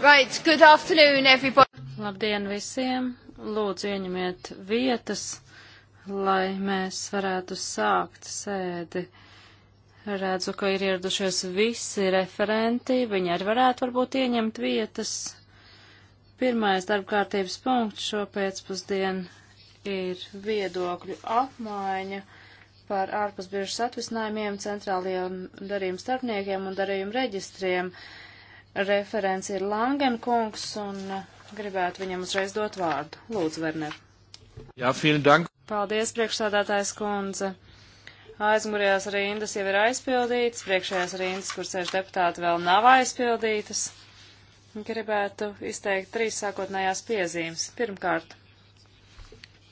Right, good afternoon, everybody. Labdien visiem! Lūdzu, ieņemiet vietas, lai mēs varētu sākt sēdi. Redzu, ka ir ieradušies visi referenti, viņi arī varētu varbūt ieņemt vietas. Pirmais darbkārtības punkts šo pēcpusdienu ir viedokļu apmaiņa par ārpusbiežas atvisinājumiem, centrālajiem darījuma starpniekiem un darījuma reģistriem. Uh, Referents ir Langenkungs un uh, gribētu viņam uzreiz dot vārdu. Lūdzu, Werner. Jā, vielen dank. Paldies, priekšsādātājs kundze. Aizmurējās rindas jau ir aizpildītas, priekšējās rindas, kur sēž deputāti, vēl nav aizpildītas. Gribētu izteikt trīs sākotnējās piezīmes. Pirmkārt,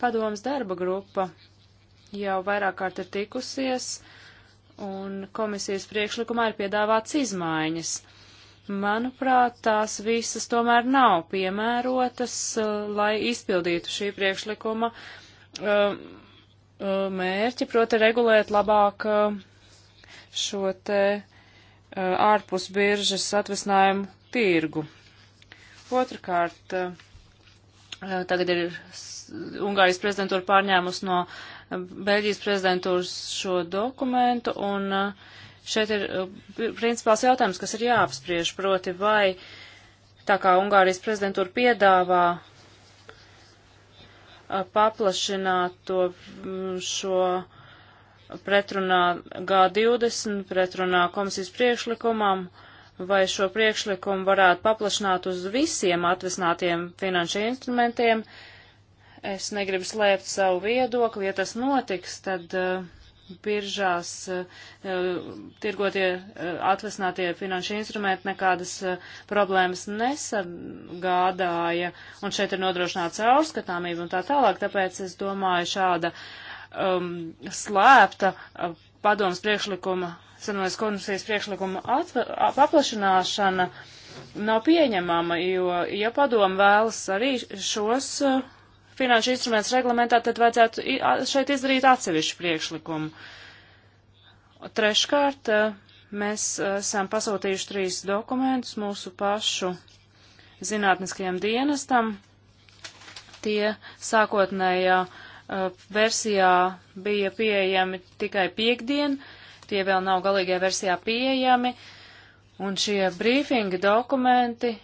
padomas darba grupa jau vairāk kārt ir tikusies, un komisijas priekšlikumā ir piedāvāts izmaiņas. Manuprāt, tās visas tomēr nav piemērotas, uh, lai izpildītu šī priekšlikuma uh, uh, mērķi, proti regulēt labāk šo te ārpus biržas atvesinājumu tirgu. Otrakārt, tagad ir Ungārijas prezidentūra pārņēmus no Beļģijas prezidentūras šo dokumentu, un uh, Šeit ir uh, principāls jautājums, kas ir jāapspriež, proti vai tā kā Ungārijas prezidentūra piedāvā uh, paplašināt to mm, šo pretrunā G20, pretrunā komisijas priekšlikumam, vai šo priekšlikumu varētu paplašināt uz visiem atvesinātiem finanšu instrumentiem. Es negribu slēpt savu viedokli, ja tas notiks, tad uh, biržās eh, tirgotie eh, atvesinātie finanšu instrumenti nekādas eh, problēmas nesagādāja, un šeit ir nodrošināts caurskatāmība un tā tālāk, tāpēc es domāju šāda um, slēpta padomas priekšlikuma, sanojas komisijas priekšlikuma atve, paplašināšana nav pieņemama, jo, ja padoma vēlas arī šos uh, finanšu instruments reglamentā, tad vajadzētu šeit izdarīt atsevišķu priekšlikumu. Treškārt, e, mēs e, esam pasūtījuši trīs dokumentus mūsu pašu zinātniskajam dienestam. Tie sākotnējā e, versijā bija pieejami tikai piekdien, tie vēl nav galīgajā versijā pieejami, un šie brīfinga dokumenti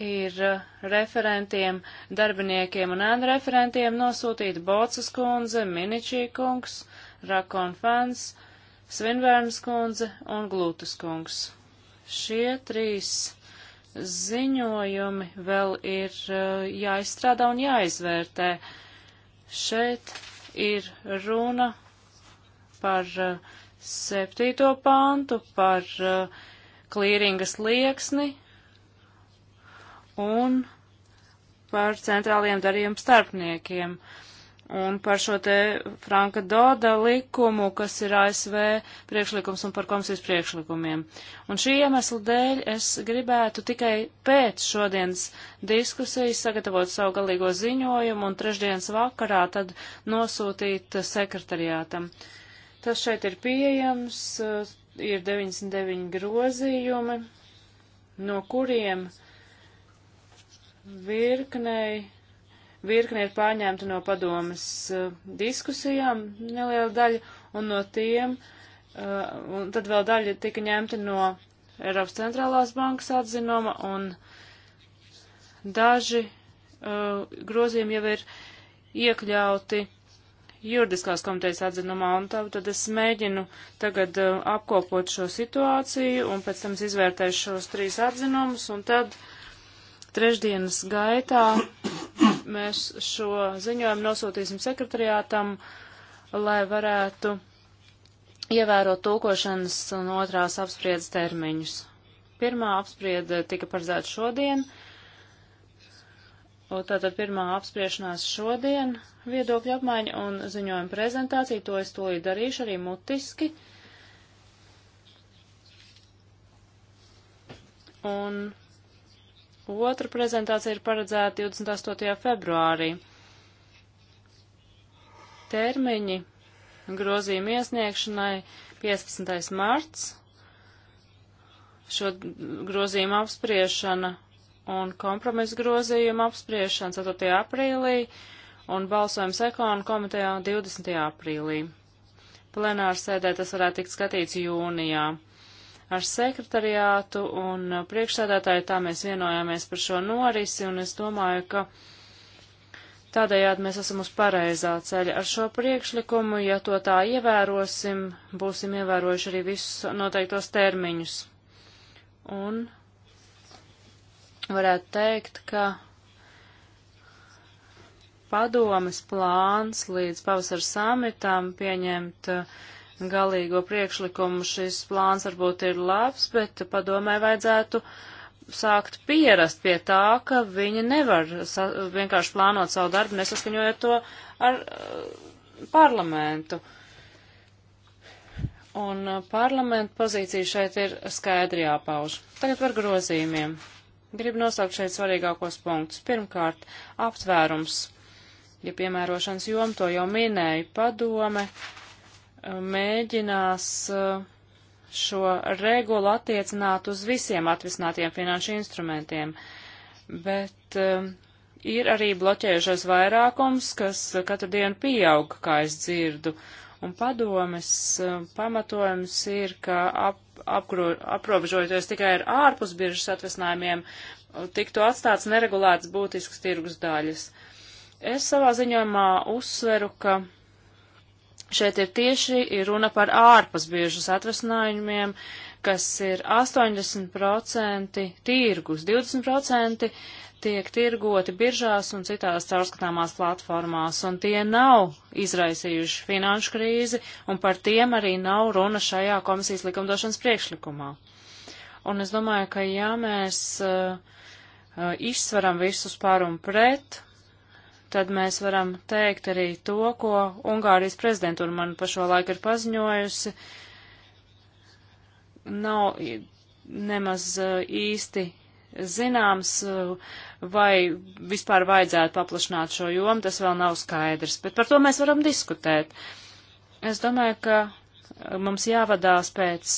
ir eh, referentiem, darbiniekiem un ēnu referentiem nosūtīti Bocas kundze, Miničī kungs, Rakon Fans, Svinbērnas kundze un Glūtas kungs. Šie trīs ziņojumi vēl ir eh, jāizstrādā un jāizvērtē. Šeit ir runa par eh, septīto pantu, par klīringas lieksni un par centrāliem darījumu starpniekiem. Un par šo te Franka Doda likumu, kas ir ASV priekšlikums un par komisijas priekšlikumiem. Un šī iemesla dēļ es gribētu tikai pēc šodienas diskusijas sagatavot savu galīgo ziņojumu un trešdienas vakarā tad nosūtīt sekretariātam. Tas šeit ir pieejams, ir 99 grozījumi, no kuriem uh, virknei. Virkne ir pārņemta no padomas uh, diskusijām neliela daļa, un no tiem, uh, un tad vēl daļa tika ņemta no Eiropas centrālās bankas atzinuma, un daži uh, grozījumi jau ir iekļauti juridiskās komitejas atzinumā, un tā, tad es mēģinu tagad uh, apkopot šo situāciju, un pēc tam es izvērtēšu šos trīs atzinumus, un tad trešdienas gaitā mēs šo ziņojumu nosūtīsim sekretariātam, lai varētu ievērot tulkošanas un otrās apspriedas termiņus. Pirmā apsprieda tika paredzēta šodien, un tātad pirmā apspriešanās šodien viedokļu apmaiņa un ziņojuma prezentācija, to es tūlīt darīšu arī mutiski. Un Otra prezentācija ir paredzēta 28. februārī. Termiņi grozījuma iesniegšanai 15. marts. Šo grozījumu apspriešana un kompromisu grozījumu apspriešana 4. aprīlī un balsojums ekonu komitejā 20. aprīlī. Plenāra sēdē tas varētu tikt skatīts jūnijā ar sekretariātu un priekšsēdētāju, tā mēs vienojāmies par šo norisi, un es domāju, ka tādējādi mēs esam uz pareizā ceļa ar šo priekšlikumu, ja to tā ievērosim, būsim ievērojuši arī visus noteiktos termiņus. Un varētu teikt, ka padomes plāns līdz pavasara samitam pieņemt uh, galīgo priekšlikumu. Šis plāns varbūt ir labs, bet padomē vajadzētu sākt pierast pie tā, ka viņi nevar vienkārši plānot savu darbu, nesaskaņojot to ar uh, parlamentu. Un uh, parlamenta pozīcija šeit ir skaidri jāpauž. Tagad par grozījumiem. Gribu nosaukt šeit svarīgākos punktus. Pirmkārt, aptvērums. Ja piemērošanas jom to jau minēja padome, mēģinās uh, šo regulu attiecināt uz visiem atvisinātiem finanšu instrumentiem, bet um, ir arī bloķējušais vairākums, kas katru dienu pieaug, kā es dzirdu, un padomes um, pamatojums ir, ka ap, apgro, aprobežojoties tikai ar ārpus biržas atvesinājumiem, uh, tiktu atstāts neregulēts būtisks tirgus daļas. Es savā ziņojumā uzsveru, ka Šeit ir tieši runa par ārpusbiežas atvesinājumiem, kas ir 80% tirgus, 20% tiek tirgoti biržās un citās caurskatāmās platformās, un tie nav izraisījuši finanšu krīzi, un par tiem arī nav runa šajā komisijas likumdošanas priekšlikumā. Un es domāju, ka ja mēs uh, uh, izsveram visus par un pret, tad mēs varam teikt arī to, ko Ungārijas prezidentūra man pa šo laiku ir paziņojusi. Nav nemaz eh, īsti zināms, eh, vai vispār vajadzētu paplašināt šo jomu, tas vēl nav skaidrs, bet par to mēs varam diskutēt. Es domāju, ka eh, mums jāvadās pēc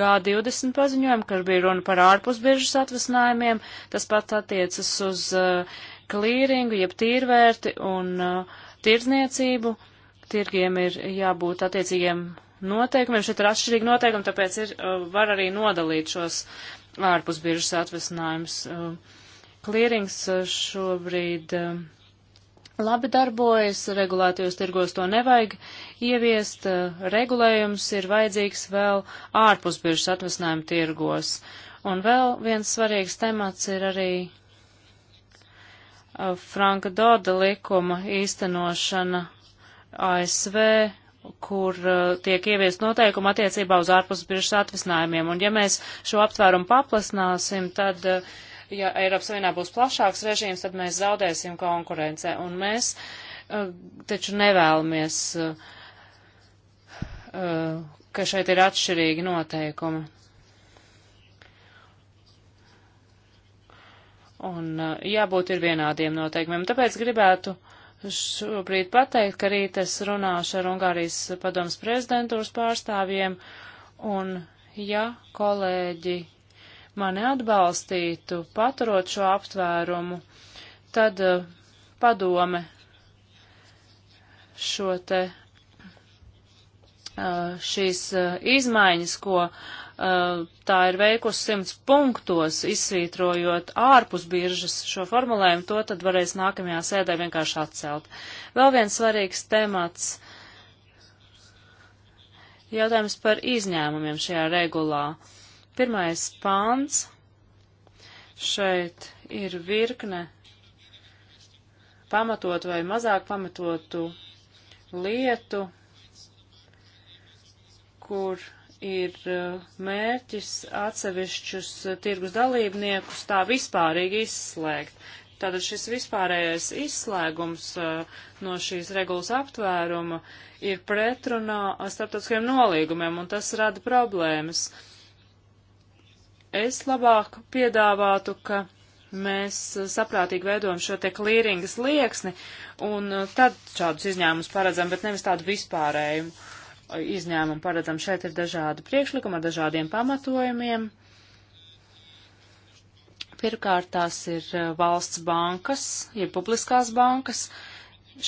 G20 paziņojumu, kur bija runa par ārpusbiežas atvasinājumiem, tas pats attiecas uz uh, klīringu, jeb tīrvērti un uh, tirdzniecību. Tirgiem ir jābūt attiecīgiem noteikumiem. Šeit ir atšķirīgi noteikumi, tāpēc ir, uh, var arī nodalīt šos ārpusbiežas atvesinājumus. Uh, klīrings uh, šobrīd. Uh, Labi darbojas, regulētajos tirgos to nevajag ieviest, uh, regulējums ir vajadzīgs vēl ārpusbiežas atvesinājuma tirgos. Un vēl viens svarīgs temats ir arī Uh, Franka Doda likuma īstenošana ASV, kur uh, tiek ieviest noteikumi attiecībā uz ārpus biržas atvisinājumiem. Un ja mēs šo aptvērumu paplasnāsim, tad, uh, ja Eiropas Savienībā būs plašāks režīms, tad mēs zaudēsim konkurencē. Un mēs taču nevēlamies, ka šeit ir atšķirīgi noteikumi. un eh, jābūt ir vienādiem noteikumiem. Tāpēc gribētu šobrīd pateikt, ka rīt es runāšu ar Ungārijas padomas prezidentūras pārstāvjiem, un ja kolēģi mani atbalstītu, paturot šo aptvērumu, tad eh, padome šo te eh, šīs izmaiņas, ko Eh, tā ir veikusi simts punktos, izsvītrojot ārpus biržas šo formulējumu, to tad varēs nākamajā sēdē vienkārši atcelt. Vēl viens svarīgs temats - jautājums par izņēmumiem šajā regulā. Pirmais pāns. Šeit ir virkne pamatot vai mazāk pamatotu lietu, kur ir eh, mērķis atsevišķus eh, tirgus dalībniekus tā vispārīgi izslēgt. Tātad šis vispārējais izslēgums eh, no šīs regulas aptvēruma ir pretrunā starptautiskiem nolīgumiem, un tas rada problēmas. Es labāk piedāvātu, ka mēs saprātīgi veidojam šo te klīringas lieksni, un tad šādus izņēmumus paredzam, bet nevis tādu vispārējumu izņēmumu paredzam. Šeit ir dažādi priekšlikumi ar dažādiem pamatojumiem. Pirmkārt, tās ir eh, valsts bankas, ir publiskās bankas.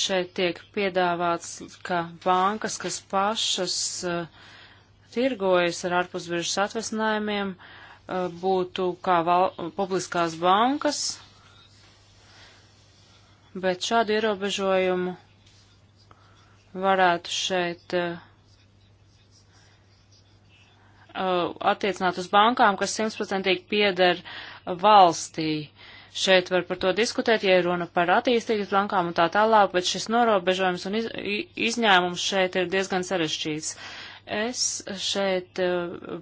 Šeit tiek piedāvāts, ka bankas, kas pašas uh, tirgojas ar ārpusbiežas atvesinājumiem, uh, būtu kā val, publiskās bankas, bet šādu ierobežojumu varētu šeit uh, Uh, attiecināt uz bankām, kas simtprocentīgi pieder valstī. Šeit var par to diskutēt, ja runa par attīstības bankām un tā tālāk, bet šis norobežojums un iz, izņēmums šeit ir diezgan sarežģīts. Es šeit uh,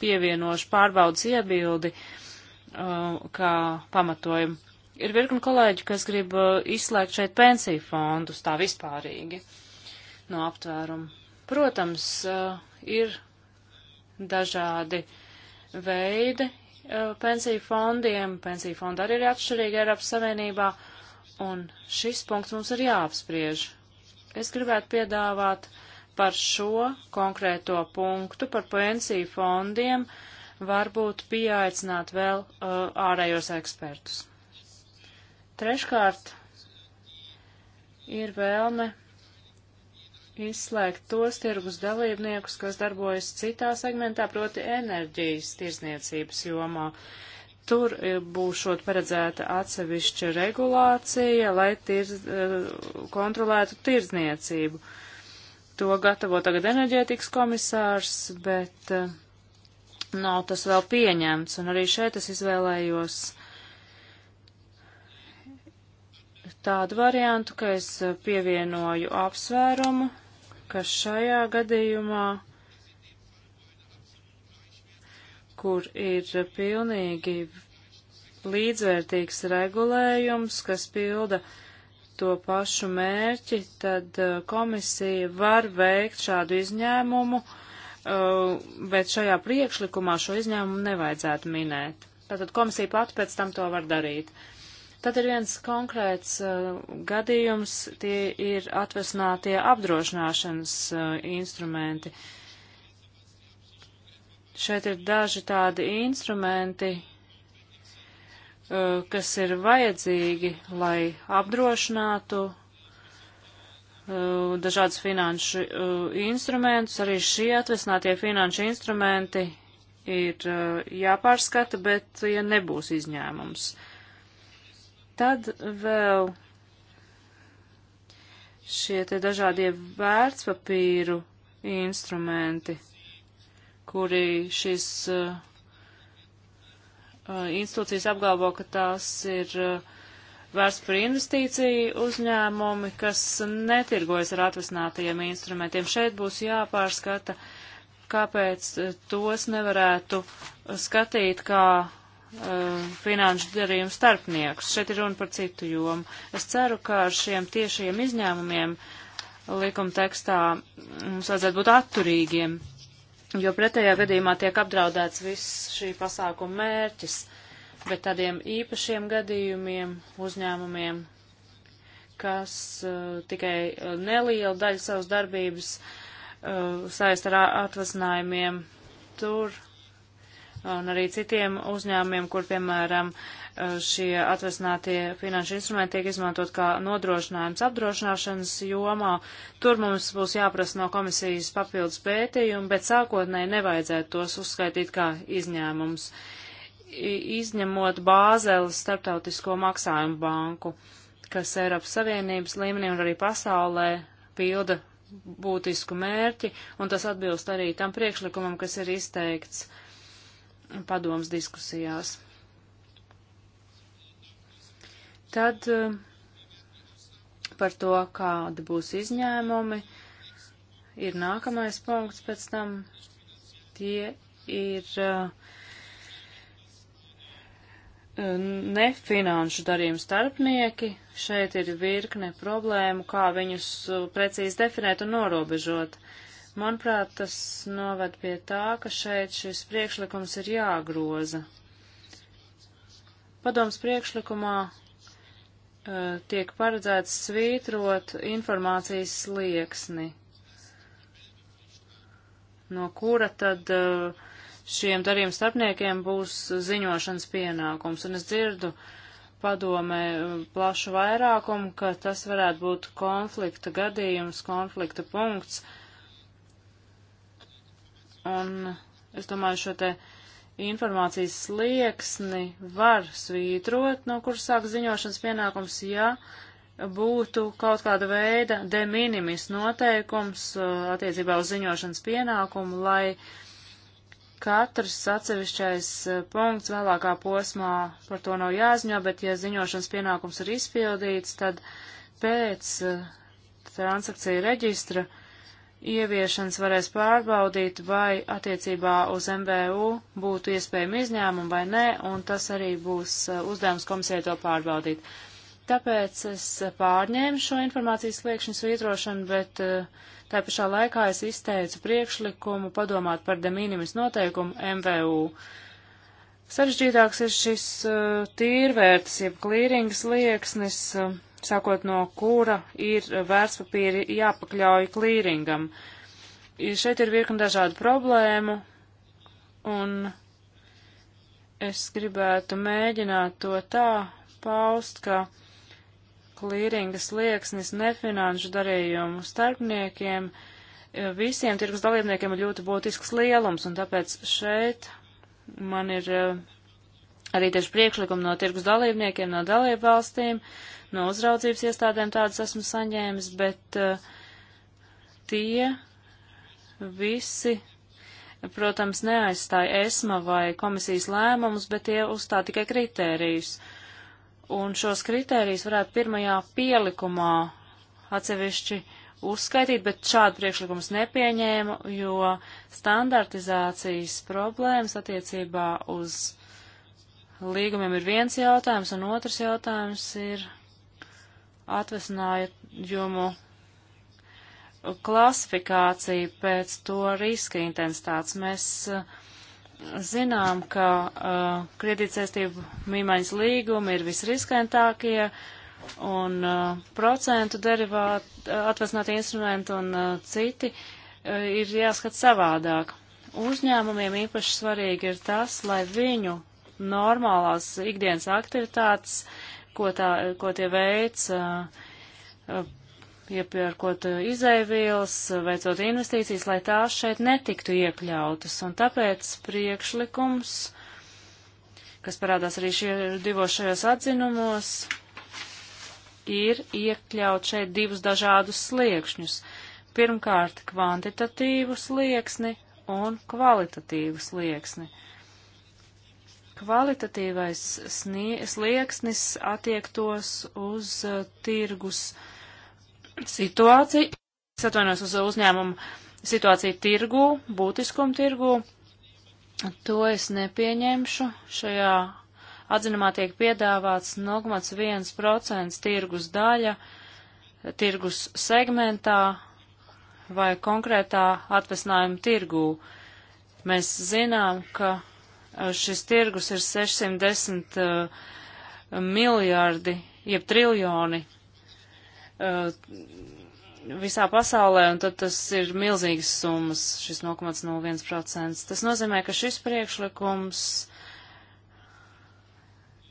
pievienošu pārbaudas iebildi uh, kā pamatojumu. Ir virkni kolēģi, kas grib izslēgt šeit pensiju fondus tā vispārīgi no aptvērumu. Protams, ir dažādi veidi eh, pensiju fondiem. Pensiju fondi arī ir atšķirīgi Eiropas Savienībā, un šis punkts mums ir jāapspriež. Es gribētu piedāvāt par šo konkrēto punktu, par pensiju fondiem, varbūt pieaicināt vēl uh, ārējos ekspertus. Treškārt ir vēlme izslēgt tos tirgus dalībniekus, kas darbojas citā segmentā, proti enerģijas tirzniecības jomā. Tur eh, būšot paredzēta atsevišķa regulācija, lai tirz, eh, kontrolētu tirdzniecību. To gatavo tagad enerģētikas komisārs, bet eh, nav tas vēl pieņemts. Un arī šeit es izvēlējos tādu variantu, ka es pievienoju apsvērumu ka šajā gadījumā, kur ir pilnīgi līdzvērtīgs regulējums, kas pilda to pašu mērķi, tad uh, komisija var veikt šādu izņēmumu, uh, bet šajā priekšlikumā šo izņēmumu nevajadzētu minēt. Tātad komisija pati pēc tam to var darīt. Uh, Tad ir viens konkrēts uh, gadījums, tie ir atvesinātie apdrošināšanas uh, instrumenti. Šeit ir daži tādi instrumenti, uh, kas ir vajadzīgi, lai apdrošinātu uh, dažādas finanšu uh, instrumentus. Arī šie atvesinātie finanšu instrumenti ir uh, jāpārskata, bet ja nebūs izņēmums. Uh, Tad vēl šie te dažādie vērtspapīru instrumenti, kuri šīs uh, uh, institūcijas apgalvo, ka tās ir uh, vērsts par investīciju uzņēmumi, kas netirgojas ar atvesinātajiem instrumentiem. Šeit būs jāpārskata, kāpēc uh, tos nevarētu skatīt kā Eh, finanšu darījumu starpniekus. Šeit ir runa par citu jomu. Es ceru, ka ar šiem tiešajiem izņēmumiem likuma tekstā mums vajadzētu būt atturīgiem, jo pretējā gadījumā tiek apdraudēts viss šī pasākuma mērķis, bet tādiem īpašiem gadījumiem uzņēmumiem, kas uh, tikai eh, nelielu daļu savas darbības uh, saist ar atvasinājumiem, tur un arī citiem uzņēmumiem, kur, piemēram, eh, šie atvesinātie finanšu instrumenti tiek izmantot kā nodrošinājums apdrošināšanas jomā. Tur mums būs jāprasa no komisijas papildus pētījumu, bet sākotnēji nevajadzētu tos uzskaitīt kā izņēmums, izņemot Bāzeles starptautisko maksājumu banku, kas Eiropas Savienības līmenī un arī pasaulē pilda būtisku mērķi, un tas atbilst arī tam priekšlikumam, kas ir izteikts uh, padomas diskusijās. Tad eh, par to, kāda būs izņēmumi, ir nākamais punkts pēc tam. Tie ir eh, nefinanšu darījumu starpnieki. Šeit ir virkne problēmu, kā viņus eh, precīzi definēt un norobežot. Uh, Manuprāt, tas noved pie tā, ka šeit šis priekšlikums ir jāgroza. Padoms priekšlikumā uh, tiek paredzēts svītrot informācijas slieksni, no kura tad uh, šiem darījuma starpniekiem būs ziņošanas pienākums. Un es dzirdu padomē eh, plašu vairākumu, ka tas varētu būt konflikta gadījums, konflikta punkts. Uh, Un es domāju, šo te informācijas slieksni var svītrot, no kur sāk ziņošanas pienākums, ja būtu kaut kāda veida de minimis noteikums uh, attiecībā uz ziņošanas pienākumu, lai katrs atsevišķais uh, punkts vēlākā posmā par to nav jāziņo, bet ja ziņošanas pienākums ir izpildīts, tad pēc uh, transakcija reģistra uh, ieviešanas varēs pārbaudīt, vai attiecībā uz MVU būtu iespējami izņēmumi vai nē, un tas arī būs eh, uzdevums komisijai to pārbaudīt. Tāpēc es pārņēmu šo informācijas sliekšņu svītrošanu, bet eh, tā pašā laikā es izteicu priekšlikumu padomāt par de minimis noteikumu MVU. Sarežģītāks ir šis eh, tīrvērtas, jeb klīringas lieksnis. Uh, sākot no kura ir vērtspapīri jāpakļauj klīringam. Šeit ir virkni dažādu problēmu, un es gribētu mēģināt to tā paust, ka klīringa slieksnis nefinanšu darījumu starpniekiem e, visiem tirgus dalībniekiem ir ļoti būtisks lielums, un tāpēc šeit man ir e, arī tieši priekšlikumi no tirgus dalībniekiem, no dalību valstīm, no uzraudzības iestādēm tādas esmu saņēmis, bet uh, tie visi, protams, neaizstāja ESMA vai komisijas lēmumus, bet tie uzstāja tikai kritērijus. Un šos kritērijus varētu pirmajā pielikumā atsevišķi uzskaitīt, bet šādu priekšlikumus nepieņēmu, jo standartizācijas problēmas attiecībā uz līgumiem ir viens jautājums, un otrs jautājums ir atvesinājumu klasifikācija pēc to riska intensitātes. Mēs uh, zinām, ka uh, kredītsaistību mīmaiņas līgumi ir visriskantākie, un uh, procentu derivāti, atvesinātie instrumenti un uh, citi uh, ir jāskat savādāk. Uzņēmumiem īpaši svarīgi ir tas, lai viņu normālās ikdienas aktivitātes, ko, tā, ko tie veids, iepērkot izaivīles, veicot investīcijas, lai tās šeit netiktu iekļautas. Un tāpēc priekšlikums, kas parādās arī šie divos šajos atzinumos, ir iekļaut šeit divus dažādus sliekšņus. Pirmkārt, kvantitatīvu slieksni un kvalitatīvu slieksni. Uh, kvalitatīvais slieksnis attiektos uz uh, tirgus situāciju, es atvainojos uz uzņēmumu situāciju tirgu, būtiskumu tirgu, to es nepieņemšu. Šajā atzinumā tiek piedāvāts 0,1% tirgus daļa, tirgus segmentā vai konkrētā atvesinājuma tirgū. Mēs zinām, ka Eh, šis tirgus ir 610 uh, miljārdi, jeb triljoni uh, visā pasaulē, un tad tas ir milzīgas summas, šis 0,01%. Tas nozīmē, ka šis priekšlikums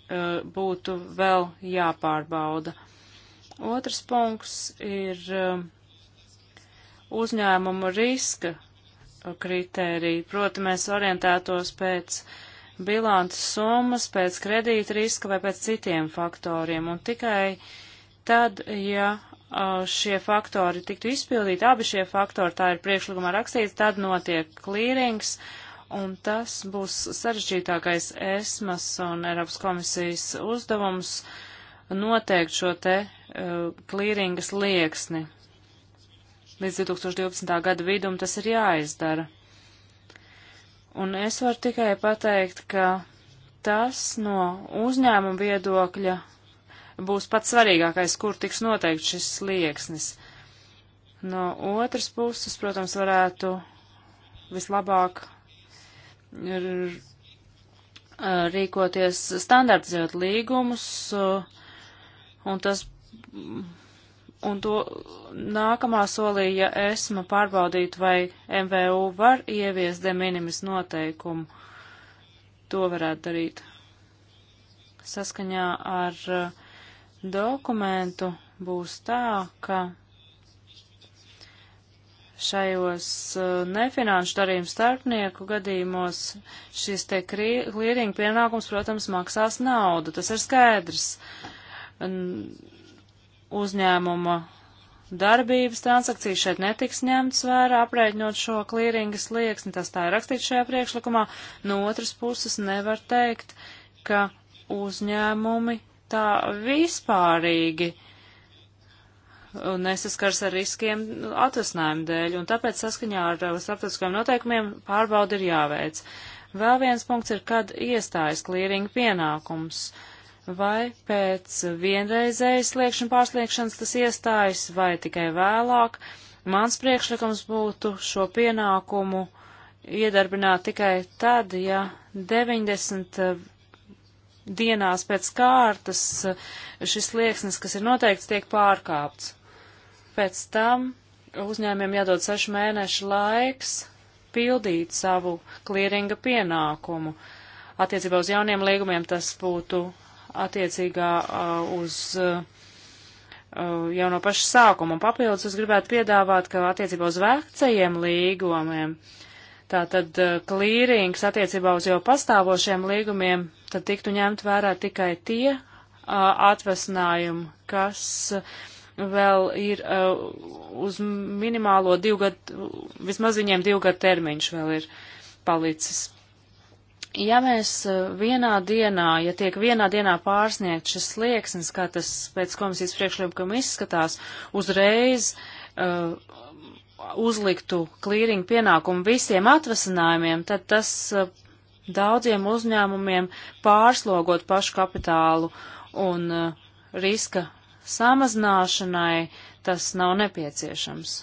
uh, būtu vēl jāpārbauda. Otrs punkts ir uzņēmuma riska kritēriju. Proti, mēs orientētos pēc bilances summas, pēc kredīta riska vai pēc citiem faktoriem. Un tikai tad, ja šie faktori tiktu izpildīti, abi šie faktori, tā ir priekšlikumā rakstīts, tad notiek klīrings, un tas būs sarežģītākais ESMAS un Eiropas komisijas uzdevums noteikt šo te klīringas uh, lieksni. Līdz 2012. gada vidum tas ir jāizdara. Un es varu tikai pateikt, ka tas no uzņēmuma viedokļa būs pats svarīgākais, kur tiks noteikts šis slieksnis. No otras puses, protams, varētu vislabāk rīkoties standartizēt līgumus, un tas Un to nākamā solīja esma pārbaudīt, vai MVU var ievies de minimis noteikumu. To varētu darīt. Saskaņā ar uh, dokumentu būs tā, ka šajos uh, nefinanšu darījumu starpnieku gadījumos šis te klīringa pienākums, protams, maksās naudu. Tas ir skaidrs uzņēmuma darbības transakcijas šeit netiks ņemts vērā, aprēķinot šo klīringas slieksni, tas tā ir rakstīts šajā priekšlikumā. No otras puses nevar teikt, ka uzņēmumi tā vispārīgi uh, nesaskars ar riskiem atvesinājumu dēļ, un tāpēc saskaņā ar uh, starptautiskajiem noteikumiem pārbaudi ir jāveic. Vēl viens punkts ir, kad iestājas klīringa pienākums. Uh, vai pēc vienreizējas sliekšņa pārsliekšanas tas iestājas, vai tikai vēlāk. Mans priekšlikums būtu šo pienākumu iedarbināt tikai tad, ja 90 eh, dienās pēc kārtas eh, šis slieksnis, kas ir noteikts, tiek pārkāpts. Pēc tam uzņēmiem jādod sešu mēnešu laiks pildīt savu klīringa pienākumu. Attiecībā uz jauniem līgumiem tas būtu attiecīgā uh, uz uh, uh, jau no paša sākuma. Un papildus es gribētu piedāvāt, ka attiecībā uz vecajiem līgumiem, tātad klīrings attiecībā uz jau pastāvošiem līgumiem, tad tiktu ņemt vērā tikai tie atvesinājumi, kas vēl ir uz minimālo divu gadu, vismaz viņiem divu gadu termiņš vēl ir palicis. Ja mēs e, vienā dienā, ja tiek vienā dienā pārsniegt šis slieksnis, kā tas pēc komisijas priekšlikuma izskatās, uzreiz uh, uzliktu klīringu pienākumu visiem atvasinājumiem, tad tas uh, daudziem uzņēmumiem pārslogot pašu kapitālu un uh, riska samazināšanai tas nav nepieciešams.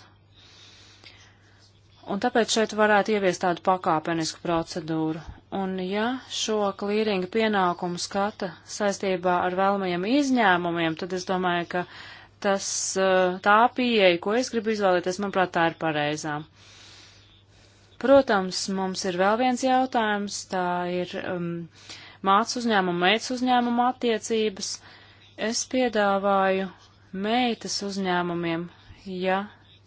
Un tāpēc šeit varētu ieviest tādu pakāpenisku procedūru. Un ja šo klīringa pienākumu skata saistībā ar vēlamajiem izņēmumiem, tad es domāju, ka tas, eh, tā pieeja, ko es gribu izvēlēties, manuprāt, tā ir pareizā. Protams, mums ir vēl viens jautājums, tā ir um, mācu uzņēmuma, meitas uzņēmuma attiecības. Es piedāvāju meitas uzņēmumiem, ja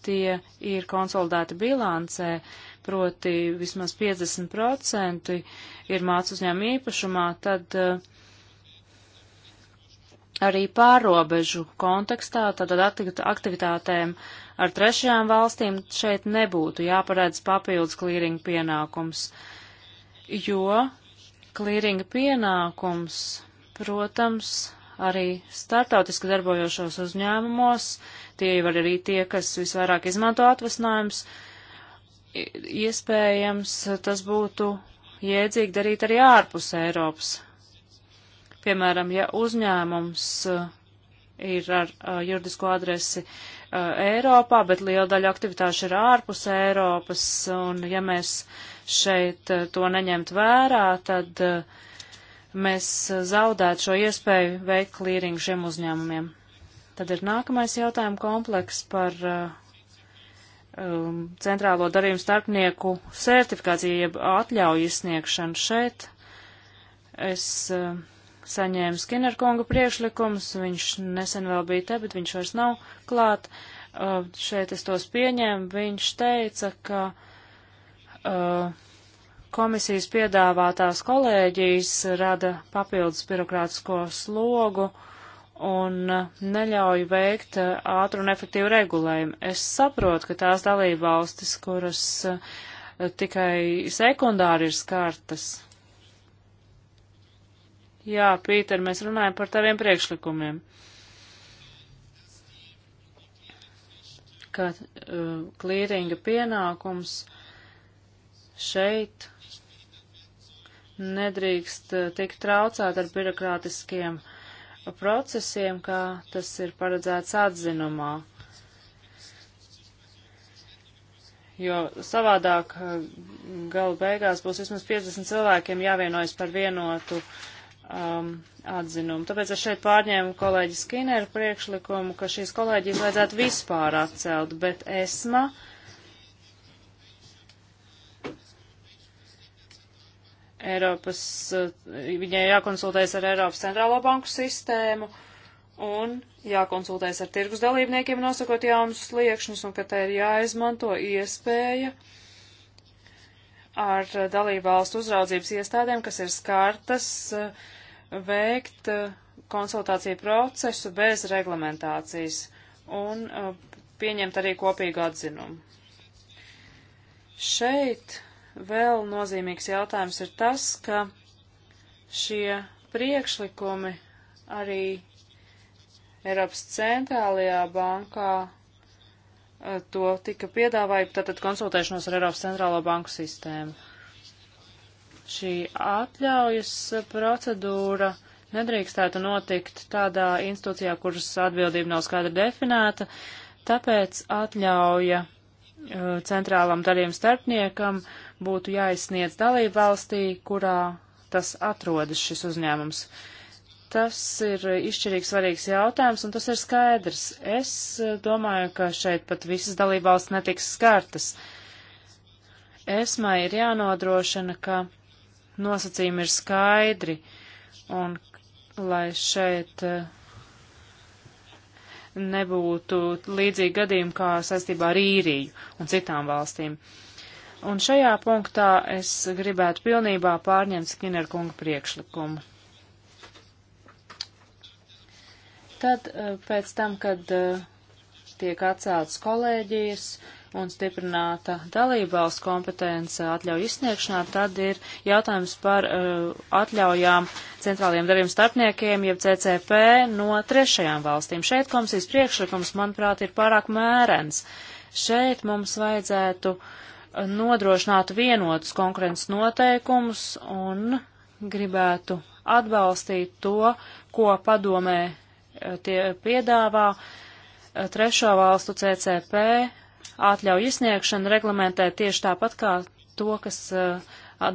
tie ir konsolidēti bilancē, uh, proti vismaz 50% ir mācu uzņēmuma īpašumā, tad eh, arī pārobežu kontekstā, tātad aktivitātēm ar trešajām valstīm šeit nebūtu jāparedz papildus klīringa pienākums, jo klīringa pienākums, protams, arī startautiski darbojošos uzņēmumos, tie jau arī tie, kas visvairāk izmanto atvasinājumus, uh, iespējams tas būtu jēdzīgi darīt arī ārpus Eiropas. Piemēram, ja uzņēmums uh, ir ar uh, juridisko adresi uh, Eiropā, bet liela daļa aktivitāšu ir ārpus Eiropas, un ja mēs šeit to neņemt vērā, tad mēs zaudētu šo iespēju veikt klīringu šiem uzņēmumiem. Tad ir nākamais jautājuma kompleks par uh, um, centrālo darījumu starpnieku sertifikāciju, jeb atļauju izsniegšanu šeit. Es uh, saņēmu Skinner kunga priekšlikumus, viņš nesen vēl bija te, bet viņš vairs nav klāt. Uh, šeit es tos pieņēmu, viņš teica, ka uh, komisijas piedāvātās kolēģijas rada papildus birokrātisko slogu uh, un neļauj veikt eh, ātru un efektīvu regulējumu. Es saprotu, ka tās dalība valstis, kuras eh, tikai sekundāri ir skartas. Jā, Pīter, mēs runājam par taviem priekšlikumiem. Kā eh, klīringa uh, pienākums šeit nedrīkst uh, tikt traucēt ar birokrātiskiem uh, procesiem, kā tas ir paredzēts atzinumā. jo savādāk eh, gala beigās būs vismaz 50 cilvēkiem jāvienojas par vienotu um, atzinumu. Tāpēc es šeit pārņēmu kolēģi Skinneru priekšlikumu, ka šīs kolēģijas vajadzētu vispār atcelt, bet ESMA uh, Eiropas, eh, viņai jākonsultējas ar Eiropas centrālo banku sistēmu un jākonsultējas ar tirgus dalībniekiem, nosakot jaunus sliekšņus, un ka te ir jāizmanto iespēja ar dalību valstu uzraudzības iestādēm, kas ir skartas, eh, veikt eh, konsultāciju procesu bez reglamentācijas un pieņemt arī kopīgu atzinumu. Šeit Vēl nozīmīgs jautājums ir tas, ka šie priekšlikumi arī Eiropas centrālajā bankā eh, to tika piedāvāja, tātad konsultēšanos ar Eiropas centrālo banku sistēmu. Šī atļaujas procedūra nedrīkstētu notikt tādā institūcijā, kuras atbildība nav skaidri definēta, tāpēc atļauja eh, centrālam darījuma starpniekam uh, būtu jāizsniedz dalību valstī, kurā tas atrodas šis uzņēmums. Tas ir izšķirīgs svarīgs jautājums, un tas ir skaidrs. Es eh, domāju, ka šeit pat visas dalībvalsts netiks skartas. Esmai ir jānodrošina, ka nosacījumi ir skaidri, un lai šeit eh, nebūtu līdzīgi gadījumi kā saistībā ar īriju un citām valstīm. Uh, Un šajā punktā es gribētu pilnībā pārņemt Skinerkunga priekšlikumu. Tad eh, pēc tam, kad eh, tiek atceltas kolēģijas un stiprināta dalībvalsts kompetence atļauju izsniegšanā, tad ir jautājums par uh, atļaujām centrāliem darījuma starpniekiem, jeb CCP, no trešajām valstīm. Šeit komisijas priekšlikums, manuprāt, ir pārāk mērens. Šeit mums vajadzētu uh, nodrošinātu vienotus konkurences noteikumus un gribētu atbalstīt to, ko padomē eh, tie piedāvā eh, trešo valstu CCP atļauju izsniegšanu reglamentē tieši tāpat kā to, kas uh,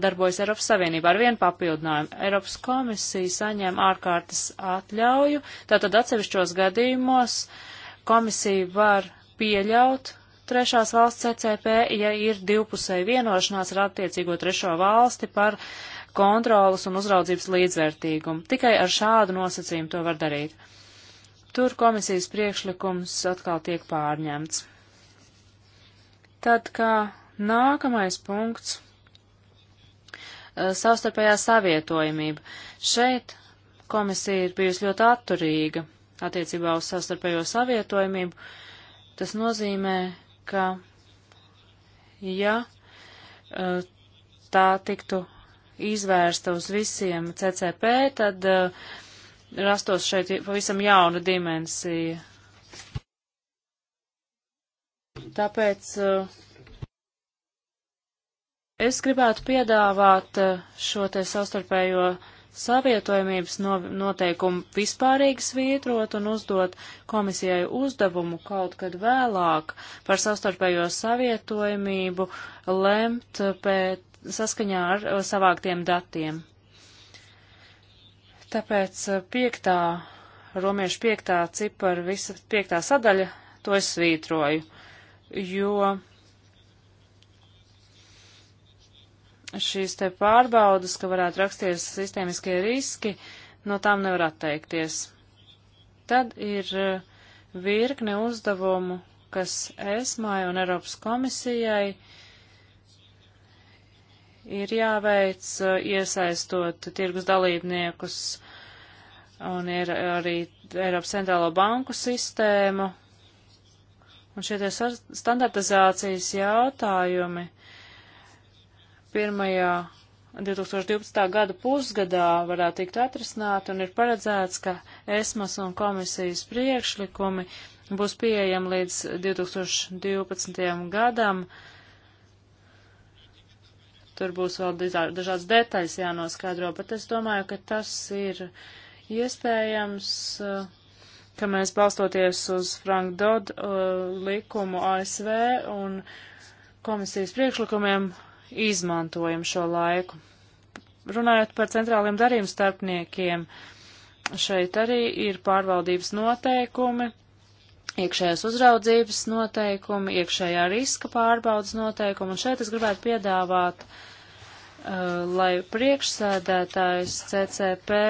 darbojas Eiropas Savienība ar vienu papildinājumu. Eiropas komisija saņem ārkārtas atļauju, tātad atsevišķos gadījumos komisija var pieļaut trešās valsts CCP, ja ir divpusēji vienošanās ar attiecīgo trešo valsti par kontrolas un uzraudzības līdzvērtīgumu. Tikai ar šādu nosacījumu to var darīt. Tur komisijas priekšlikums atkal tiek pārņemts. Tad kā nākamais punkts eh, - savstarpējā savietojamība. Šeit komisija ir bijusi ļoti atturīga attiecībā uz savstarpējo savietojamību. Tas nozīmē, ka ja tā tiktu izvērsta uz visiem CCP, tad eh, rastos šeit pavisam jauna dimensija. Tāpēc eh, es gribētu piedāvāt eh, šo te savstarpējo savietojamības no, noteikumu vispārīgi svītrot un uzdot komisijai uzdevumu kaut kad vēlāk par savstarpējo savietojamību lemt pēc, saskaņā ar uh, savāktiem datiem. Tāpēc uh, piektā, romiešu piektā cipara, visa piektā sadaļa, to es svītroju, jo šīs te pārbaudas, ka varētu raksties sistēmiskie riski, no tām nevar atteikties. Tad ir eh, virkne uzdevumu, kas ESMAI un Eiropas komisijai ir jāveic eh, iesaistot tirgus dalībniekus un ir arī Eiropas centrālo banku sistēmu. Un šie tie standartizācijas jautājumi pirmajā 2012. gada pusgadā varētu tikt atrisināt un ir paredzēts, ka ESMAS un komisijas priekšlikumi būs pieejami līdz 2012. gadam. Tur būs vēl dažādas detaļas jānoskaidro, bet es domāju, ka tas ir iespējams, ka mēs balstoties uz Frank Dodd uh, likumu ASV un komisijas priekšlikumiem izmantojam šo laiku. Runājot par centrāliem darījumu starpniekiem, šeit arī ir pārvaldības noteikumi, iekšējās uzraudzības noteikumi, iekšējā riska pārbaudas noteikumi, un šeit es gribētu piedāvāt, uh, lai priekšsēdētājs CCP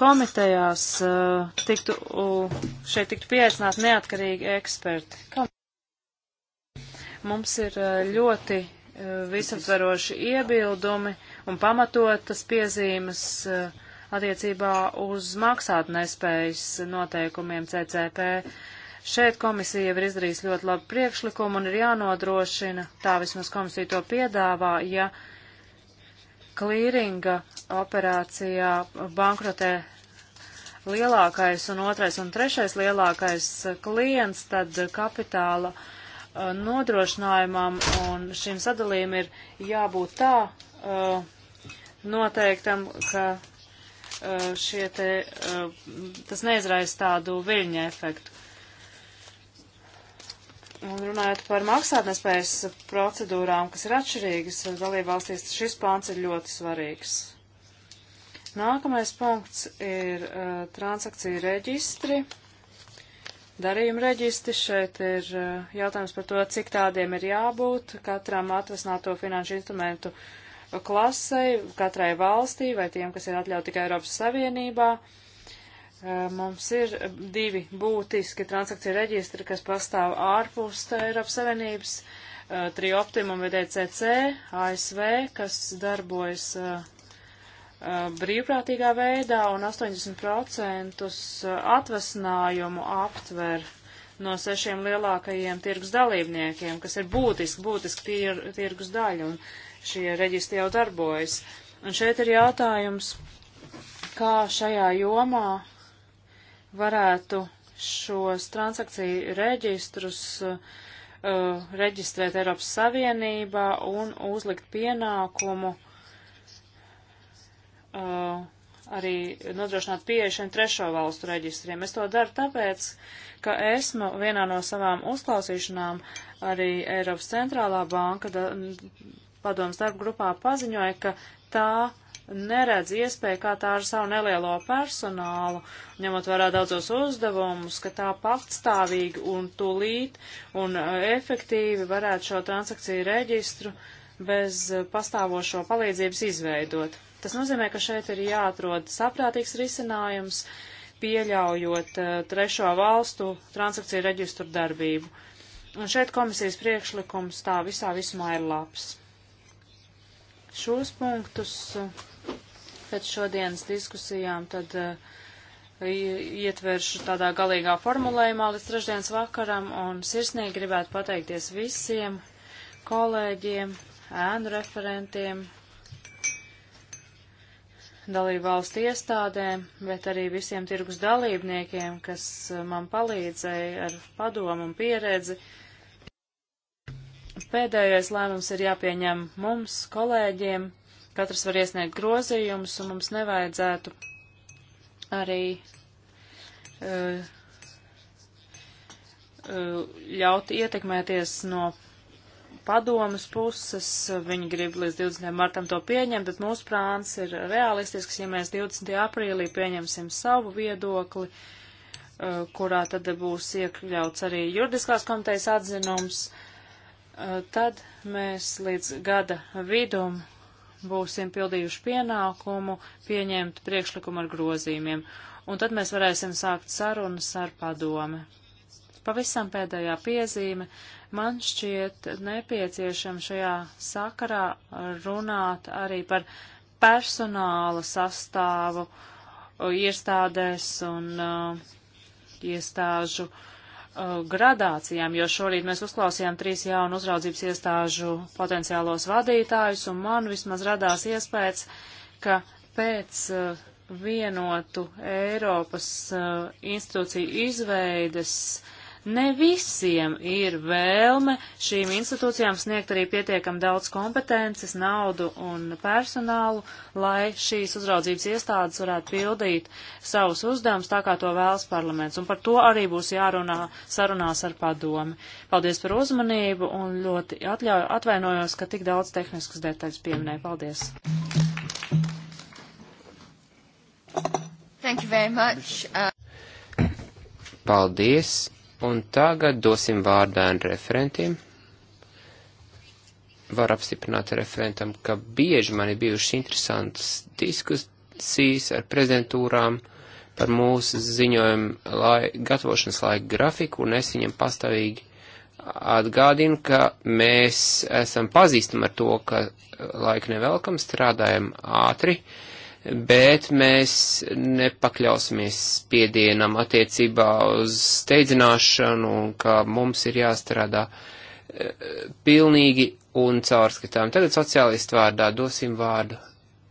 komitejās uh, tiktu, uh, šeit tiktu pieaicināt neatkarīgi eksperti. Kam? Mums ir eh, ļoti eh, visaptvaroši iebildumi un pamatotas piezīmes eh, attiecībā uz maksātnespējas noteikumiem CCP. Šeit komisija ir izdarījusi ļoti labu priekšlikumu un ir jānodrošina, tā vismaz komisija to piedāvā, ja klīringa operācijā bankrotē lielākais un otrais un trešais lielākais klients, tad kapitāla uh, Uh, nodrošinājumam un šim sadalījumam ir jābūt tā uh, noteiktam, ka uh, šie te, uh, tas neizraisa tādu viļņa efektu. Un runājot par maksātnespējas procedūrām, kas ir atšķirīgas dalībvalstīs, šis pāns ir ļoti svarīgs. Nākamais punkts ir uh, transakciju reģistri. Uh, darījuma reģistri. Šeit ir eh, jautājums par to, cik tādiem ir jābūt katram atvesināto finanšu instrumentu klasei, katrai valstī vai tiem, kas ir atļauti tikai Eiropas Savienībā. Eh, mums ir divi būtiski transakciju reģistri, kas pastāv ārpus Eiropas Savienības. Eh, Trio Optimum ir DCC, ASV, kas darbojas Uh, brīvprātīgā veidā un 80% uh, atvasinājumu aptver no sešiem lielākajiem tirgus dalībniekiem, kas ir būtiski, būtiski tir, tirgus daļa, un šie reģistri jau darbojas. Un šeit ir jautājums, kā šajā jomā varētu šos transakciju reģistrus uh, reģistrēt Eiropas Savienībā un uzlikt pienākumu uh, uh, arī nodrošināt pieeju šiem trešo valstu reģistriem. Es to daru tāpēc, ka esmu vienā no savām uzklausīšanām arī Eiropas centrālā banka da, padomas darba grupā paziņoja, ka tā neredz iespēju, kā tā ar savu nelielo personālu, ņemot vērā daudzos uzdevumus, ka tā patstāvīgi un tūlīt un uh, efektīvi varētu šo transakciju reģistru bez uh, pastāvošo palīdzības izveidot. Tas nozīmē, ka šeit ir jāatrod saprātīgs risinājums, pieļaujot uh, trešo valstu transakciju reģistru darbību. Un šeit komisijas priekšlikums tā visā vismā ir labs. Šos punktus eh, pēc šodienas diskusijām tad uh, ietveršu tādā galīgā formulējumā līdz trešdienas vakaram un sirsnīgi gribētu pateikties visiem kolēģiem, ēnu referentiem, dalību valstu iestādēm, bet arī visiem tirgus dalībniekiem, kas eh, man palīdzēja ar padomu un pieredzi. Pēdējais lēmums ir jāpieņem mums, kolēģiem. Katrs var iesniegt grozījumus, un mums nevajadzētu arī uh, uh, ļaut ietekmēties no padomas puses, viņi grib līdz 20. martam to pieņemt, bet mūsu prāns ir realistisks, ja mēs 20. aprīlī pieņemsim savu viedokli, uh, kurā tad būs iekļauts arī juridiskās komitejas atzinums, uh, tad mēs līdz gada vidum būsim pildījuši pienākumu pieņemt priekšlikumu ar grozījumiem, un tad mēs varēsim sākt sarunas ar padomi. Pavisam pēdējā piezīme Man šķiet nepieciešams šajā sakarā runāt arī par personāla sastāvu iestādēs un uh, iestāžu uh, gradācijām, jo šorīt mēs uzklausījām trīs jaunu uzraudzības iestāžu potenciālos vadītājus, un man vismaz radās iespējas, ka pēc uh, vienotu Eiropas uh, institūciju izveides uh, Ne visiem ir vēlme šīm institūcijām sniegt arī pietiekam daudz kompetences, naudu un personālu, lai šīs uzraudzības iestādes varētu pildīt savus uzdevumus tā, kā to vēlas parlaments. Un par to arī būs jārunā sarunās ar padomi. Paldies par uzmanību un ļoti atļauju, atvainojos, ka tik daudz tehniskas detaļas pieminēja. Paldies! Thank you very much. Uh... Paldies! Un tagad dosim vārdēnu referentiem. Var apstiprināt referentam, ka bieži man ir bijušas interesantas diskusijas ar prezidentūrām par mūsu ziņojumu lai, gatavošanas laika grafiku, un es viņam pastāvīgi atgādinu, ka mēs esam pazīstami ar to, ka laika nevelkam, strādājam ātri, uh, bet mēs nepakļausimies spiedienam attiecībā uz steidzināšanu un ka mums ir jāstrādā e, pilnīgi un caurskatām. Tagad sociālistu vārdā dosim vārdu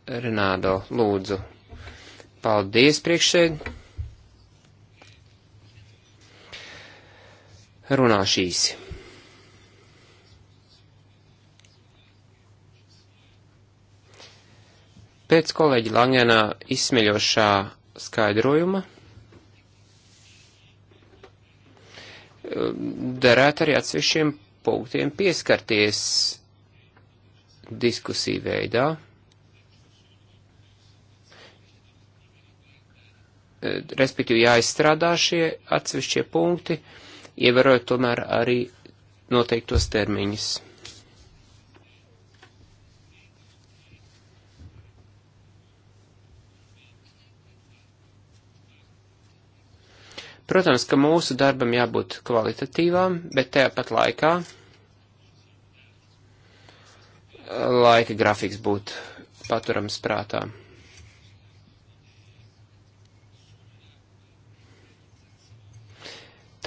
Renādo, lūdzu. Paldies priekšēd. Runāšu īsi. Pēc kolēģi Langenā izsmeļošā skaidrojuma darētu arī atsevišķiem punktiem pieskarties diskusiju veidā. Respektīvi jāizstrādā šie atsevišķie punkti, ievērojot tomēr arī noteiktos termiņus. Protams, ka mūsu darbam jābūt kvalitatīvām, bet tajāpat laikā laika grafiks būtu paturams prātā.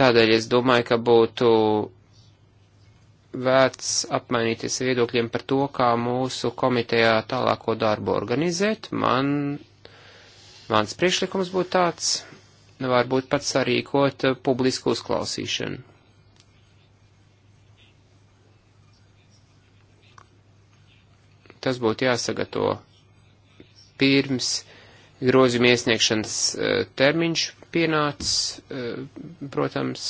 Tādēļ es domāju, ka būtu vērts apmainīties viedokļiem par to, kā mūsu komitejā tālāko darbu organizēt. Man, mans priekšlikums būtu tāds. Nu, varbūt pat sarīkot eh, publisku uzklausīšanu. Tas būtu jāsagato pirms grozījuma iesniegšanas eh, termiņš pienācis, eh, protams,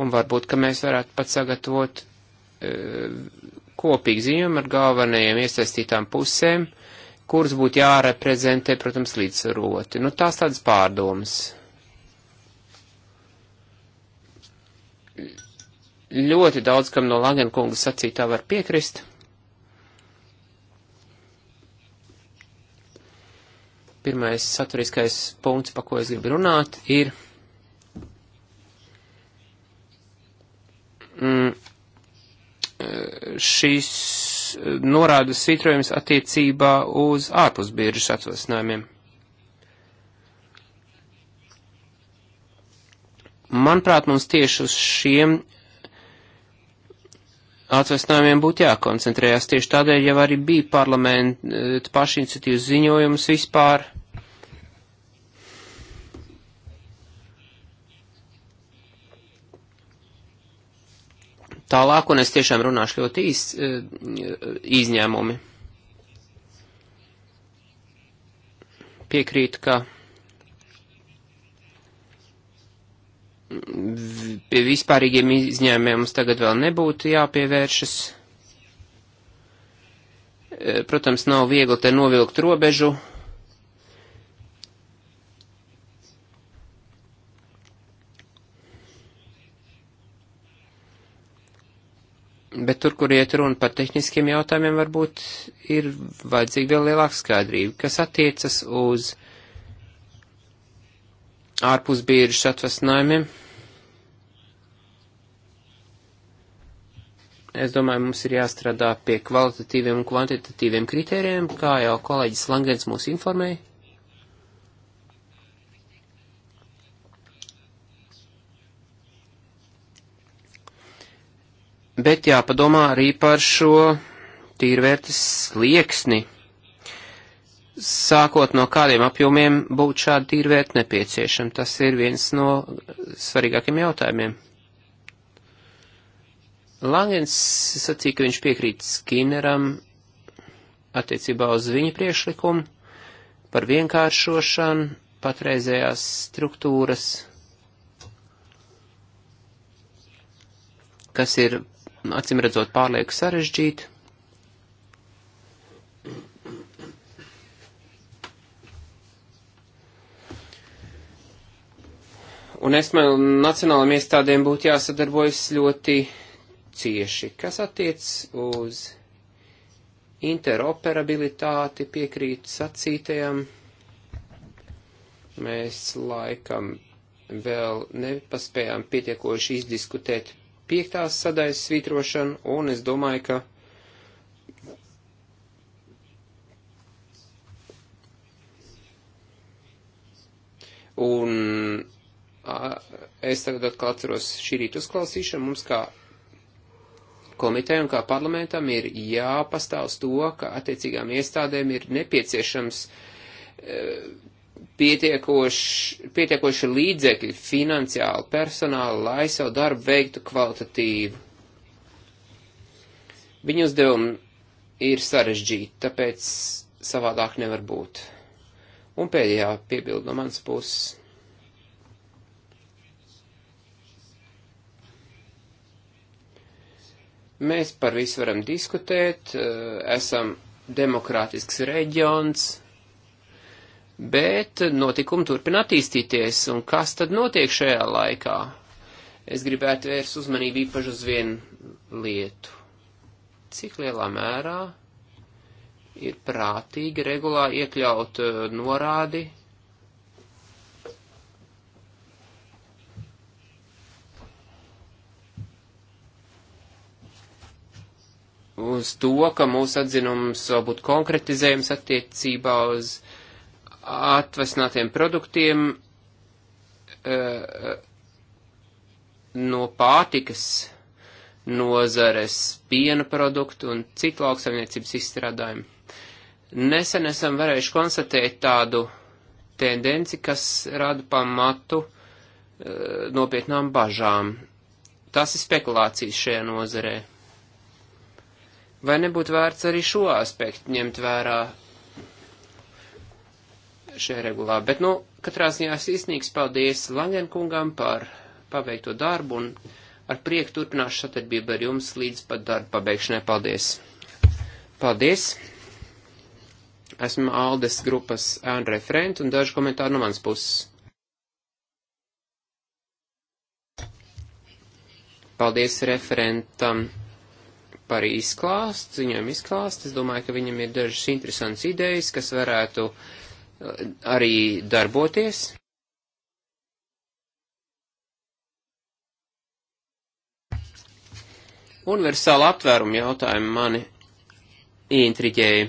un varbūt, ka mēs varētu pat sagatavot kopīgi ziņojumu ar galvenajiem iesaistītām pusēm, kuras būtu jāreprezentē, protams, līdzsvaroti. Nu, tās tādas pārdomas. Ļoti daudz, kam no Langenkunga sacītā var piekrist. Pirmais saturiskais punkts, pa ko es gribu runāt, ir. Mm, šīs norādes svītrojums attiecībā uz ārpusbiežas atvasinājumiem. Manuprāt, mums tieši uz šiem atvasinājumiem būtu jākoncentrējās. Tieši tādēļ jau arī bija parlamenta pašiniciatīvas ziņojums vispār tālāk, un es tiešām runāšu ļoti īs, e, izņēmumi. Piekrītu, ka pie vispārīgiem izņēmumiem mums tagad vēl nebūtu jāpievēršas. E, protams, nav viegli te novilkt robežu kur iet runa par tehniskiem jautājumiem, varbūt ir vajadzīga vēl lielāka skaidrība, kas attiecas uz ārpus biežas atvasinājumiem. Es domāju, mums ir jāstrādā pie kvalitatīviem un kvantitatīviem kritērijiem, kā jau kolēģis Langens mūs informēja. Bet jāpadomā arī par šo tīrvērtes slieksni. Sākot no kādiem apjomiem būtu šāda tīrvērta nepieciešama. Tas ir viens no svarīgākiem jautājumiem. Langens sacīja, ka viņš piekrīt Skinneram attiecībā uz viņa priekšlikumu par vienkāršošanu patreizējās struktūras, kas ir acim redzot pārlieku sarežģīti. Un esmu nacionālajiem iestādēm būtu jāsadarbojas ļoti cieši, kas attiec uz interoperabilitāti piekrīt sacītajam. Mēs laikam vēl nepaspējām pietiekoši izdiskutēt piektās sadaļas svītrošanu, un es domāju, ka Un es tagad atkal atceros šī rīta uzklausīšanu, mums kā komitejam, kā parlamentam ir jāpastāv uz to, ka attiecīgām iestādēm ir nepieciešams e, pietiekoši, pietiekoši līdzekļi, finansiāli, personāli, lai savu darbu veiktu kvalitatīvi. Viņa uzdevumi ir sarežģīti, tāpēc savādāk nevar būt. Un pēdējā piebilda no manas puses. Mēs par visu varam diskutēt, eh, esam demokrātisks reģions, bet notikumi turpina attīstīties, un kas tad notiek šajā laikā? Es gribētu vērst uzmanību īpaši uz vienu lietu. Cik lielā mērā ir prātīgi regulā iekļaut eh, norādi uz to, ka mūsu atzinums būtu konkretizējums attiecībā uz atvesinātiem produktiem eh, no pārtikas nozares, piena produktu un citu lauksaimniecības izstrādājumu. Nesen esam varējuši konstatēt tādu tendenci, kas rada pamatu eh, nopietnām bažām. Tas ir spekulācijas šajā nozarē. Vai nebūtu vērts arī šo aspektu ņemt vērā, šajā regulā. Bet, nu, katrā ziņā īsnīgs paldies Langenkungam par paveikto darbu un ar prieku turpināšu satarbību ar jums līdz pat darba pabeigšanai. Paldies! Paldies! Esmu Aldes grupas ēna referent un daži komentāri no mans puses. Paldies referentam par izklāstu, ziņojumu izklāstu. Es domāju, ka viņam ir dažas interesantas idejas, kas varētu uh, arī darboties. Universāla aptvēruma jautājumi mani intriģēja.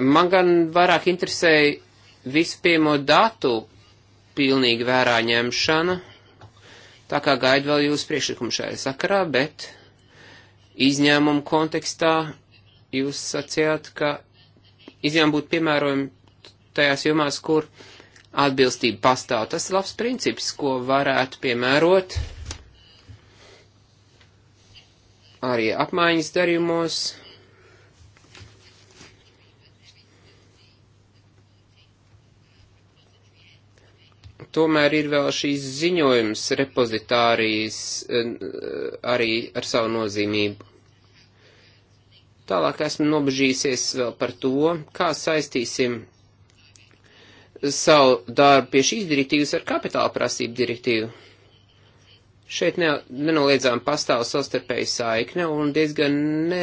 Man gan vairāk interesēja visu piemo datu pilnīgi vērā ņemšana, tā kā gaidu vēl jūsu priekšlikumu šajā sakarā, bet izņēmumu kontekstā jūs sacījāt, ka izņēmumi būtu piemērojami tajās jomās, kur atbilstība pastāv. Tas ir labs princips, ko varētu piemērot arī apmaiņas darījumos, tomēr ir vēl šīs ziņojums repozitārijas eh, arī ar savu nozīmību. Tālāk esmu nobežīsies vēl par to, kā saistīsim savu darbu pie šīs direktīvas ar kapitāla prasību direktīvu. Šeit ne, nenoliedzām pastāv sastarpēji saikne un diezgan ne,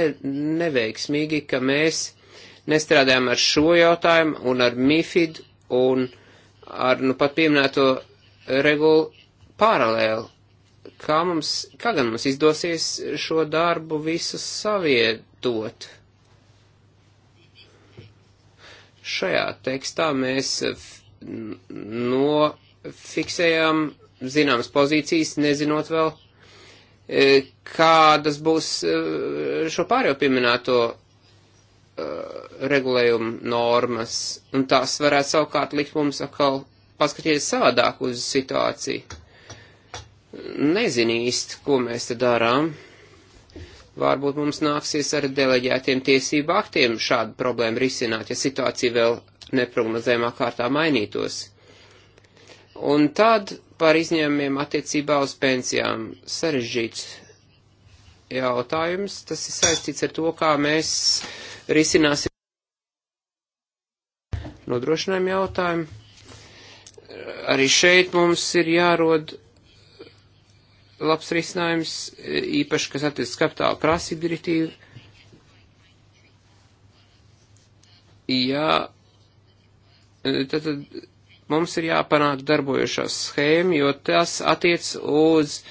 neveiksmīgi, ka mēs nestrādājam ar šo jautājumu un ar MIFID un uh, ar nu pat pieminēto regulu paralēli. Kā, mums, kā gan mums izdosies šo darbu visu savietot? Šajā tekstā mēs nofiksējām zināmas pozīcijas, nezinot vēl, e, kādas būs e, šo pārējo pieminēto Uh, regulējuma normas, un tās varētu savukārt likt mums atkal paskatīties savādāk uz situāciju. Nezinu īsti, ko mēs te darām. Varbūt mums nāksies ar deleģētiem tiesību aktiem šādu problēmu risināt, ja situācija vēl neprognozējumā kārtā mainītos. Un tad par izņēmumiem attiecībā uz pensijām sarežģīts jautājums. Tas ir saistīts ar to, kā mēs uh, risināsim nodrošinājumu jautājumu. Arī šeit mums ir jārod labs risinājums, īpaši, kas attiec kapitāla prasību direktīvu. Jā, tad, tad mums ir jāpanāk darbojošās schēma, jo tas attiec uz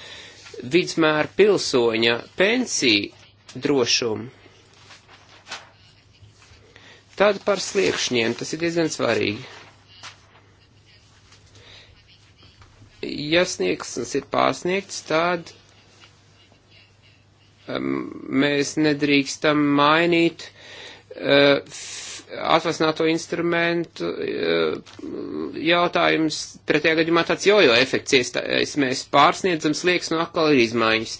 vidzmēra pilsoņa pensiju drošumu. Tad par sliekšņiem tas ir diezgan svarīgi. Ja sniegsnes ir pārsniegts, tad um, mēs nedrīkstam mainīt uh, atvasināto instrumentu uh, jautājums, pretējā gadījumā tāds jojo efekts iestājas, mēs pārsniedzam slieks un atkal ir izmaiņas.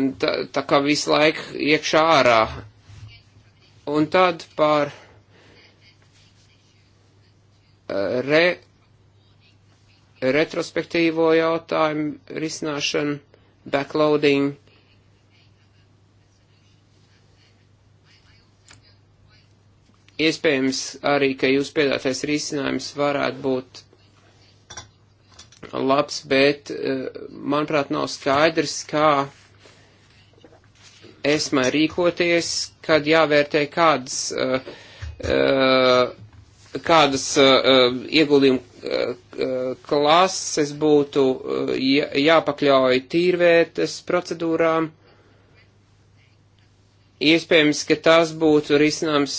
Un tā, tā kā visu laiku iekšā ārā Un tad par eh, re, retrospektīvo jautājumu risināšanu, backloading. Iespējams arī, ka jūs piedātais risinājums varētu būt labs, bet, eh, manuprāt, nav skaidrs, kā esmai rīkoties, kad jāvērtē kādas, uh, uh, kādas uh, ieguldījuma klases būtu jāpakļauj tīrvērtas procedūrām. Iespējams, ka tas būtu risinājums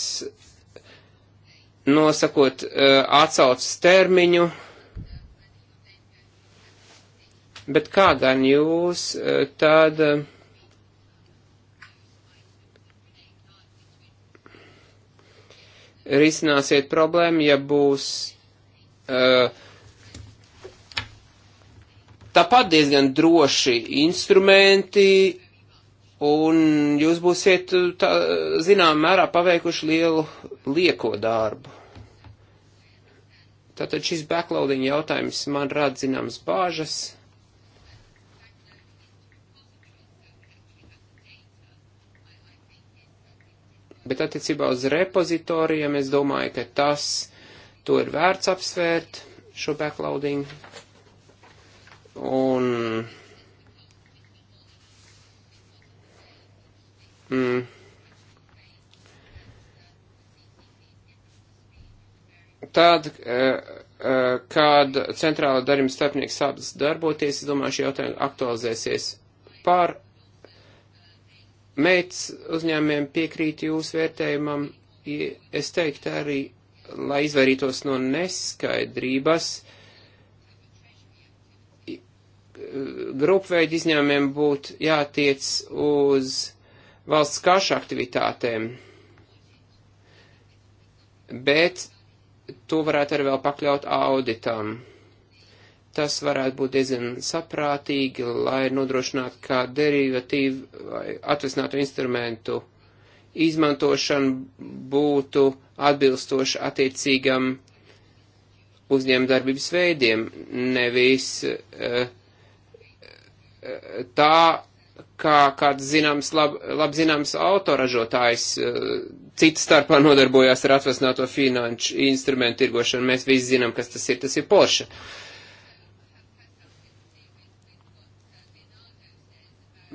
nosakot atsaucas termiņu, bet kā gan jūs tad. Uh, risināsiet problēmu, ja būs uh, tāpat diezgan droši instrumenti, un jūs būsiet, eh, tā, zinām, mērā paveikuši lielu lieko darbu. Tātad šis backloading jautājums man rada zināmas bāžas. Bet attiecībā uz repozitorijiem es domāju, ka tas, to ir vērts apsvērt, šo backloading. Un. Mm. Tad, eh, eh, kad centrāla darījuma starpnieks sāks darboties, es domāju, šie jautājumi aktualizēsies par Mērķis uzņēmiem piekrīt jūsu vērtējumam, es teiktu arī, lai izvairītos no neskaidrības, grupveidu izņēmumiem būtu jātiec uz valsts kaša aktivitātēm, bet to varētu arī vēl pakļaut auditam. Tas varētu būt diezgan saprātīgi, lai nodrošinātu, ka derivatīvu vai atvesinātu instrumentu izmantošana būtu atbilstoša attiecīgam uzņēmdarbības veidiem, nevis uh, tā, kā kāds zināms, lab, lab zināms autoražotājs eh, cits starpā nodarbojās ar atvesināto finanšu instrumentu tirgošanu. Mēs visi zinām, kas tas ir. Tas ir Porsche.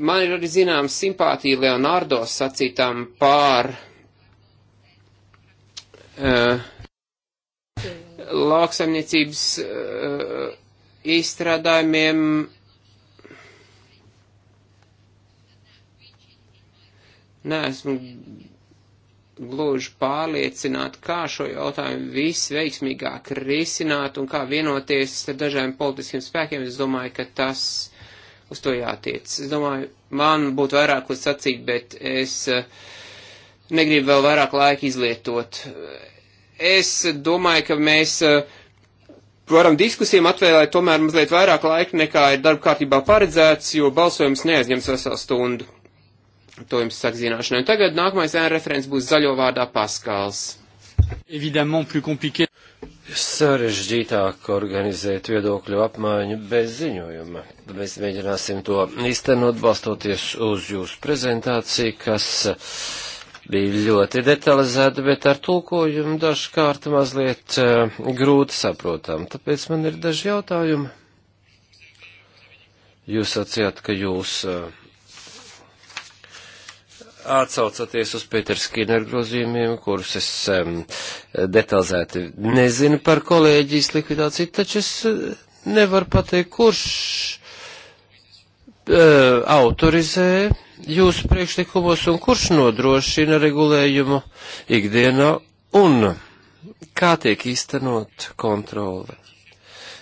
Man ir arī zināms simpātija Leonardo sacītām pār uh, lauksaimniecības uh, izstrādājumiem. Nē, esmu gluži pārliecināt, kā šo jautājumu visveiksmīgāk risināt un kā vienoties ar dažādiem politiskiem spēkiem. Es domāju, ka tas uz to jātiec. Es domāju, man būtu vairāk ko sacīt, bet es eh, negribu vēl vairāk laika izlietot. Es domāju, ka mēs eh, varam diskusijām atvēlēt tomēr mazliet vairāk laika nekā ir darba kārtībā paredzēts, jo balsojums neaizņems veselu stundu. To jums saka zināšanai. Tagad nākamais ēna referents būs zaļo vārdā Paskals. Évidemment, plus compliqué sarežģītāk organizēt viedokļu apmaiņu bez ziņojuma. Mēs mēģināsim to īstenot balstoties uz jūsu prezentāciju, kas bija ļoti detalizēta, bet ar tulkojumu dažkārt mazliet eh, grūti saprotam. Tāpēc man ir daži jautājumi. Jūs sacījāt, ka jūs uh, atsaucoties uz Pēters Skinner grozījumiem, kurus es um, detalizēti nezinu par kolēģijas likvidāciju, taču es eh, nevaru pateikt, kurš uh, autorizē jūsu priekšlikumos un kurš nodrošina regulējumu ikdienā un kā tiek īstenot kontrole.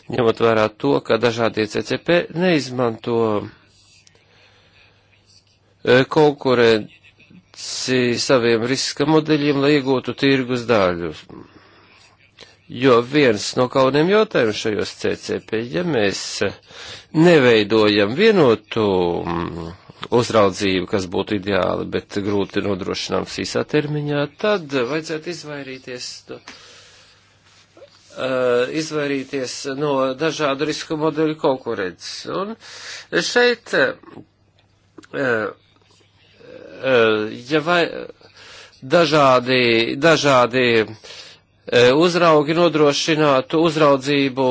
Ņemot vērā to, ka dažādie CCP neizmanto eh, konkurenti līdzi saviem riska modeļiem, lai iegūtu tirgus daļus. Jo viens no kauniem jautājumiem šajos CCP, ja mēs neveidojam vienotu mm, uzraudzību, kas būtu ideāli, bet grūti nodrošināms īsā termiņā, tad vajadzētu izvairīties no, uh, izvairīties no dažādu risku modeļu konkurences. Un šeit uh, Eh, ja vai, dažādi, dažādi eh, uzraugi nodrošinātu uzraudzību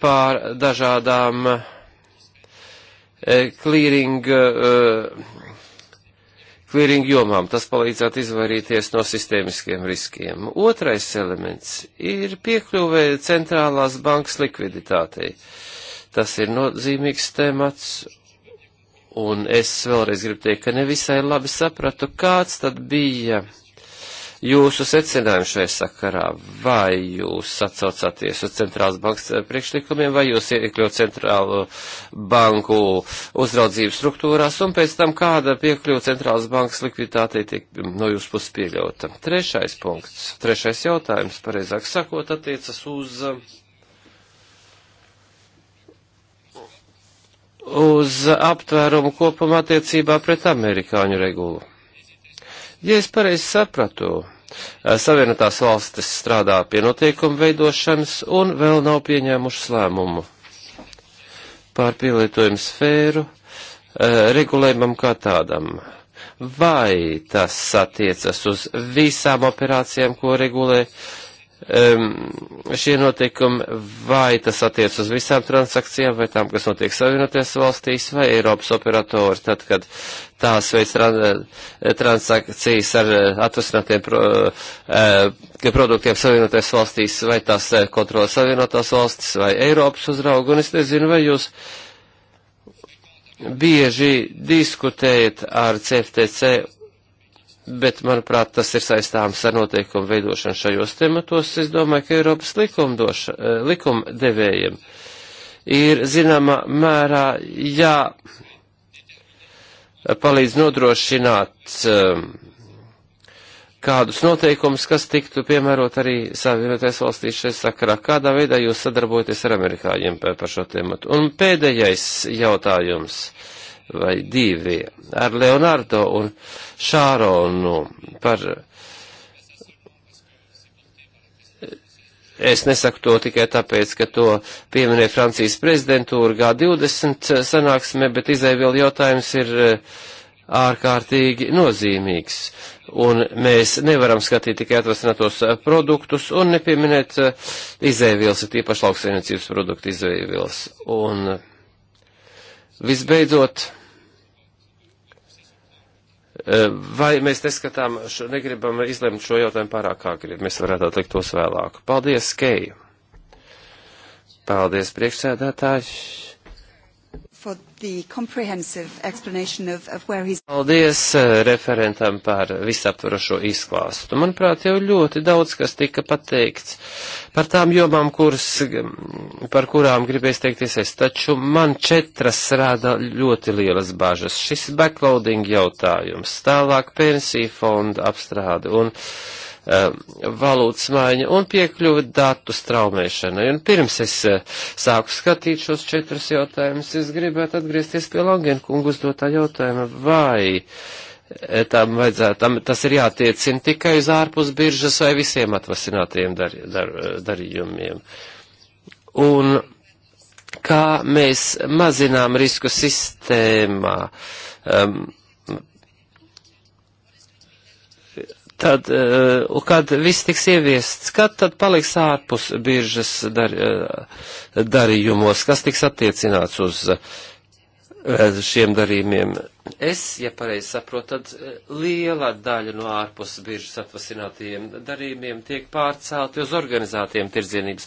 pār dažādām eh, clearing, clearing jomām. Tas palīdzētu izvairīties no sistēmiskiem riskiem. Otrais elements ir piekļuvē centrālās bankas likviditātei. Tas ir nozīmīgs temats Un es vēlreiz gribu teikt, ka nevisai labi sapratu, kāds tad bija jūsu secinājums šajā sakarā. Vai jūs atsaucāties uz centrālas bankas eh, priekšlikumiem, vai jūs iekļaut centrālu banku uzraudzības struktūrās, un pēc tam kāda piekļuva centrālas bankas likviditātei tiek no jūsu puses pieļauta. Trešais punkts, trešais jautājums, pareizāk sakot, attiecas uz. Uh, uz aptvērumu kopumā attiecībā pret amerikāņu regulu. Ja es pareizi sapratu, eh, Savienotās valstis strādā pie noteikumu veidošanas un vēl nav pieņēmušas lēmumu pār pielietojumu sfēru eh, regulējumam kā tādam. Vai tas attiecas uz visām operācijām, ko regulē uh, Ehm, šie noteikumi, vai tas attiec uz visām transakcijām, vai tām, kas notiek Savienoties valstīs, vai Eiropas operatori, tad, kad tās veids transakcijas ar eh, atvasinātiem pro, eh, produktiem Savienoties valstīs, vai tās eh, kontrolē Savienotās valstis, vai Eiropas uzraugu, un es nezinu, vai jūs bieži diskutējat ar CFTC bet, manuprāt, tas ir saistāms ar noteikumu veidošanu šajos tematos. Es domāju, ka Eiropas likumdoša, eh, likumdevējiem ir zināmā mērā jā palīdz nodrošināt eh, kādus noteikumus, kas tiktu piemērot arī Savienotais valstīs šajā sakarā. Kādā veidā jūs sadarbojaties ar amerikāņiem par šo tēmatu? Un pēdējais jautājums. Uh, vai divi ar Leonardo un Šāronu par. Es nesaku to tikai tāpēc, ka to pieminē Francijas prezidentūra G20 sanāksme, bet izēvielu jautājums ir eh, ārkārtīgi nozīmīgs. Un mēs nevaram skatīt tikai atvasinātos eh, produktus un nepieminēt eh, izēvielas, ir tīpaši lauksainiecības produktu izēvielas. Un Visbeidzot, eh, vai mēs neskatām, šo, negribam izlemt šo jautājumu pārāk agri, mēs varētu atlikt tos vēlāk. Paldies, Keija! Paldies, priekšsēdētāji! for the comprehensive explanation of, of where he's... Paldies eh, referentam par visaptvarošo izklāstu. Manuprāt, jau ļoti daudz, kas tika pateikts par tām jomām, kuras, mm, par kurām gribēs teikties es, taču man četras rāda ļoti lielas bažas. Šis backloading jautājums, tālāk pensiju fonda apstrāde un. Uh, Eh, valūtas maiņa un piekļuva datu straumēšanai. Un pirms es eh, sāku skatīt šos četrus jautājumus, es gribētu atgriezties pie Langenkungu uzdotā jautājuma, vai eh, tam vajadzētu, tam, tas ir jātiecina tikai uz ārpus biržas vai visiem atvasinātiem dar, dar, darījumiem. Un kā mēs mazinām risku sistēmā. Um, tad, eh, kad viss tiks ieviests, kad tad paliks ārpus biržas dar, eh, darījumos, kas tiks attiecināts uz eh, šiem darījumiem. Es, ja pareizi saprotu, tad e, liela daļa no ārpus biržas atvasinātajiem darījumiem tiek pārcelti uz organizētiem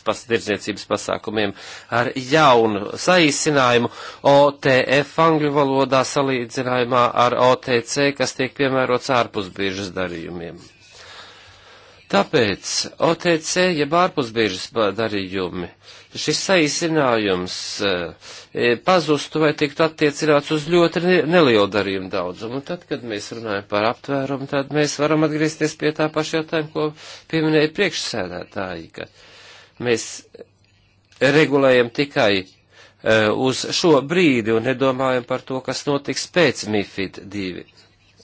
pas, tirdzniecības pasākumiem ar jaunu saīsinājumu OTF angļu valodā salīdzinājumā ar OTC, kas tiek piemērots ārpus biržas darījumiem. Tāpēc OTC, ja ārpusbiežas darījumi, šis saīsinājums e, e, pazustu vai tiktu attiecināts uz ļoti nelielu darījumu daudzumu. Un tad, kad mēs runājam par aptvērumu, tad mēs varam atgriezties pie tā paša jautājuma, ko pieminēja priekšsēdētāji, ka mēs regulējam tikai e, uz šo brīdi un nedomājam par to, kas notiks pēc MIFID 2.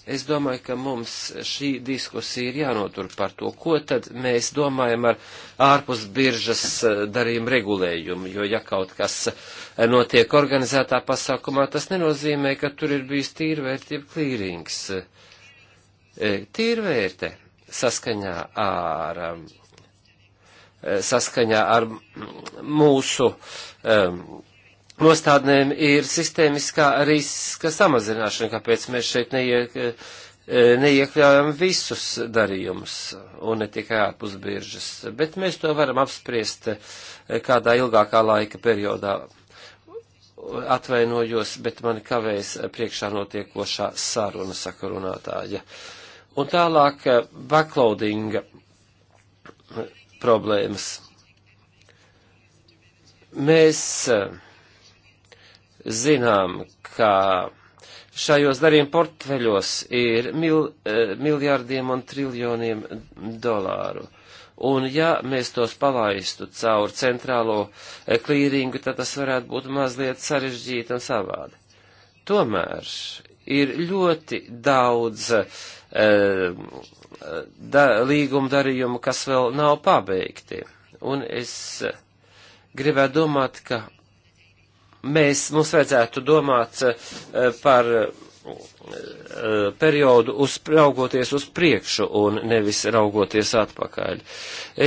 Es domāju, ka mums šī diskusija ir jānotur par to, ko tad mēs domājam ar ārpus biržas eh, darījumu regulējumu, jo ja kaut kas eh, notiek organizētā pasākumā, tas nenozīmē, ka tur ir bijis tīrvērtība klīrings. Eh, tīrvērte saskaņā ar, um, saskaņā ar mūsu um, nostādnēm ir sistēmiskā riska samazināšana, kāpēc mēs šeit neiek, e, neiekļaujam visus darījumus un ne tikai ārpus biržas, bet mēs to varam apspriest e, kādā ilgākā laika periodā. Atvainojos, bet mani kavēs priekšā notiekošā saruna sakarunātāja. Un tālāk e, backloadinga problēmas. Mēs uh, zinām, ka šajos darījuma portfeļos ir mil, eh, miljārdiem un triljoniem dolāru. Un ja mēs tos palaistu caur centrālo eh, klīringu, tad tas varētu būt mazliet sarežģīti un savādi. Tomēr ir ļoti daudz e, da, līguma darījumu, kas vēl nav pabeigti. Un es gribētu domāt, ka mēs, mums vajadzētu domāt eh, par eh, periodu uz, raugoties uz priekšu un nevis raugoties atpakaļ.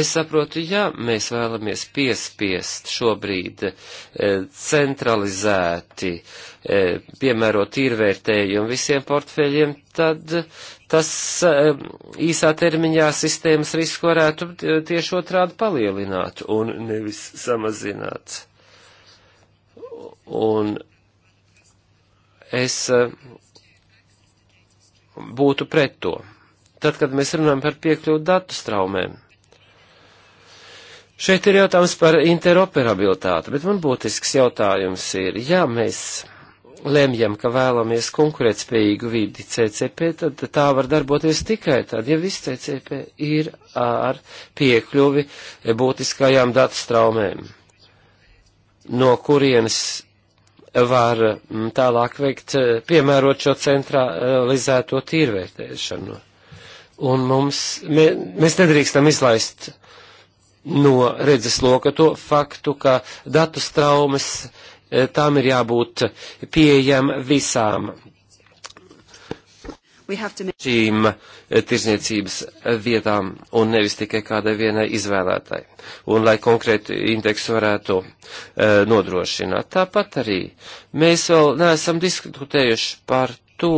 Es saprotu, ja mēs vēlamies piespiest šobrīd eh, centralizēti piemērot tīrvērtējumu visiem portfeļiem, tad tas īsā termiņā sistēmas risku varētu tieši otrādi palielināt un nevis samazināt. Un es eh, būtu pret to. Tad, kad mēs runājam par piekļuvu datu straumēm, šeit ir jautājums par interoperabilitāti, bet man būtisks jautājums ir, ja mēs lemjam, ka vēlamies konkurētspējīgu vidi CCP, tad tā var darboties tikai tad, ja viss CCP ir ar piekļuvi būtiskajām datu straumēm, no kurienes var mm, tālāk veikt, eh, piemērot šo centralizēto tīrvērtēšanu. Un mums, mē, mēs nedrīkstam izlaist no redzes loka to faktu, ka datu straumes eh, tām ir jābūt pieejam visām šīm eh, tirzniecības eh, vietām un nevis tikai kādai vienai izvēlētai, un lai konkrētu indeksu varētu uh, nodrošināt. Tāpat arī mēs vēl neesam diskutējuši par to,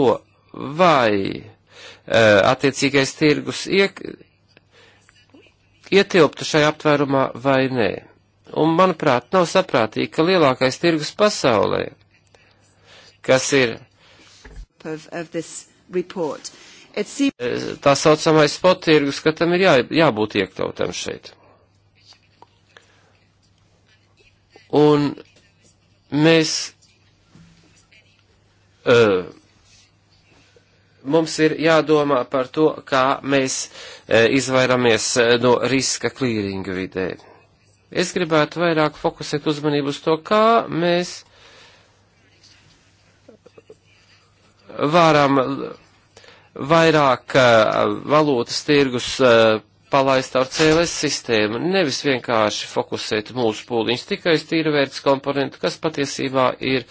vai uh, attiecīgais tirgus iek, ietilptu šajā aptvērumā vai nē. Un, manuprāt, nav saprātīgi, ka lielākais tirgus pasaulē, kas ir of, of this report. Seems... E, tā saucamais spot tirgus, ka tam ir jā, jābūt iekļautam šeit. Un mēs. Uh, mums ir jādomā par to, kā mēs e, izvairamies e, no riska klīringa vidē. Es gribētu vairāk fokusēt uzmanību uz to, kā mēs varam vairāk eh, valūtas tirgus eh, palaist ar CLS sistēmu, nevis vienkārši fokusēt mūsu pūliņus tikai uz tīrvērts komponentu, kas patiesībā ir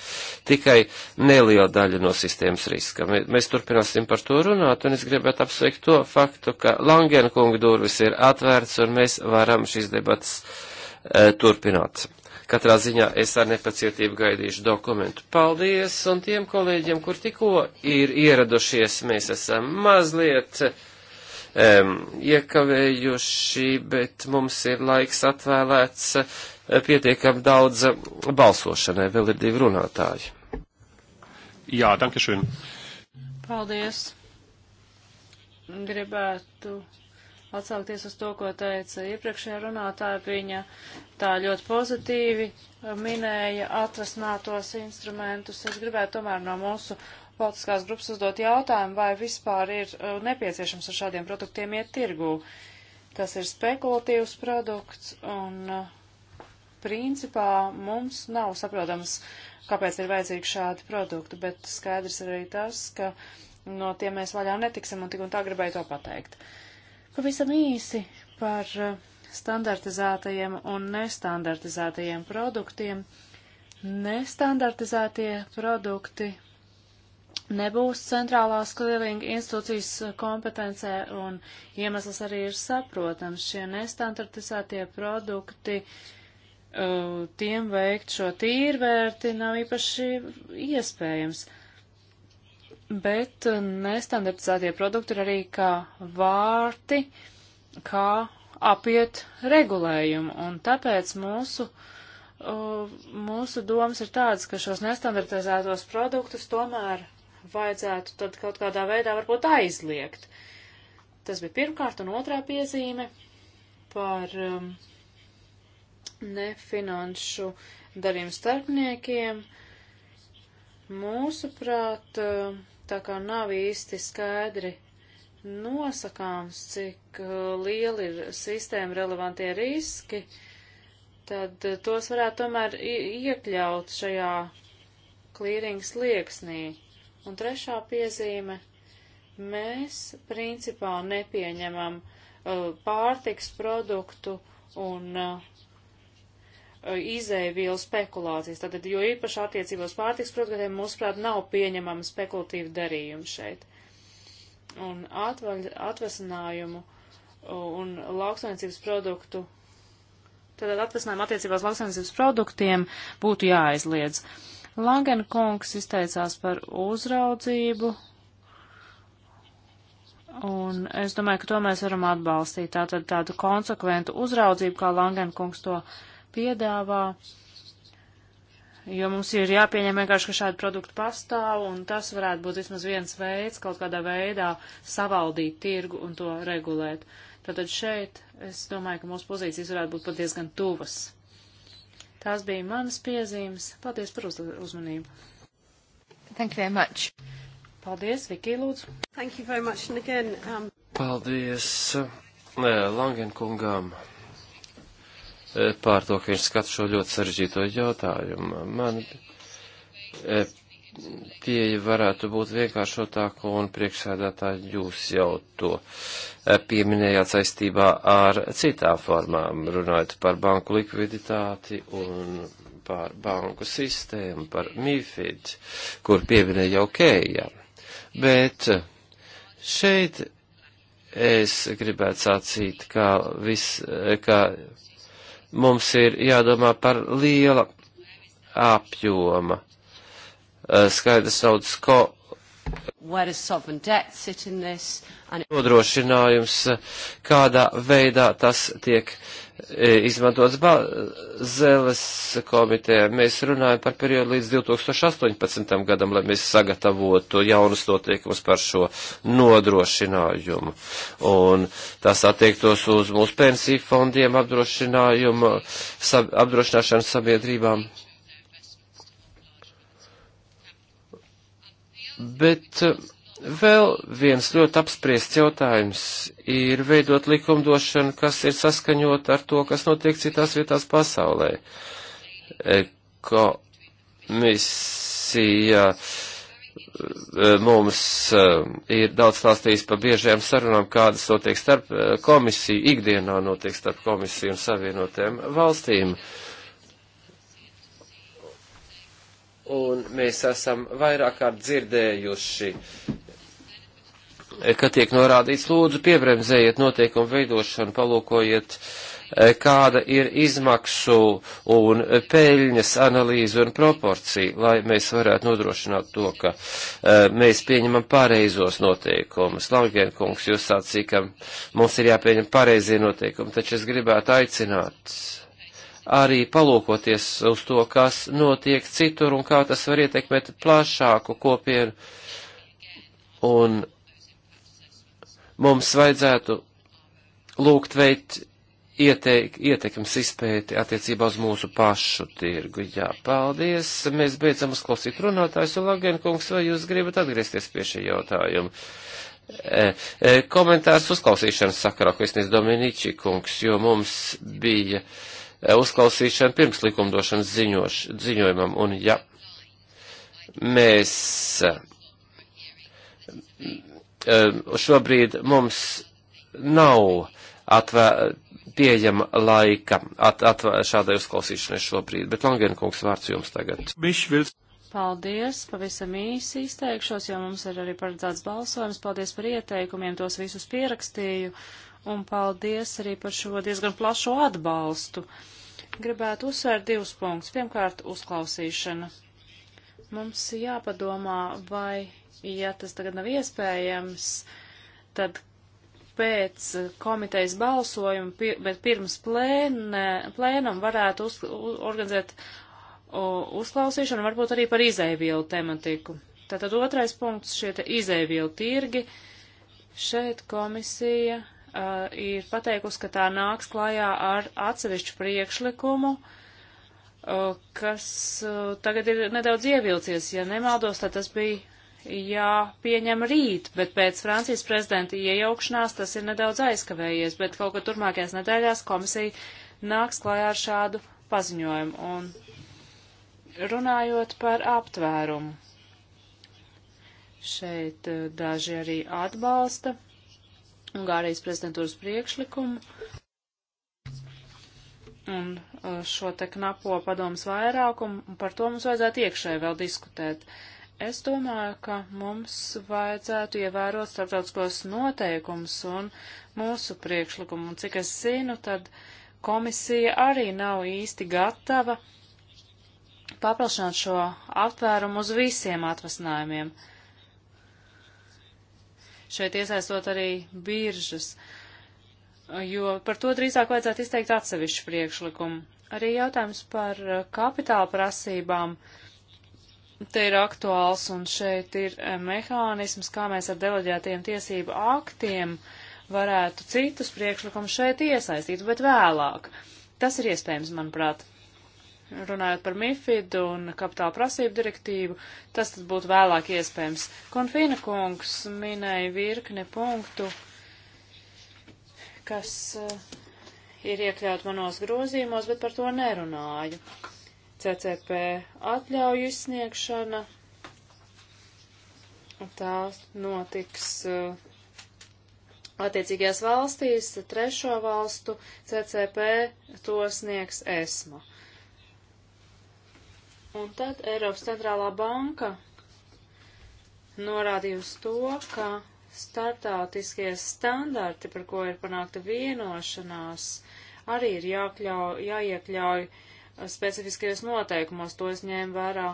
tikai neliela daļa no sistēmas riska. Mēs turpināsim par to runāt, un es gribētu apsveikt to faktu, ka Langena kunga durvis ir atvērts, un mēs varam šīs debatas e, turpināt. Katrā ziņā es ar nepacietību gaidīšu dokumentu. Paldies, un tiem kolēģiem, kur tikko ir ieradušies, mēs esam mazliet um, iekavējuši, bet mums ir laiks atvēlēts eh, pietiekam daudz balsošanai, vēl ir divi runātāji. Jā, danke šodien. Paldies. Gribētu atsaukties uz to, ko teica iepriekšējā runātāja. Viņa tā ļoti pozitīvi uh, minēja atvesinātos instrumentus. Es gribētu tomēr no mūsu politiskās grupas uzdot jautājumu, vai vispār ir uh, nepieciešams ar šādiem produktiem iet tirgū. Tas ir spekulatīvs produkts un uh, principā mums nav saprotams, kāpēc ir vajadzīgi šādi produkti, bet skaidrs ir arī tas, ka no tiem mēs vaļā netiksim un tik un tā gribēju to pateikt. Uh, Pavisam īsi par eh, standartizētajiem un nestandartizētajiem produktiem. Nestandartizētie produkti nebūs centrālās klīringa institūcijas eh, kompetencē, un iemesls arī ir saprotams. Šie nestandartizētie produkti, eh, tiem veikt šo tīrvērti nav īpaši iespējams bet eh, nestandartizētie produkti ir arī kā vārti, kā apiet regulējumu, un tāpēc mūsu, eh, mūsu domas ir tādas, ka šos nestandartizētos produktus tomēr vajadzētu tad kaut kādā veidā varbūt aizliegt. Tas bija pirmkārt un otrā piezīme par um, nefinanšu darījumu starpniekiem. Mūsuprāt, uh, tā kā nav īsti skaidri nosakāms, cik uh, lieli ir sistēma relevantie riski, tad uh, tos varētu tomēr iekļaut šajā klīrings lieksnī. Un trešā piezīme - mēs principā nepieņemam uh, pārtiks produktu un uh, izēvielu spekulācijas. Tātad, jo īpaši attiecībos pārtiks produktiem, mūsuprāt, nav pieņemama spekulatīva darījuma šeit. Un atvaļ, atvesinājumu uh, un lauksaimniecības produktu, tātad atvesinājumu attiecībās lauksaimniecības produktiem būtu jāaizliedz. Langen kungs izteicās par uzraudzību. Un es domāju, ka to mēs varam atbalstīt. Tātad tādu konsekventu uzraudzību, kā Langen kungs to uh, piedāvā, jo mums ir jāpieņem vienkārši, ka šādi produkti pastāv, un tas varētu būt vismaz viens veids kaut kādā veidā savaldīt tirgu un to regulēt. Tātad šeit es domāju, ka mūsu pozīcijas varētu būt pat diezgan tuvas. Tās bija manas piezīmes. Paldies par uzmanību. Thank you very much. Paldies, Viki, lūdzu. Thank you very much, and again. Um... Paldies Langenkungam pār to, ka viņš skat šo ļoti sarežģīto jautājumu. Man e, pieeja varētu būt vienkāršotāka, un priekšsēdētāji jūs jau to e, pieminējāt saistībā ar citām formām, runājot par banku likviditāti un par banku sistēmu, par MIFID, kur pieminēja jau Keija. Bet šeit es gribētu sacīt, ka viss, ka mums ir jādomā par liela apjoma skaidrs naudas ko Nodrošinājums, kādā veidā tas tiek e, izmantots Bazeles komitē. Mēs runājam par periodu līdz 2018. gadam, lai mēs sagatavotu jaunus notiekumus par šo nodrošinājumu. Un tas attiektos uz mūsu pensiju fondiem, apdrošinājumu, sab, apdrošināšanas sabiedrībām Bet eh, vēl viens ļoti apspriests jautājums ir veidot likumdošanu, kas ir saskaņot ar to, kas notiek citās vietās pasaulē. Komisija eh, mums eh, ir daudz stāstījis par biežajām sarunām, kādas notiek starp komisiju, ikdienā notiek starp komisiju un savienotēm valstīm. Uh, un mēs esam vairāk kārt dzirdējuši, ka tiek norādīts lūdzu piebremzējiet notiekumu veidošanu, palūkojiet, eh, kāda ir izmaksu un peļņas analīze un proporcija, lai mēs varētu nodrošināt to, ka eh, mēs pieņemam pareizos noteikumus. Laugienkungs, jūs sacīja, ka mums ir jāpieņem pareizie noteikumi, taču es gribētu aicināt arī palūkoties uz to, kas notiek citur un kā tas var ietekmēt plašāku kopienu. Un mums vajadzētu lūgt veikt ieteik, ietekmes izpēti attiecībā uz mūsu pašu tirgu. Jā, paldies. Mēs beidzam uzklausīt runātājs un Lagenkungs, vai jūs gribat atgriezties pie šī jautājuma? E, e, komentārs uzklausīšanas sakarā, ko es nezinu, Dominiči kungs, jo mums bija. E, Eh, uzklausīšanu pirms likumdošanas ziņoš, ziņojumam. Un ja mēs eh, šobrīd mums nav atvē, pieejama laika at, atvē, šādai uzklausīšanai šobrīd, bet Langenkungs vārds jums tagad. Paldies, pavisam īsi izteikšos, jo mums ir arī paredzēts balsojums. Paldies par ieteikumiem, tos visus pierakstīju. Uh, un paldies arī par šo diezgan plašo atbalstu. Gribētu uzsvērt divus punktus. Pirmkārt, uzklausīšana. Mums jāpadomā, vai, ja tas tagad nav iespējams, tad pēc komitejas balsojuma, bet pirms plēnē, plēnam varētu uz, organizēt uzklausīšanu, varbūt arī par izēvielu tematiku. Tātad otrais punkts, šie te izēvielu tirgi. Šeit komisija uh, ir pateikusi, ka tā nāks klājā ar atsevišķu priekšlikumu, uh, kas uh, tagad ir nedaudz ievilcies. Ja nemaldos, tad tas bija jāpieņem rīt, bet pēc Francijas prezidenta iejaukšanās tas ir nedaudz aizkavējies, bet kaut kad turmākajās nedēļās komisija nāks klājā ar šādu paziņojumu. Un runājot par aptvērumu, šeit uh, daži arī atbalsta Ungārijas prezidentūras priekšlikumu un uh, šo te knapo padomas vairākumu, un par to mums vajadzētu iekšēji vēl diskutēt. Es domāju, ka mums vajadzētu ievērot starptautiskos noteikumus un mūsu priekšlikumu, un cik es zinu, tad komisija arī nav īsti gatava paplašināt šo aptvērumu uz visiem atvasinājumiem. Uh, šeit iesaistot arī biržas, jo par to drīzāk vajadzētu izteikt atsevišķu priekšlikumu. Arī jautājums par eh, kapitāla prasībām te ir aktuāls, un šeit ir eh, mehānisms, kā mēs ar deleģētiem tiesību aktiem varētu citus priekšlikumus šeit iesaistīt, bet vēlāk. Tas ir iespējams, manuprāt runājot par MIFID un kapitāla prasību direktīvu, tas tad būtu vēlāk iespējams. Konfīna kungs minēja virkni punktu, kas eh, ir iekļaut manos grozījumos, bet par to nerunāju. CCP atļauju izsniegšana, tā notiks eh, attiecīgajās valstīs, trešo valstu CCP to sniegs ESMA. Un tad Eiropas centrālā banka norādīja uz to, ka startautiskie standarti, par ko ir panākta vienošanās, arī ir jākļauj, jāiekļauj specifiskajos noteikumos. To es ņēmu vērā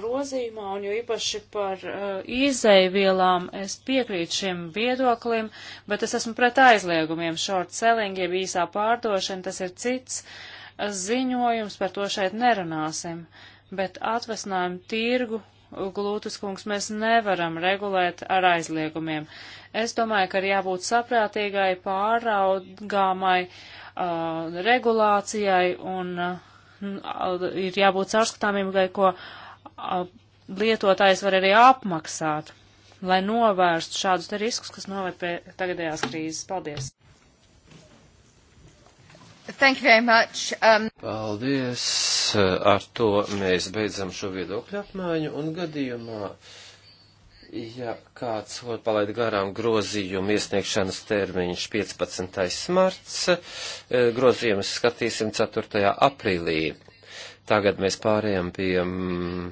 grozījumā, un jo īpaši par uh, izēvielām es piekrītu šiem viedoklim, bet es esmu pret aizliegumiem. Short selling, jeb īsā pārdošana, tas ir cits ziņojums, par to šeit nerunāsim, bet atvesinājumu tirgu, glūtas kungs, mēs nevaram regulēt ar aizliegumiem. Es domāju, ka ir jābūt saprātīgai, pāraudgāmai uh, regulācijai un uh, ir jābūt caurskatāmībai, ko uh, lietotājs var arī apmaksāt, lai novērstu šādus riskus, kas noved pie tagadējās krīzes. Paldies! Thank you very much. Um... Paldies. Ar to mēs beidzam šo viedokļu apmaiņu un gadījumā, ja kāds var palaid garām grozījumu iesniegšanas termiņš 15. marts, e, grozījumus skatīsim 4. aprīlī. Tagad mēs pārējām pie, mm,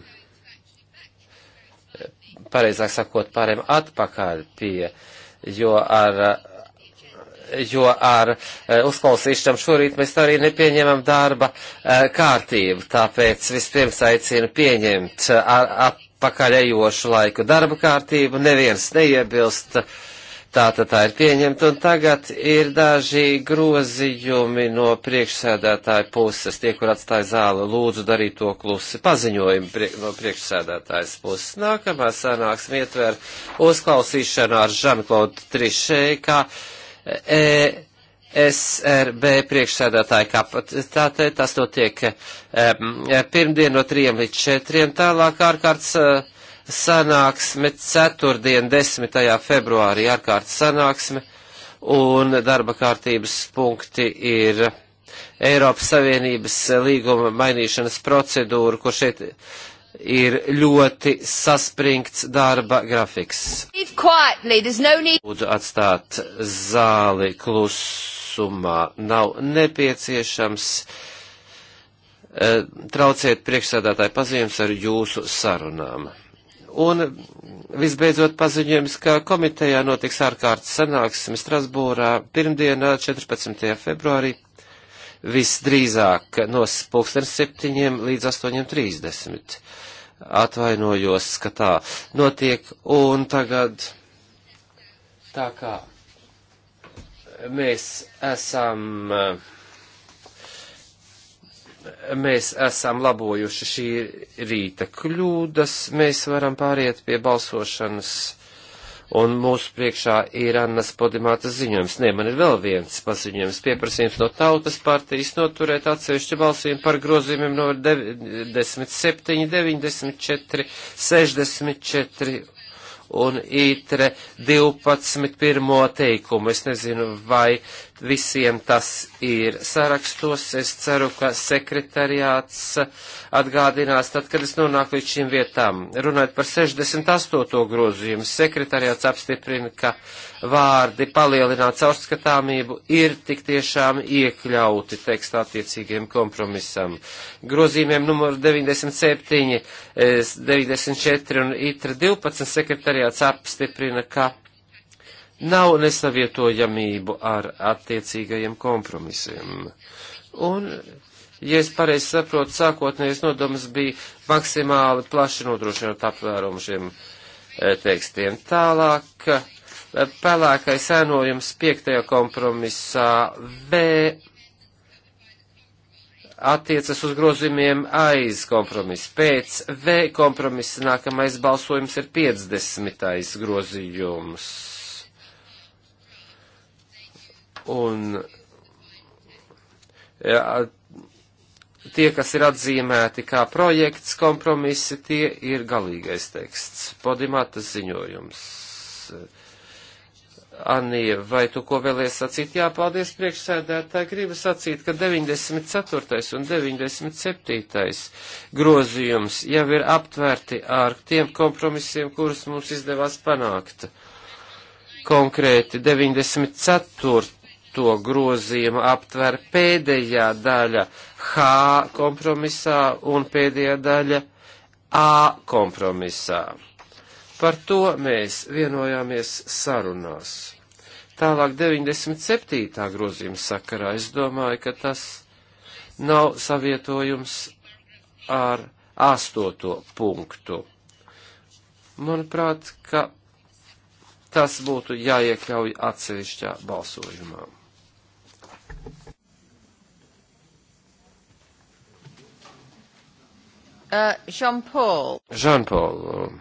e, pareizāk sakot, pārējām atpakaļ pie, jo ar jo ar eh, uzklausīšanu šorīt mēs arī nepieņemam darba eh, kārtību. Tāpēc vispirms aicinu pieņemt eh, apakaļejošu laiku darba kārtību. Neviens neiebilst. Tātad tā ir pieņemta, un tagad ir daži grozījumi no priekšsēdētāja puses. Tie, kur atstāja zāli, lūdzu darīt to klusi. Paziņojumi prie, no priekšsēdētājas puses. Nākamā sanāksme ietver uzklausīšanu ar Žanklodu Trišē, kā uh, E SRB priekšsēdētāja kapacitātei. Tas notiek pirmdien no 3 līdz 4. Tālāk ārkārtas e, sanāksme, ceturtdien 10. februārī ārkārtas sanāksme un darba kārtības punkti ir Eiropas Savienības līguma mainīšanas procedūra, kur šeit ir ļoti saspringts darba grafiks. Lūdzu atstāt zāli klusumā. Nav nepieciešams e, traucēt priekšsēdētāju paziņojums ar jūsu sarunām. Un visbeidzot paziņojums, ka komitejā notiks ārkārtas sanāksme Strasbūrā pirmdienā 14. februārī visdrīzāk no pulksten septiņiem līdz astoņiem trīsdesmit. Atvainojos, ka tā notiek, un tagad tā kā mēs esam. Mēs esam labojuši šī rīta kļūdas, mēs varam pāriet pie balsošanas un mūsu priekšā ir Annas Podimātas ziņojums. Nē, man ir vēl viens paziņojums pieprasījums no tautas partijas noturēt atsevišķu balsījumu par grozījumiem no 97, 94, 64 un itre 12 pirmo teikumu. Es nezinu, vai Visiem tas ir sarakstos. Es ceru, ka sekretariāts atgādinās, tad, kad es nonāku līdz šīm vietām. Runājot par 68. grozījumu, sekretariāts apstiprina, ka vārdi palielināt caurskatāmību ir tik tiešām iekļauti tekstā attiecīgiem kompromisam. Grozījumiem numur 97, 94 eh, un itra 12 sekretariāts apstiprina, ka nav nesavietojamību ar attiecīgajiem kompromisiem. Un, ja es pareizi saprotu, sākotnējais nodoms bija maksimāli plaši nodrošināt apvērumu šiem e, tekstiem. Tālāk, e, pelēkais ēnojums piektajā kompromisā V attiecas uz grozījumiem aiz kompromisu. Pēc V kompromisa nākamais balsojums ir 50. grozījums. Un ja, tie, kas ir atzīmēti kā projekts kompromisi, tie ir galīgais teksts. Podimātas ziņojums. Anija, vai tu ko vēlies sacīt? Jā, paldies priekšsēdētāji. Gribu sacīt, ka 94. un 97. grozījums jau ir aptvērti ar tiem kompromisiem, kurus mums izdevās panākt. Konkrēti 94 to grozījumu aptver pēdējā daļa H kompromisā un pēdējā daļa A kompromisā. Par to mēs vienojāmies sarunās. Tālāk 97. grozījuma sakarā es domāju, ka tas nav savietojums ar astoto punktu. Manuprāt, ka tas būtu jāiekļauj atsevišķā balsojumā. Uh, Jean-Paul. Jean-Paul.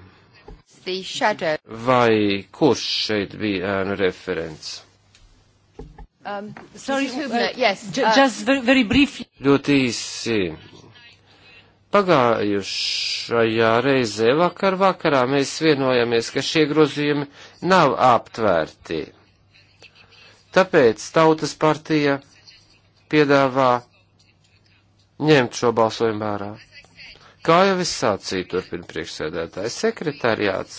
Vai kurš šeit bija ēnu referents? Um, sorry, Hubner, uh, yes. Uh, just very, very briefly. Ļoti īsi. Pagājušajā reizē vakar vakarā mēs vienojamies, ka šie grozījumi nav aptvērti. Tāpēc Tautas partija piedāvā ņemt šo balsojumu vērā. Kā jau es sācīju, turpina priekšsēdētājs sekretariāts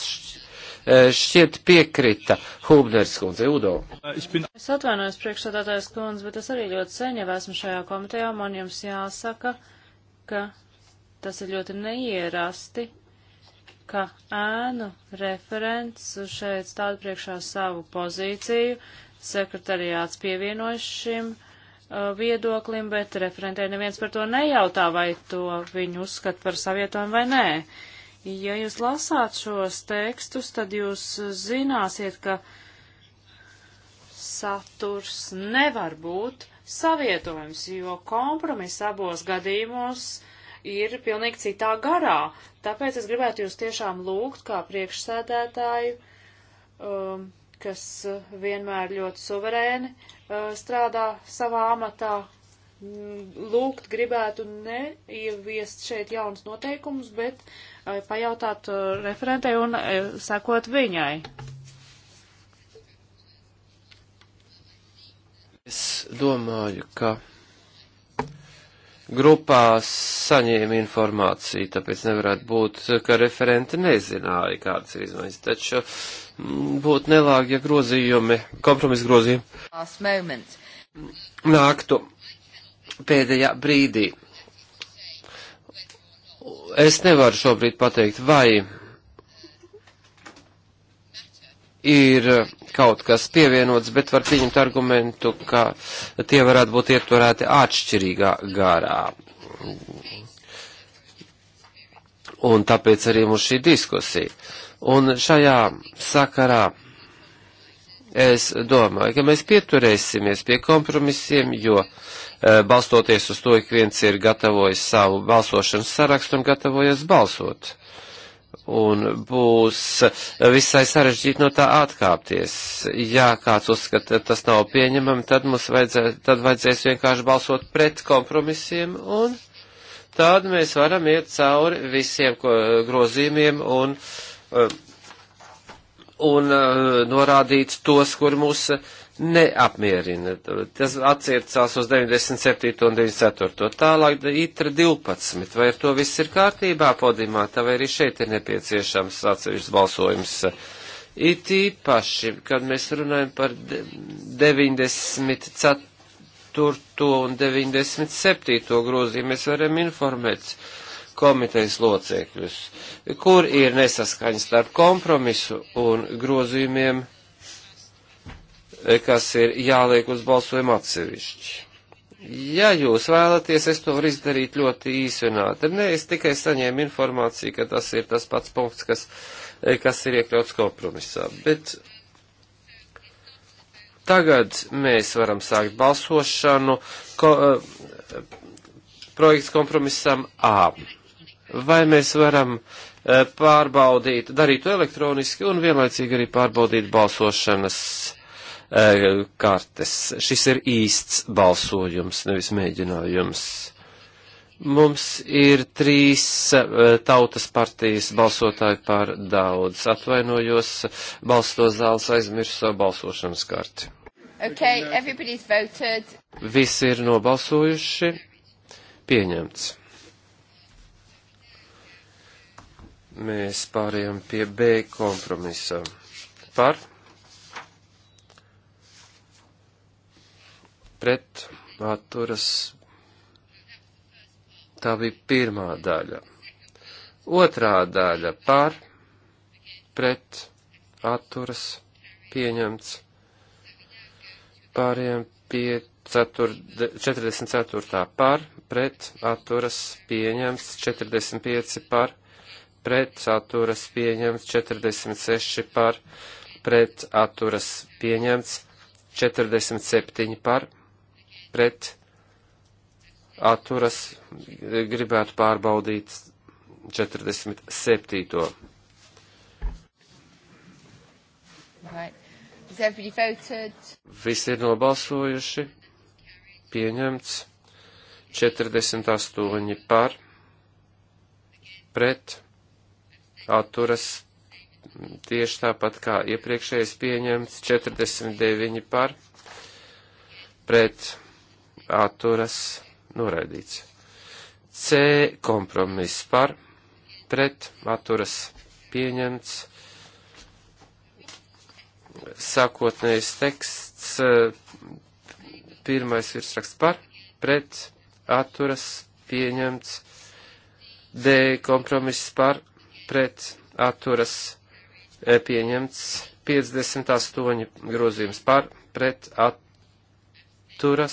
e, šķiet piekrita Hubners kundze. Udo. Es atvainojos priekšsādātājs kundze, bet es arī ļoti sen jau esmu šajā komitejā. Man jums jāsaka, ka tas ir ļoti neierasti, ka ēnu referents šeit stāda priekšā savu pozīciju. Sekretariāts pievienojas šim. Uh, Uh, viedoklim, bet referentē neviens par to nejautā, vai to viņi uzskat par savietojumu vai nē. Ja jūs lasāt šos tekstus, tad jūs zināsiet, ka saturs nevar būt savietojums, jo kompromiss abos gadījumos ir pilnīgi citā garā. Tāpēc es gribētu jūs tiešām lūgt kā priekšsēdētāju. Um, kas eh, vienmēr ļoti suverēni eh, strādā savā amatā, mm, lūgt gribētu neieviest šeit jaunas noteikumus, bet eh, pajautāt referentei un sekot viņai. Es domāju, ka grupās saņēma informāciju, tāpēc nevarētu būt, ka referenti nezināja, kādas ir izmaiņas. Taču mm, būtu nelāgi, ja grozījumi, kompromisa grozījumi nāktu pēdējā brīdī. Es nevaru šobrīd pateikt, vai ir eh, kaut kas pievienots, bet var pieņemt argumentu, ka tie varētu būt ieturēti atšķirīgā garā. Un tāpēc arī mums šī diskusija. Un šajā sakarā es domāju, ka mēs pieturēsimies pie kompromisiem, jo eh, balstoties uz to, ik viens ir gatavojis savu balsošanas sarakstu un gatavojas balsot. Uh, un būs visai sarežģīti no tā atkāpties. Ja kāds uzskata, tas nav pieņemami, tad mums vajadzē, tad vajadzēs vienkārši balsot pret kompromisiem, un tad mēs varam iet cauri visiem ko, grozījumiem un, eh, un eh, norādīt tos, kur mūsu neapmierina. Tas atcircās uz 97. un 94. Tālāk itra 12. Vai ar to viss ir kārtībā podimāta, vai arī šeit ir nepieciešams atsevišķs balsojums? It īpaši, kad mēs runājam par 94. un 97. grozījumu, mēs varam informēt komitejas locekļus, kur ir nesaskaņas starp kompromisu un grozījumiem kas ir jāliek uz balsojumu atsevišķi. Ja jūs vēlaties, es to varu izdarīt ļoti īsi un ātri. Nē, es tikai saņēmu informāciju, ka tas ir tas pats punkts, kas, kas ir iekļauts kompromisā. Bet tagad mēs varam sākt balsošanu. Ko, eh, projekts kompromisam A. Vai mēs varam eh, pārbaudīt, darīt to elektroniski un vienlaicīgi arī pārbaudīt balsošanas Eh, kartes. Šis ir īsts balsojums, nevis mēģinājums. Mums ir trīs eh, tautas partijas balsotāji par daudz. Atvainojos, balsto zāles aizmirsu savu balsošanas karti. Okay, everybody's voted. Visi ir nobalsojuši. Pieņemts. Mēs pārējām pie B kompromisa. Par? pret atturas. Tā bija pirmā daļa. Otrā daļa par pret atturas pieņemts. Pāriem pie 4, 44. par pret atturas pieņemts, 45 par pret atturas pieņemts, 46 par pret atturas pieņemts, 47 par pret pret atturas gribētu pārbaudīt 47. Visi ir nobalsojuši, pieņemts 48 par, pret, atturas tieši tāpat kā iepriekšējais pieņemts 49 par, pret, atturas noraidīts. C kompromiss par pret atturas pieņemts. Sākotnējais teksts, pirmais virsraksts par pret atturas pieņemts. D kompromiss par pret atturas pieņemts. 58 grozījums par pret atturas pieņemts atturas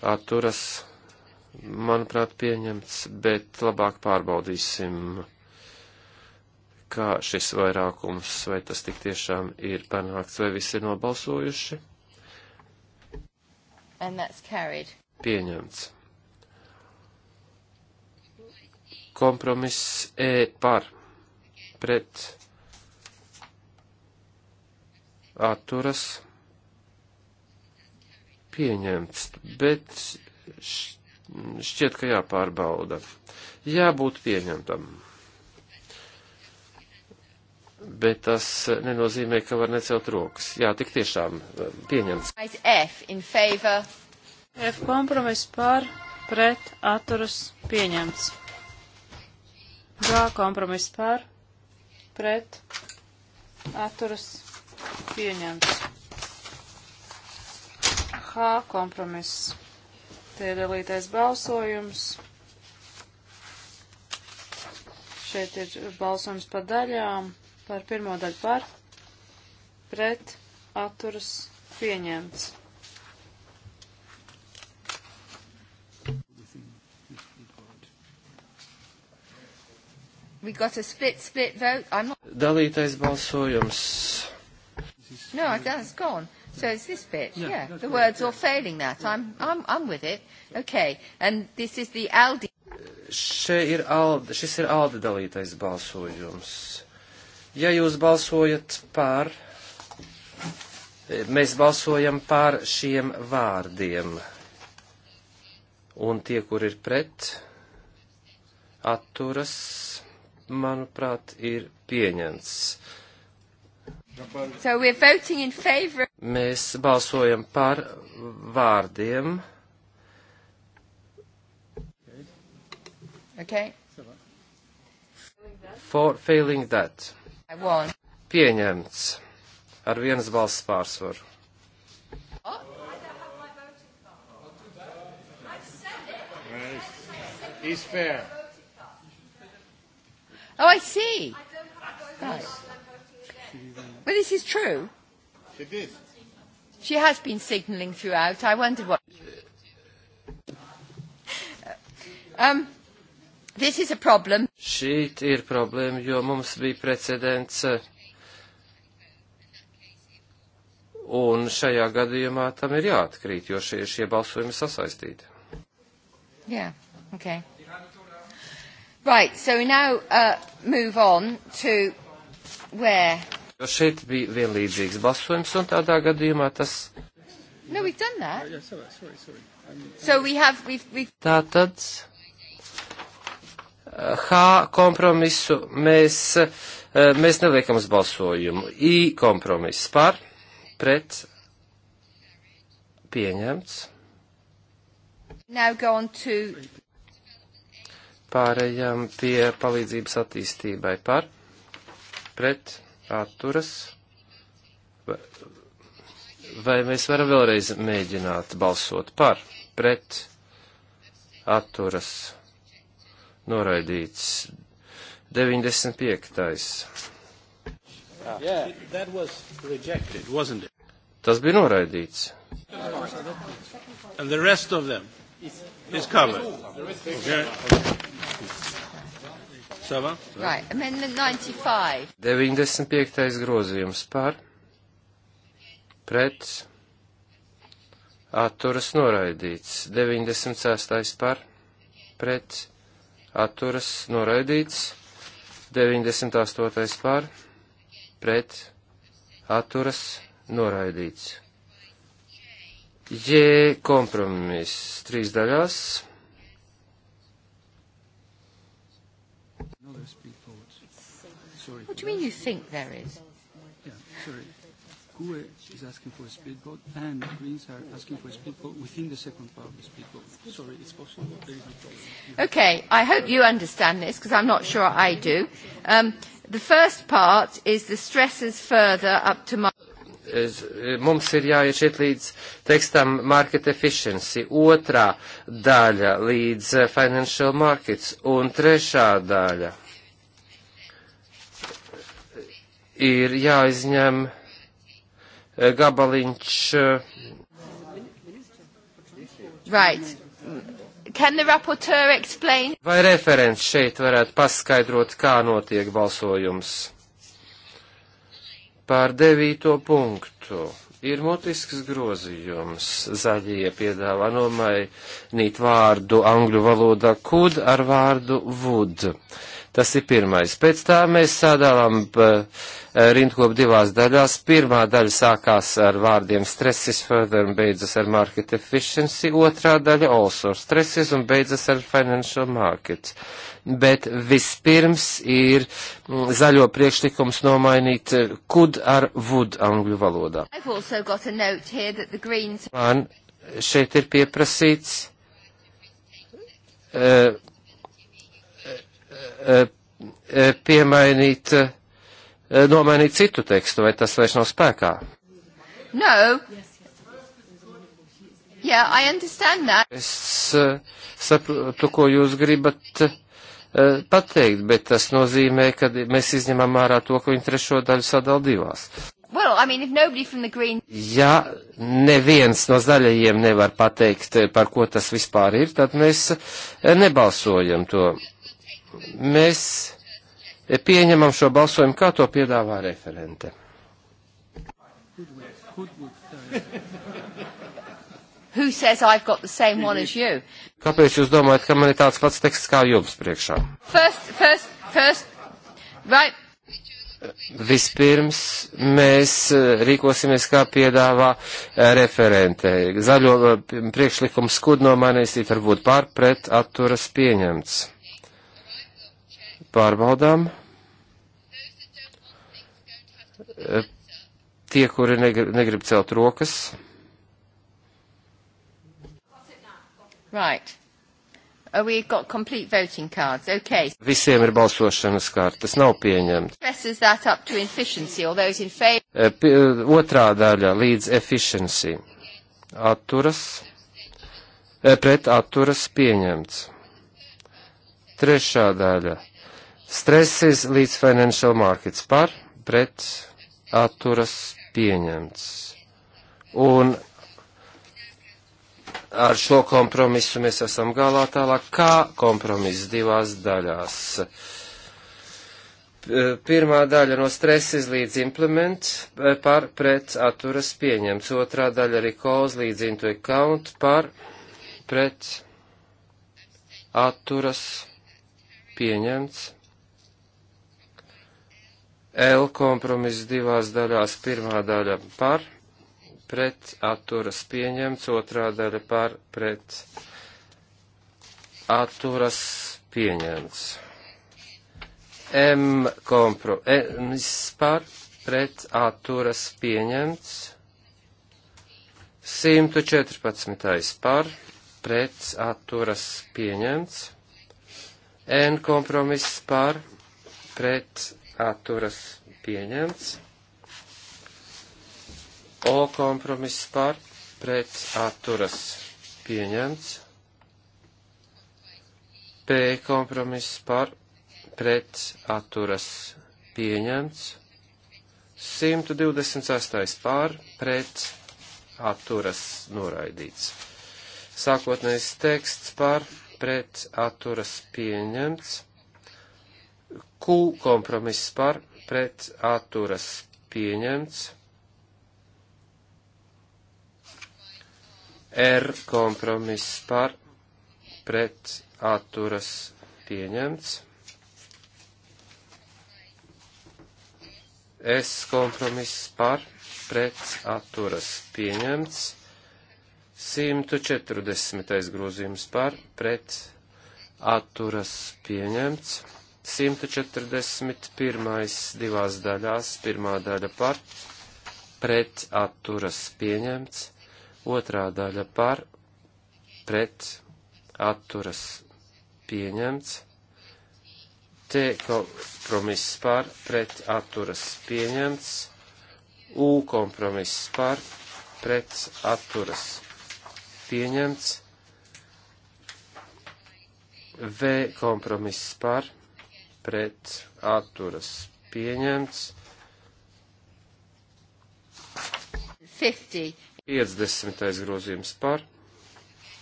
atturas, manuprāt, pieņemts, bet labāk pārbaudīsim, kā šis vairākums, vai tas tik tiešām ir panākts, vai visi ir nobalsojuši. Pieņemts. Kompromiss E par pret atturas pieņemts, bet šķiet, ka jāpārbauda. Jābūt pieņemtam. Bet tas nenozīmē, ka var necelt rokas. Jā, tik tiešām eh, pieņemts. F, F kompromiss par, pret, atturas, pieņemts. G kompromiss par, pret, atturas, pieņemts. H kompromiss. Te ir dalītais balsojums. Šeit ir balsojums par daļām. Par pirmo daļu par. Pret. Atturas. Pieņemts. We got a split, split vote. I'm not... Dalītais balsojums. No, that's gone. So it's this bit, yeah. yeah. The words or failing that. I'm, I'm, I'm with it. Okay. And this is the Aldi. Še ir Alda, šis ir Alda dalītais balsojums. Ja jūs balsojat par, mēs balsojam par šiem vārdiem. Un tie, kur ir pret, atturas, manuprāt, ir pieņemts. Uh, So Mēs balsojam par vārdiem. Okay. For failing that. Pieņemts ar vienas balss pārsvaru. Is fair. Oh, I see. Right. Well, this is true. It is. She has been signalling throughout. I wonder what. Um, this is a problem. Šī ir problēma, jo mums bija precedents. Un šajā gadījumā tam ir jāatkrīt, jo šie, šie balsojumi sasaistīti. Yeah, okay. Right, so we now uh, move on to where Jo šeit bija vienlīdzīgs balsojums, un tādā gadījumā tas. No, we've done that. Uh, yeah, sorry, sorry, sorry. Um, so we have, we've, we've... Tātad H kompromisu mēs, eh, mēs neliekam uz balsojumu. I kompromiss par, pret, pieņemts. Now go on to... Pārējām pie palīdzības attīstībai par, pret, pieņemts atturas. Vai mēs varam vēlreiz mēģināt balsot par, pret, atturas, noraidīts. 95. Yeah, was rejected, Tas bija noraidīts. Okay. Savā? Right. Amendment 95. 95. grozījums par, pret, atturas noraidīts. 96. par, pret, atturas noraidīts. 98. par, pret, atturas noraidīts. J kompromiss trīs daļās. do you mean you think there is? Yeah, sorry. GUE is asking for a split vote and Greens are asking for a split vote within the second part of the split vote. Sorry, it's possible. There is no problem. Okay, I hope you understand this because I'm not sure I do. Um, the first part is the stresses further up to my. Es, mums ir jāiet līdz tekstam market efficiency, otrā daļa līdz eh, financial markets un trešā daļa ir jāizņem eh, gabaliņš. Eh, right. Can the rapporteur explain? Vai referents šeit varētu paskaidrot, kā notiek balsojums? Pār devīto punktu ir mutisks grozījums. Zaļie piedāvā nomainīt vārdu angļu valodā kud ar vārdu would. Uh, Tas ir pirmais. Pēc tā mēs sadalām eh, rindkopu divās daļās. Pirmā daļa sākās ar vārdiem stresses, further un beidzas ar market efficiency. Otrā daļa also stresses un beidzas ar financial markets. Bet vispirms ir mm, zaļo priekšlikums nomainīt kud eh, ar wood angļu valodā. Greens... Man šeit ir pieprasīts. Uh, E, e, piemainīt, e, nomainīt citu tekstu, vai tas vairs nav spēkā? No. Yeah, I understand that. Es saprotu, ko jūs gribat pateikt, bet tas nozīmē, ka mēs izņemam ārā to, ko viņa trešo daļu sadala divās. Well, I mean, green... Ja neviens no zaļajiem nevar pateikt, par ko tas vispār ir, tad mēs nebalsojam to mēs pieņemam šo balsojumu, kā to piedāvā referente. Kāpēc jūs domājat, ka man ir tāds pats teksts kā jums priekšā? First, first, first. Right. Vispirms mēs eh, rīkosimies, kā piedāvā eh, referente. Zaļo eh, priekšlikums skudno mainīsīt varbūt pārpret atturas pieņemts pārbaudām. Eh, tie, kuri negrib, negrib celt rokas. Right. Oh, we've got complete voting cards. Okay. Visiem ir balsošanas kartes, nav pieņemta. Eh, eh, otrā daļa līdz efficiency. Atturas, pret atturas pieņemts. Trešā daļa Stresses līdz Financial Markets par, pret, atturas pieņemts. Un ar šo kompromisu mēs esam galā tālāk, kā kompromiss divās daļās. Pirmā daļa no stresses līdz implement e, par pret atturas pieņemts, otrā daļa arī calls līdz into account par pret atturas pieņemts. L kompromiss divās daļās. Pirmā daļa par, pret, atturas pieņemts, otrā daļa par, pret, atturas pieņemts. M kompromiss par, pret, atturas pieņemts. 114. par, pret, atturas pieņemts. N kompromiss par, pret, atturas pieņemts. O kompromiss par pret atturas pieņemts. P kompromiss par pret atturas pieņemts. 128 pār pret atturas noraidīts. Sākotnējs teksts par pret atturas pieņemts. Q kompromiss par pret atturas pieņemts. R kompromiss par pret atturas pieņemts. S kompromiss par pret atturas pieņemts. 140. grozījums par pret atturas pieņemts. 141. divās daļās, pirmā daļa par, pret atturas pieņemts, otrā daļa par, pret atturas pieņemts, T kompromiss par, pret atturas pieņemts, U kompromiss par, pret atturas pieņemts, V kompromiss par, pret atturas pieņemts. 50. 50. grozījums par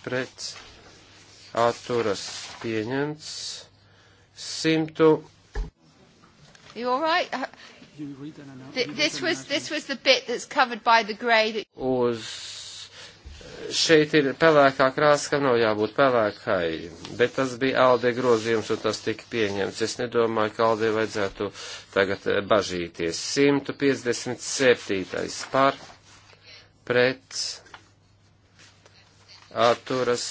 pret atturas pieņemts. 100. Right? This was, this was the bit that's covered by the grey. That... Uz šeit ir pelēkā krāsa, kam nav jābūt pelēkai, bet tas bija Aldē grozījums un tas tika pieņemts. Es nedomāju, ka Aldē vajadzētu tagad eh, bažīties. 157. par pret atturas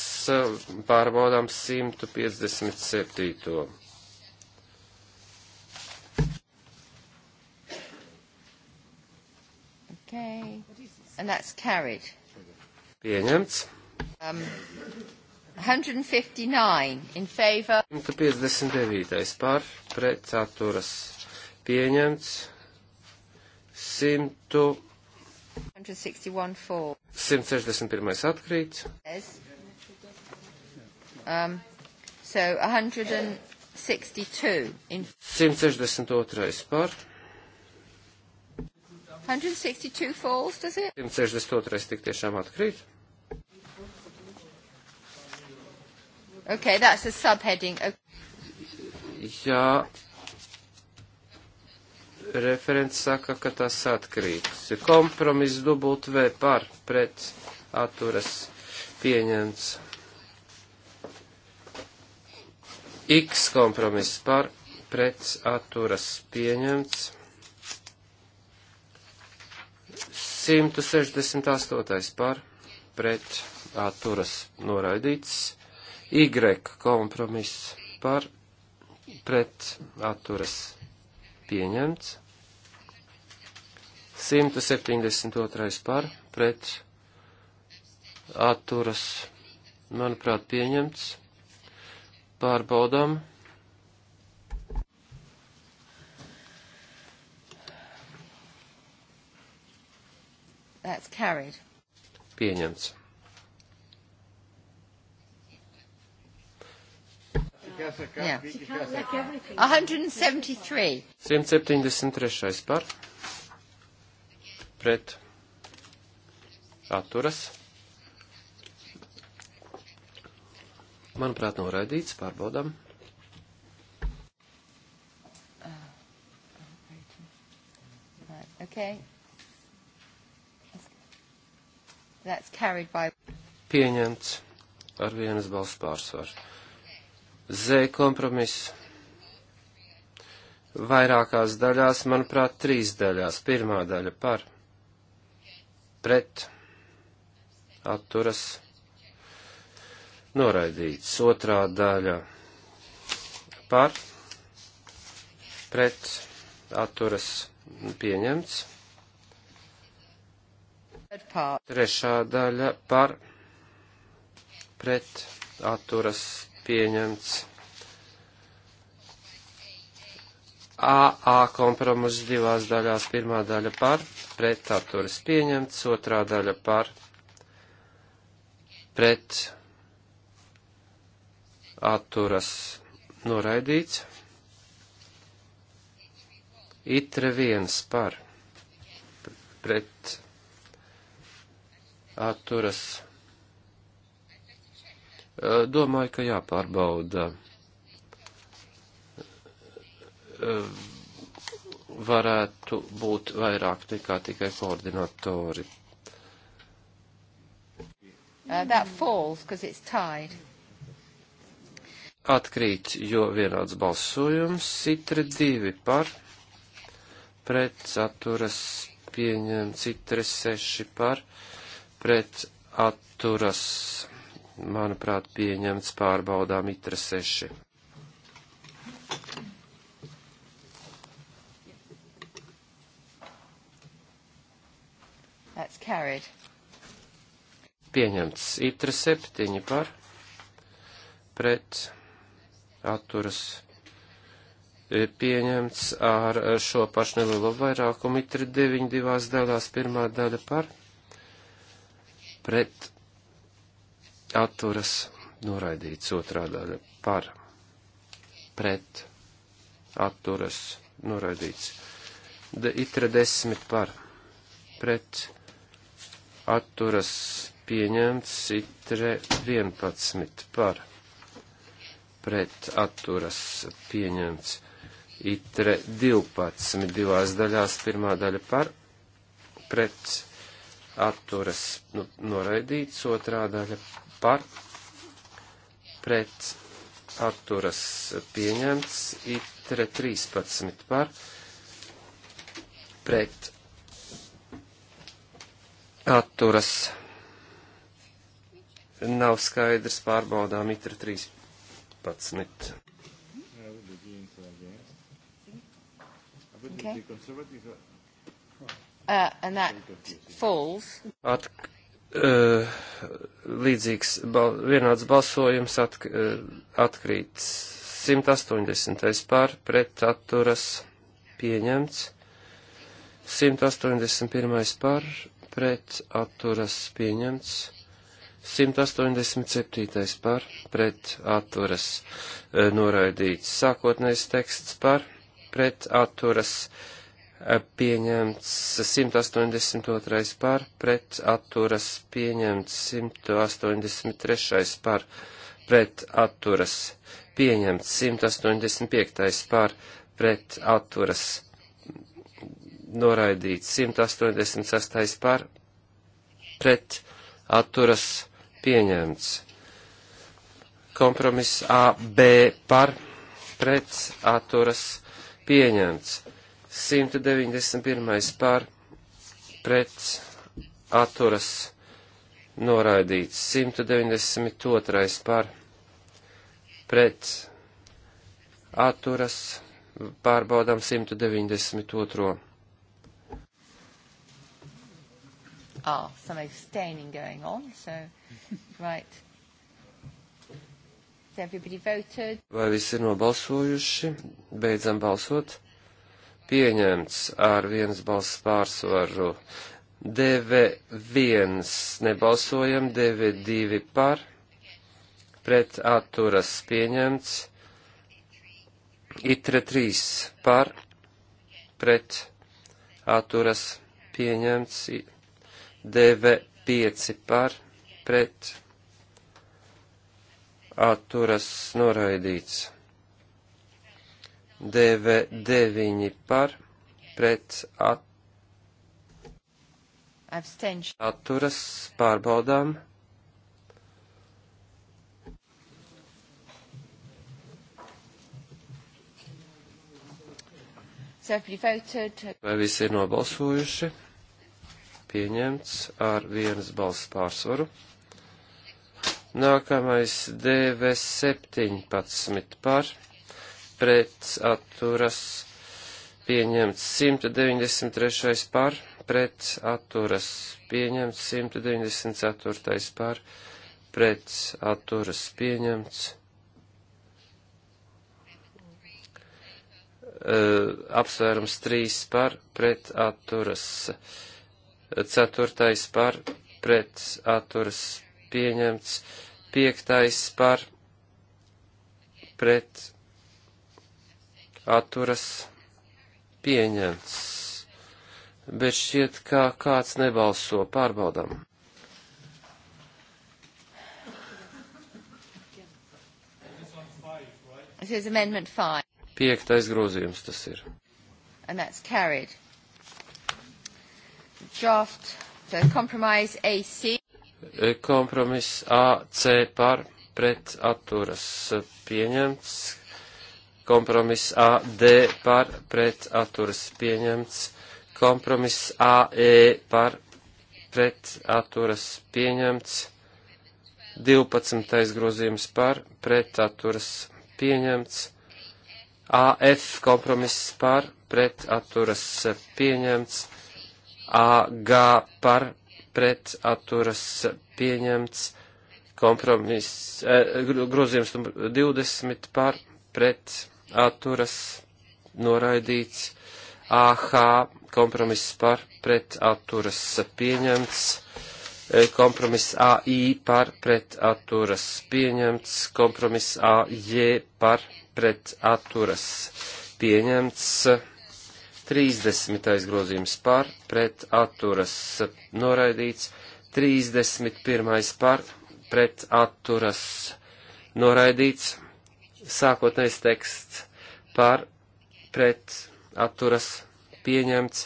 pārbaudām 157. Okay. And that's carried. Pieņemts. Um, 159 in favor. 159 par, pret atturas pieņemts. 100. 161, 161 atkrīt. Yes. Um, so 162 in 162 par. 162 falls, does it? 162 tik tiešām atkrīt. Okay, that's a subheading. Okay. Jā, referents saka, ka tas atkrīt. Kompromiss dubult V par pret atturas pieņemts. X kompromiss par pret atturas pieņemts. 168. par pret atturas noraidīts. Y kompromiss par pret atturas pieņemts. 172. par pret atturas, manuprāt, pieņemts. Pārbaudām. That's carried. Pieņemts. Yeah. 173. 173. par pret atturas. Manuprāt, noraidīts, pārbaudām. Okay. That's carried by. Pieņemts ar vienas balss pārsvaru. Z kompromiss vairākās daļās, manuprāt, trīs daļās. Pirmā daļa par, pret, atturas, noraidīts. Otrā daļa par, pret, atturas, pieņemts. Trešā daļa par, pret, atturas, pieņemts. AA kompromiss divās daļās, pirmā daļa par, pret atturas pieņemts, otrā daļa par, pret atturas noraidīts, itre viens par, pret atturas noraidīts Eh, domāju, ka jāpārbauda eh, varētu būt vairāk nekā tikai koordinatori. Uh, falls, Atkrīt, jo vienāds balsojums, citri divi par, pret atturas pieņem, citri seši par, pret atturas pieņem manuprāt, pieņemts pārbaudām itra 6. That's carried. Pieņemts itra 7 par pret atturas e, pieņemts ar šo pašu nelielo vairākumu itri 9 divās daļās pirmā daļa par pret atturas noraidīts otrā daļa par pret atturas noraidīts. De itra desmit par pret atturas pieņemts itre 11 par pret atturas pieņemts itre 12 divās daļās pirmā daļa par pret atturas nu, noraidīts otrā daļa par pret atturas pieņemts, itre 13 par pret atturas nav skaidrs pārbaudām itre 13. Okay. Uh, and that falls. Atk Eh, līdzīgs bal, vienāds balsojums atk, eh, atkrīt 180. pār pret atturas pieņemts, 181. pār pret atturas pieņemts, 187. pār pret atturas eh, noraidīts, sākotnējs teksts pār pret atturas pieņemts pieņemts 182. par, pret atturas pieņemts 183. par, pret atturas pieņemts 185. par, pret atturas noraidīts 186. par, pret atturas pieņemts. Kompromiss AB par, pret atturas pieņemts 191. pār pret atturas noraidīts. 192. pār pret atturas pārbaudām 192. Oh, some abstaining going on, so, right. Has everybody voted? Vai visi ir nobalsojuši? Beidzam balsot pieņemts ar vienas balss pārsvaru. DV1 nebalsojam, DV2 par, pret atturas pieņemts, ITRE 3 par, pret atturas pieņemts, DV5 par, pret atturas noraidīts. DV9 par pret at... atturas pārbaudām. Vai visi ir nobalsojuši? Pieņemts ar vienas balss pārsvaru. Nākamais DV17 par pret atturas pieņemts 193. par, pret atturas pieņemts 194. par, pret atturas pieņemts. Uh, apsvērums 3 par, pret atturas 4. par, pret atturas pieņemts 5. par, pret atturas atturas pieņemts. Bet šķiet, kā kāds nebalso pārbaudām. Piektais grozījums tas ir. And that's carried. Draft, so compromise AC. Kompromiss eh, AC par pret atturas pieņemts. Kompromiss AD par pret atturas pieņemts. Kompromiss AE par pret atturas pieņemts. 12. grozījums par pret atturas pieņemts. AF kompromiss par pret atturas pieņemts. AG par pret atturas pieņemts kompromiss, eh, grozījums 20 par pret atturas noraidīts, AH kompromiss par pret atturas pieņemts, e, kompromiss AI par pret atturas pieņemts, kompromiss AJ par pret atturas pieņemts, 30. grozījums par pret atturas noraidīts, 31. par pret atturas noraidīts, sākotnējs teksts par pret atturas pieņemts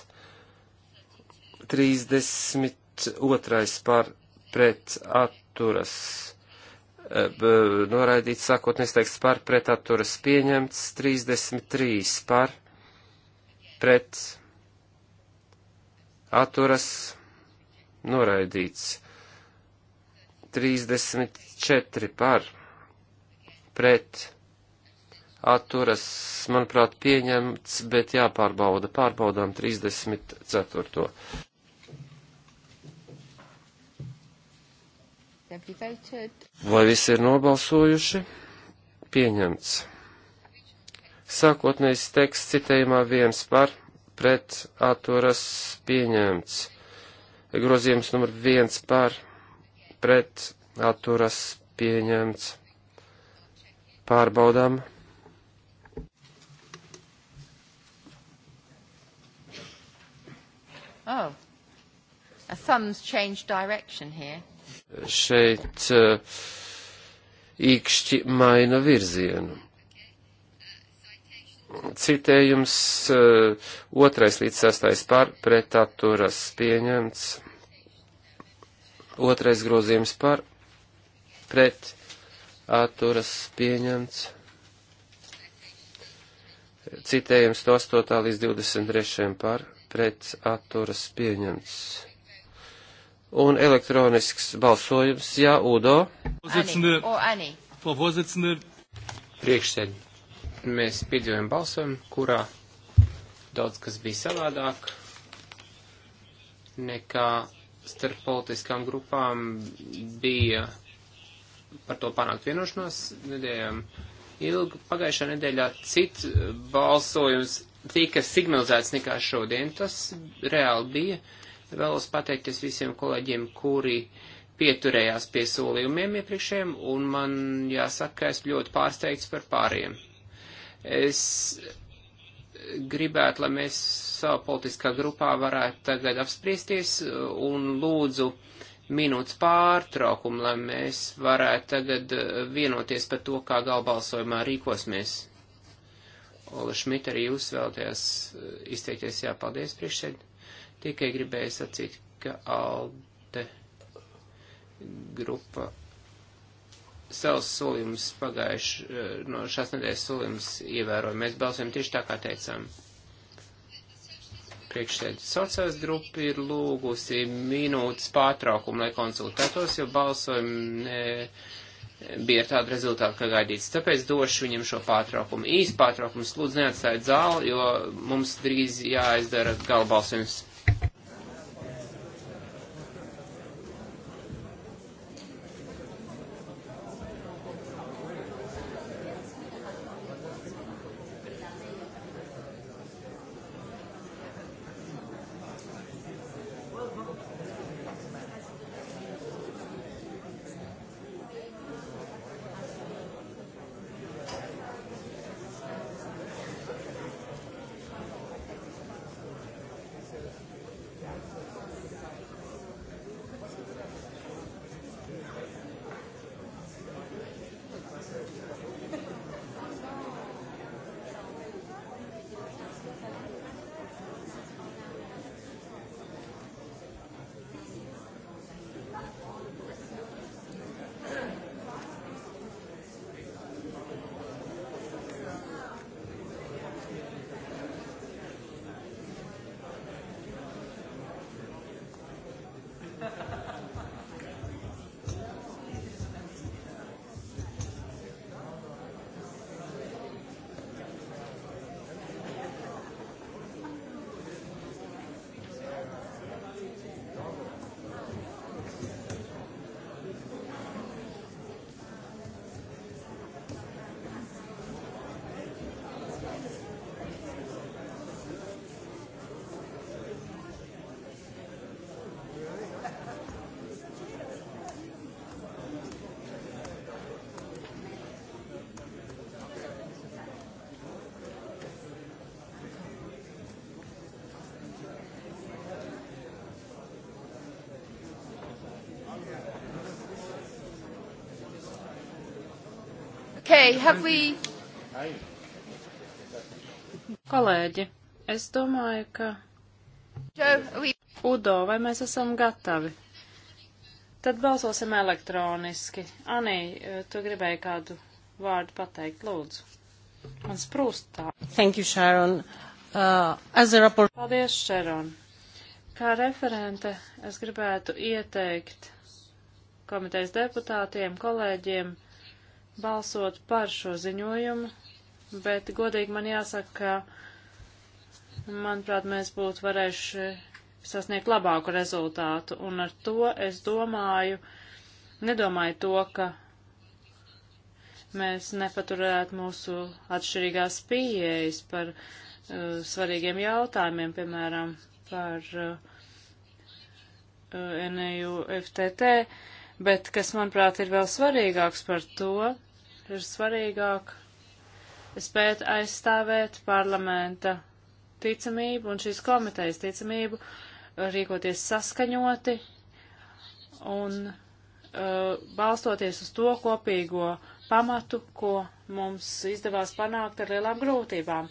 32. par pret atturas eh, noraidīts sākotnējs teksts par pret atturas pieņemts 33 par pret atturas noraidīts 34 par pret atturas, manuprāt, pieņemts, bet jāpārbauda. Pārbaudām 34. Vai visi ir nobalsojuši? Pieņemts. Sākotnējs teksts citējumā viens par pret atturas pieņemts. Grozījums numur viens par pret atturas pieņemts. Pārbaudām Oh. A thumb's changed direction here. Šeit uh, īkšķi maina virzienu. Citējums uh, otrais līdz sastais par pretaturas pieņemts. Otrais grozījums par pretaturas pieņemts. Citējums no 8. līdz 23. par pretaturas pieņemts pret atturas pieņemts. Un elektronisks balsojums, jā, Udo. Oh, Priekšsēd, mēs piedzīvojam balsojumu, kurā daudz kas bija savādāk nekā starp politiskām grupām bija par to panākt vienošanos nedēļām ilgi. Pagājušā nedēļā cits balsojums tika signalizēts nekā šodien. Tas reāli bija. Vēlos pateikties visiem kolēģiem, kuri pieturējās pie solījumiem iepriekšējiem, un man jāsaka, ka esmu ļoti pārsteigts par pāriem. Es gribētu, lai mēs savā politiskā grupā varētu tagad apspriesties un lūdzu minūtes pārtraukumu, lai mēs varētu tagad vienoties par to, kā galbalsojumā rīkosimies. Ola Šmita, arī jūs vēlaties eh, izteikties jāpaldies priekšsēd. Tikai gribēju sacīt, ka Alde grupa savus solījumus pagājuši, eh, no šās nedēļas solījumus ievēroja. Mēs balsojam tieši tā, kā teicām. Priekšsēd sociāls grupa ir lūgusi minūtes pārtraukumu, lai konsultētos, jo balsojumu. E, bija ar tādu rezultātu, kā gaidīts. Tāpēc došu viņam šo pārtraukumu. Īsts pārtraukums, lūdzu, neatstājiet zāli, jo mums drīz jāizdara galbalsojums. Okay, have we... Kolēģi, es domāju, ka. Udo, vai mēs esam gatavi? Tad balsosim elektroniski. Anī, tu gribēji kādu vārdu pateikt, lūdzu. Man sprūst tā. Thank you, Sharon. Uh, as a rapport... Paldies, Sharon. Kā referente es gribētu ieteikt komitejas deputātiem, kolēģiem, balsot par šo ziņojumu, bet godīgi man jāsaka, ka, manuprāt, mēs būtu varējuši sasniegt labāku rezultātu, un ar to es domāju, nedomāju to, ka mēs nepaturētu mūsu atšķirīgās pieejas par uh, svarīgiem jautājumiem, piemēram, par uh, NEU FTT. Uh, Bet, kas manuprāt ir vēl svarīgāks par to, ir svarīgāk spēt aizstāvēt parlamenta ticamību un šīs komitejas ticamību, rīkoties saskaņoti un uh, balstoties uz to kopīgo pamatu, ko mums izdevās panākt ar lielām grūtībām.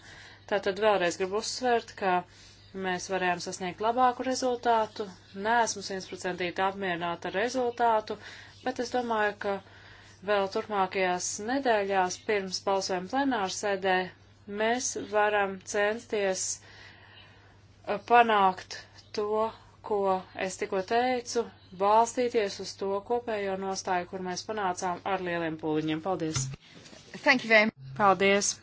Tātad vēlreiz gribu uzsvērt, ka uh, mēs varējām sasniegt labāku rezultātu. Nesmu simtprocentīgi apmierināta ar rezultātu, bet es domāju, ka vēl turpmākajās nedēļās pirms balsojuma plenāru sēdē mēs varam censties eh, panākt to, ko es tikko teicu, balstīties uz to kopējo nostāju, kur mēs panācām ar lieliem pūliņiem. Paldies! Thank you very much! Paldies!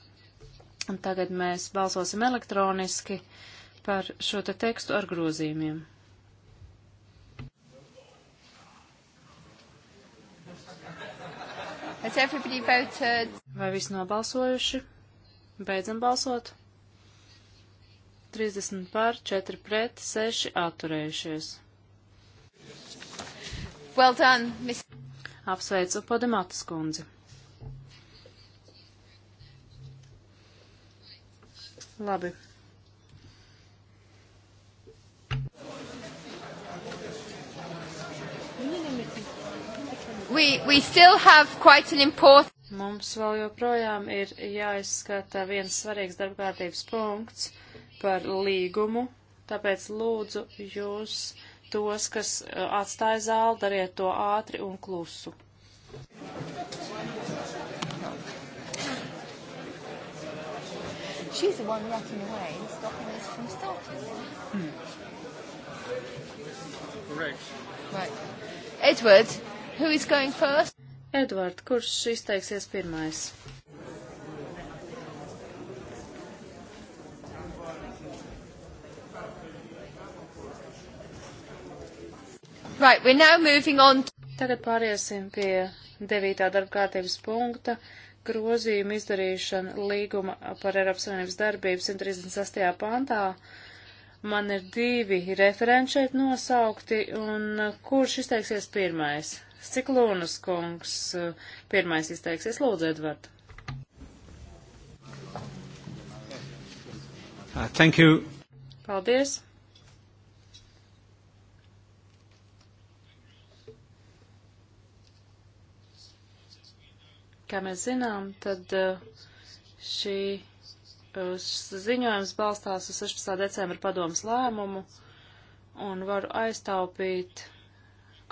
Un tagad mēs balsosim elektroniski. Uh, par šo te tekstu ar grozījumiem. Vai viss nobalsojuši? Beidzam balsot. 30 pār, 4 pret, 6 atturējušies. Well done, miss... Apsveicu Podematas kundzi. Labi, we, we still have quite an important. Mums vēl joprojām ir jāizskata viens svarīgs darbkārtības punkts par līgumu, tāpēc lūdzu jūs tos, kas atstāja zāli, dariet to ātri un klusu. She's the one running away and stopping us from starting. Hmm. Correct. Right. Edward, Who is going first? Edvard, kurš izteiksies pirmais? Right, we're now moving on. Tagad pāriesim pie devītā darba kārtības punkta - grozījuma izdarīšana līguma par Eiropas Savienības darbību 136. pantā. Man ir divi referenti šeit nosaukti, un kurš izteiksies pirmais? Ciklūnas kungs eh, pirmais izteiksies. Lūdzu, Edvard. Uh, thank you. Paldies. Kā mēs zinām, tad eh, šī eh, ziņojums balstās uz 16. decembra padomas lēmumu un varu aiztaupīt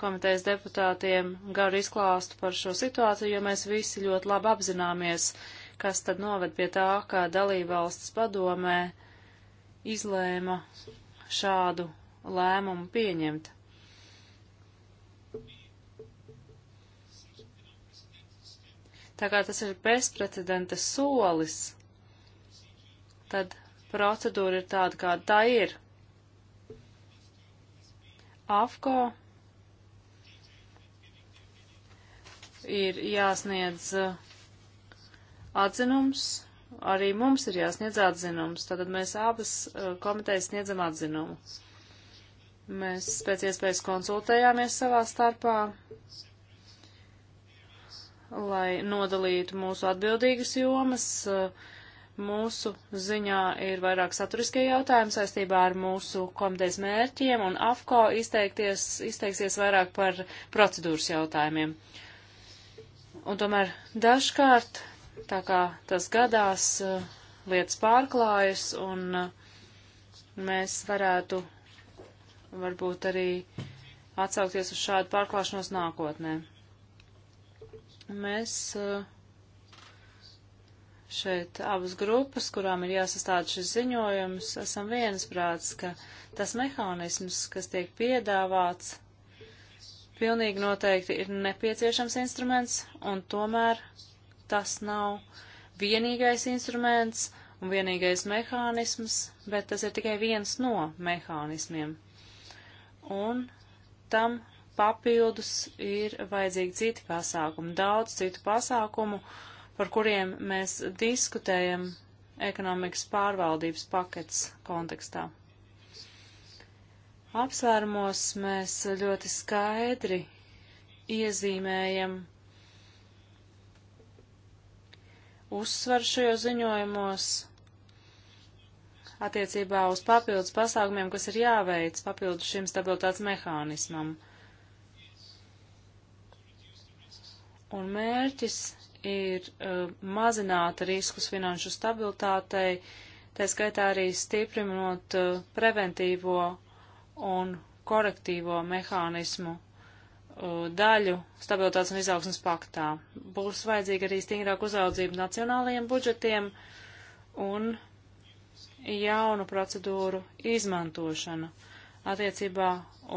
komitejas deputātiem garu izklāstu par šo situāciju, jo mēs visi ļoti labi apzināmies, kas tad noved pie tā, kā dalībvalsts padomē izlēma šādu lēmumu pieņemt. Tā kā tas ir bezprecedenta solis, tad procedūra ir tāda, kāda tā ir. AFCO ir jāsniedz uh, atzinums, arī mums ir jāsniedz atzinums. Tātad mēs abas uh, komitejas sniedzam atzinumu. Mēs pēc iespējas konsultējāmies savā starpā, lai nodalītu mūsu atbildīgas jomas. Uh, mūsu ziņā ir vairāk saturiskie jautājumi saistībā ar mūsu komitejas mērķiem, un AFCO izteikties, izteiksies vairāk par procedūras jautājumiem. Uh, Un tomēr dažkārt, tā kā tas gadās, eh, lietas pārklājas un eh, mēs varētu varbūt arī atsaukties uz šādu pārklāšanos nākotnē. Mēs eh, šeit abas grupas, kurām ir jāsastāda šis ziņojums, esam viensprāts, ka tas mehānisms, kas tiek piedāvāts, pilnīgi noteikti ir nepieciešams instruments, un tomēr tas nav vienīgais instruments un vienīgais mehānisms, bet tas ir tikai viens no mehānismiem. Un tam papildus ir vajadzīgi citi pasākumi, daudz citu pasākumu, par kuriem mēs diskutējam ekonomikas pārvaldības pakets kontekstā. Apsvērumos mēs ļoti skaidri iezīmējam uzsvaru šajos ziņojumos attiecībā uz papildus pasākumiem, kas ir jāveic papildus šim stabilitātes mehānismam. Un mērķis ir uh, mazināt riskus finanšu stabilitātei, tā skaitā arī stiprinot uh, preventīvo un korektīvo mehānismu uh, daļu stabilitātes un izaugsmas paktā. Būs vajadzīga arī stingrāka uzraudzība nacionālajiem budžetiem un jaunu procedūru izmantošana attiecībā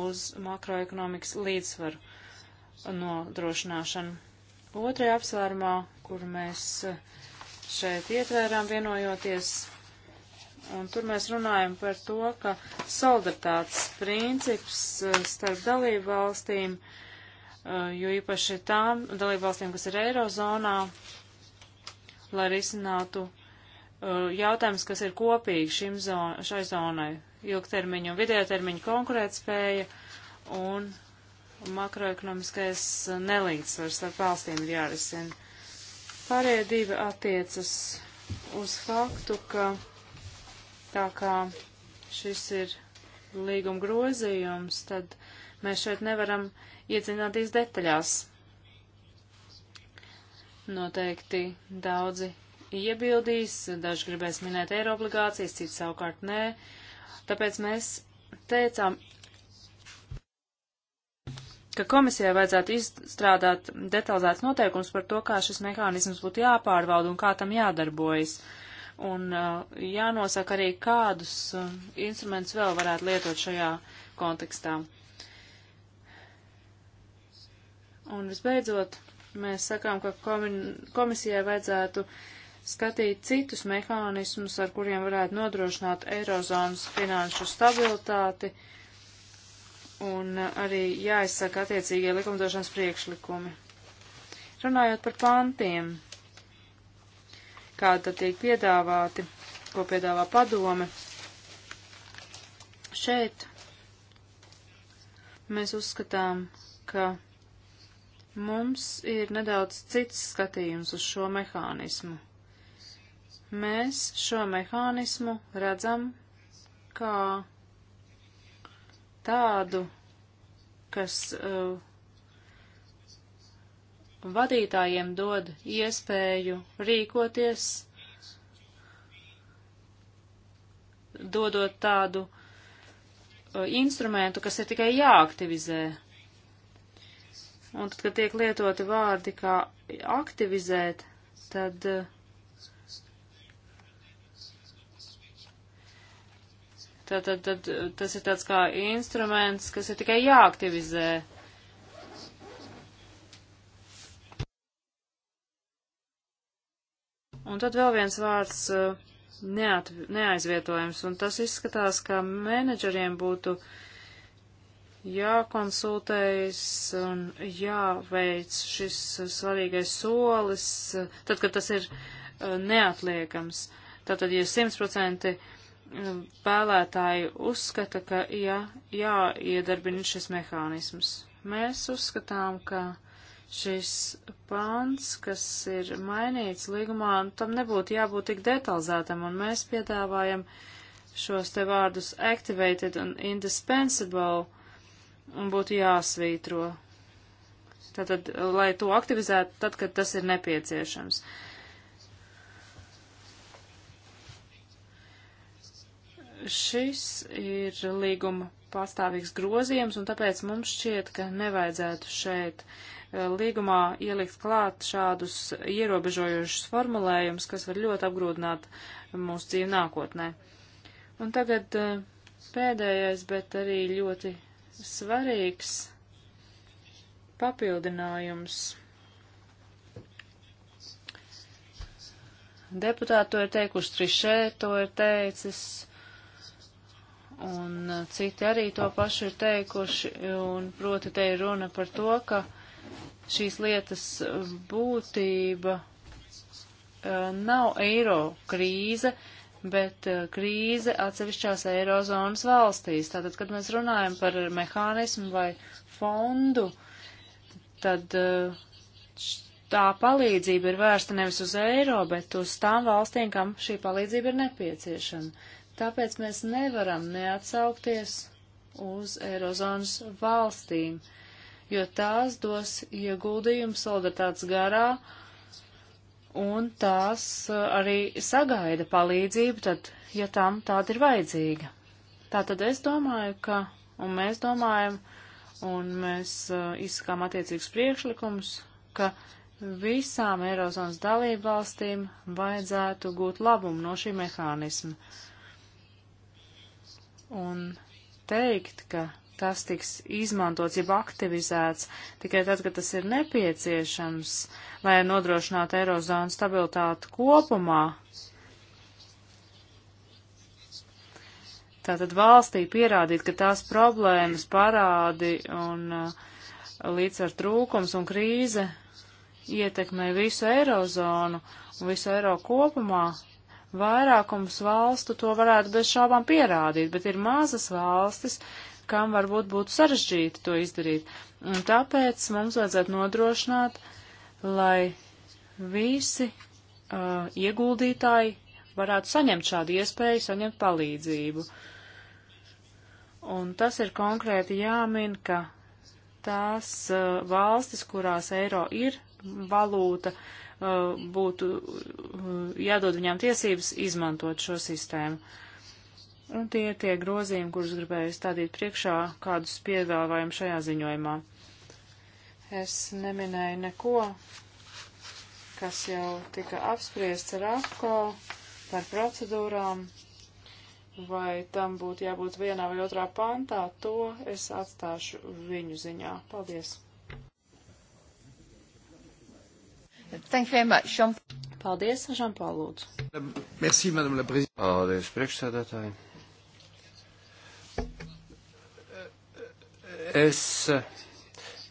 uz makroekonomikas līdzsvaru nodrošināšanu. Otrajā apsvērumā, kur mēs uh, šeit ietvērām vienojoties Un tur mēs runājam par to, ka solidaritātes princips eh, starp dalību valstīm, eh, jo īpaši tām dalību valstīm, kas ir Eirozonā, lai risinātu eh, jautājums, kas ir kopīgi šim zon, šai zonai - ilgtermiņa un vidētermiņa konkurētspēja un makroekonomiskais nelīdzsvars starp valstīm ir jārisina. Pārējie divi attiecas uz faktu, ka Tā kā šis ir līguma grozījums, tad mēs šeit nevaram iedzināties detaļās. Noteikti daudzi iebildīs, daži gribēs minēt eiro obligācijas, citi savukārt nē. Tāpēc mēs teicām, ka komisijai vajadzētu izstrādāt detalizēts noteikums par to, kā šis mehānisms būtu jāpārbauda un kā tam jādarbojas. Uh, un uh, jānosaka arī, kādus uh, instrumentus vēl varētu lietot šajā kontekstā. Un visbeidzot, mēs sakām, ka komisijai vajadzētu skatīt citus mehānismus, ar kuriem varētu nodrošināt Eirozonas finanšu stabilitāti un uh, arī jāizsaka attiecīgie likumdošanas priekšlikumi. Runājot par pantiem, kāda tiek piedāvāti, ko piedāvā padome. Šeit mēs uzskatām, ka mums ir nedaudz cits skatījums uz šo mehānismu. Mēs šo mehānismu redzam kā tādu, kas uh, vadītājiem dod iespēju rīkoties, dodot tādu uh, instrumentu, kas ir tikai jāaktivizē. Un tad, kad tiek lietoti vārdi kā aktivizēt, tad uh, Tad, tad, tad tas ir tāds kā instruments, kas ir tikai jāaktivizē. Uh, Un tad vēl viens vārds uh, neat, neaizvietojams, un tas izskatās, ka menedžeriem būtu jākonsultējas un jāveic šis uh, svarīgais solis, uh, tad, kad tas ir neatliekams. Tātad, ja 100% vēlētāji uzskata, ka jā, jāiedarbina šis mehānisms, mēs uzskatām, ka šis pāns, kas ir mainīts līgumā, tam nebūtu jābūt tik detalizētam, un mēs piedāvājam šos te vārdus activated un indispensable, un būtu jāsvītro. Tātad, lai to aktivizētu, tad, kad tas ir nepieciešams. Šis ir līguma pastāvīgs grozījums, un tāpēc mums šķiet, ka nevajadzētu šeit uh, līgumā ielikt klāt šādus ierobežojošus formulējumus, kas var ļoti apgrūtināt mūsu dzīvi nākotnē. Un tagad eh, pēdējais, bet arī ļoti svarīgs papildinājums. Deputāti to ir teikuši, Trišē to ir teicis, un citi arī to pašu ir teikuši, un proti te ir runa par to, ka uh, šīs lietas būtība eh, nav eiro krīze, bet eh, krīze atsevišķās eirozonas valstīs. Tātad, kad mēs runājam par mehānismu vai fondu, tad eh, tā palīdzība ir vērsta nevis uz eiro, bet uz tām valstīm, kam šī palīdzība ir nepieciešama. Tāpēc mēs nevaram neatsaukties uz eirozonas valstīm. Uh, jo tās dos ieguldījumu solidaritātes garā un tās uh, arī sagaida palīdzību, tad, ja tam tāda ir vajadzīga. Tātad es domāju, ka, un mēs domājam, un mēs uh, izsakām attiecīgus priekšlikumus, ka visām Eirozonas dalību valstīm vajadzētu gūt labumu no šī mehānisma. Un teikt, ka tas tiks izmantots, jeb aktivizēts tikai tad, kad tas ir nepieciešams, lai nodrošinātu eirozonu stabilitāti kopumā. Tātad valstī pierādīt, ka tās problēmas, parādi un uh, līdzsvar trūkums un krīze ietekmē visu eirozonu un visu eiro kopumā, vairākums valstu to varētu bez šaubām pierādīt, bet ir mazas valstis, kam varbūt būtu sarežģīti to izdarīt. Un tāpēc mums vajadzētu nodrošināt, lai visi uh, ieguldītāji varētu saņemt šādu iespēju, saņemt palīdzību. Un tas ir konkrēti jāmin, ka tās uh, valstis, kurās eiro ir valūta, uh, būtu uh, jādod viņām tiesības izmantot šo sistēmu. Uh, Un tie ir tie grozījumi, kurus gribēju stādīt priekšā, kādus piedāvājam šajā ziņojumā. Es neminēju neko, kas jau tika apspriests ar AFCO par procedūrām, vai tam būtu jābūt vienā vai otrā pantā, to es atstāšu viņu ziņā. Paldies! Thank you very much, Jean. Paldies, Žanpāl Lūdzu. Merci, madame la présidente. Paldies, priekšsēdētāji. Es eh,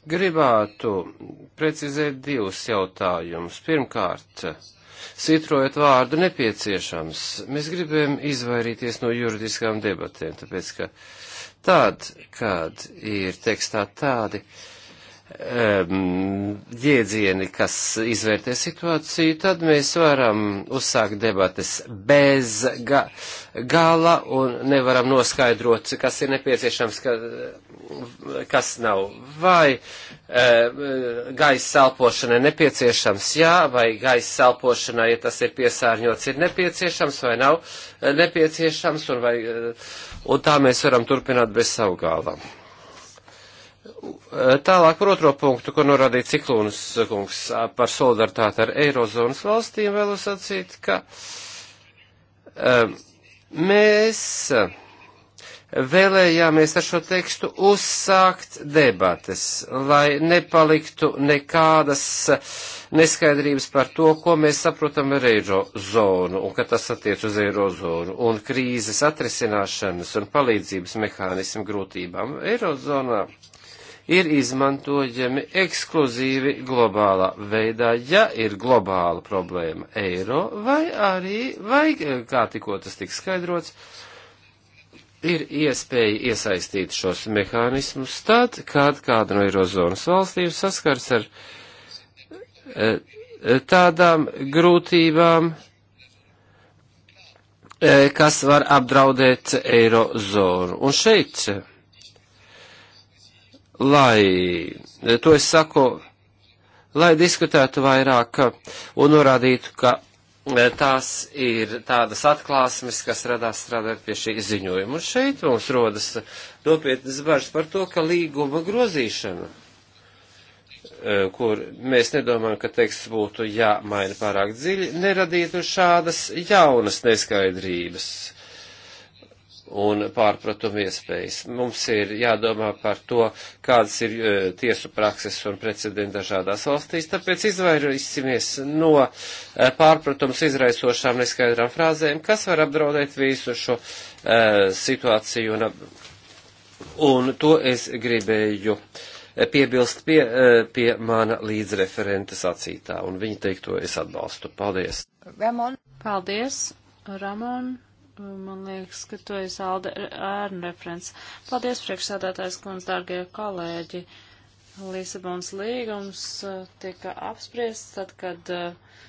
gribētu precizēt divus jautājumus. Pirmkārt, Citrojot vārdu nepieciešams, mēs gribējam izvairīties no juridiskām debatēm, tāpēc ka tad, kad ir tekstā tādi jēdzieni, um, kas izvērtē situāciju, tad mēs varam uzsākt debates bez ga gala un nevaram noskaidrot, kas ir nepieciešams, ka, kas nav. Vai uh, gaisa elpošana ir nepieciešams, jā, vai gaisa elpošana, ja tas ir piesārņots, ir nepieciešams vai nav eh, nepieciešams, un, vai, uh, un tā mēs varam turpināt bez savu gālam. Tālāk par otro punktu, ko norādīja Ciklūnas kungs par solidaritāti ar Eirozonas valstīm, vēlu sacīt, ka um, mēs vēlējāmies ar šo tekstu uzsākt debates, lai nepaliktu nekādas neskaidrības par to, ko mēs saprotam ar eirozonu un ka tas attiec uz eirozonu un krīzes atrisināšanas un palīdzības mehānismu grūtībām eirozonā ir izmantojami ekskluzīvi globālā veidā, ja ir globāla problēma eiro, vai arī, vai eh, kā tikko tas tika skaidrots, ir iespēja iesaistīt šos mehānismus tad, kad kāda no Eirozonas valstīm saskars ar eh, tādām grūtībām, eh, kas var apdraudēt Eirozonu. Un šeit lai, to es saku, lai diskutētu vairāk un norādītu, ka e, tās ir tādas atklāsmes, kas radās strādājot pie šī ziņojuma. Un šeit mums rodas nopietnas bažas par to, ka līguma grozīšana, e, kur mēs nedomājam, ka teksts būtu jāmaina pārāk dziļi, neradītu šādas jaunas neskaidrības un pārpratumu iespējas. Mums ir jādomā par to, kādas ir e, tiesu prakses un precedenti dažādās valstīs, tāpēc izvairīsimies no e, pārpratums izraisošām neskaidrām frāzēm, kas var apdraudēt visu šo e, situāciju. Un, un to es gribēju e, piebilst pie, e, pie mana līdzreferenta sacītā, un viņa teikto es atbalstu. Paldies! Ramon. Paldies, Ramon! Man liekas, ka tu esi Alde ērnu referents. Paldies, priekšsādātājs kundz, dārgie kolēģi. Lisabons līgums uh, tika apspriests tad, kad uh,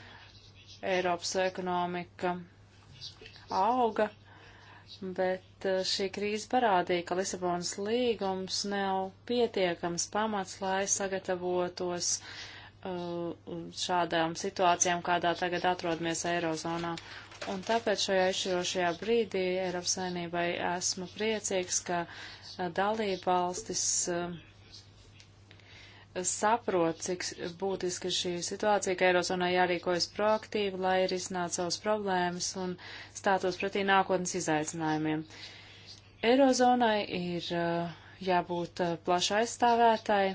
Eiropas ekonomika auga, bet uh, šī krīze parādīja, ka Lisabonas līgums nav pietiekams pamats, lai sagatavotos šādām situācijām, kādā tagad atrodamies Eirozonā. Un tāpēc šajā izšķirošajā brīdī Eiropas saimnībai esmu priecīgs, ka dalība valstis saprot, cik būtiska šī situācija, ka Eirozonai jārīkojas proaktīvi, lai arī iznāca savas problēmas un stātos pretī nākotnes izaicinājumiem. Eirozonai ir jābūt plaši aizstāvētai,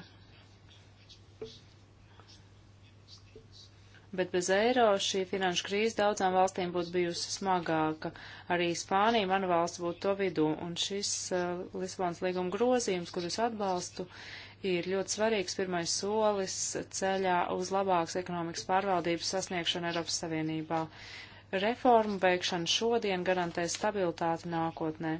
bet bez eiro šī finanšu krīze daudzām valstīm būtu bijusi smagāka. Arī Spānija, mana valsts, būtu to vidū, un šis uh, Lisbonas līguma grozījums, kurus atbalstu, ir ļoti svarīgs pirmais solis ceļā uz labākas ekonomikas pārvaldības sasniegšanu Eiropas Savienībā. Reformu veikšana šodien garantē stabilitāti nākotnē.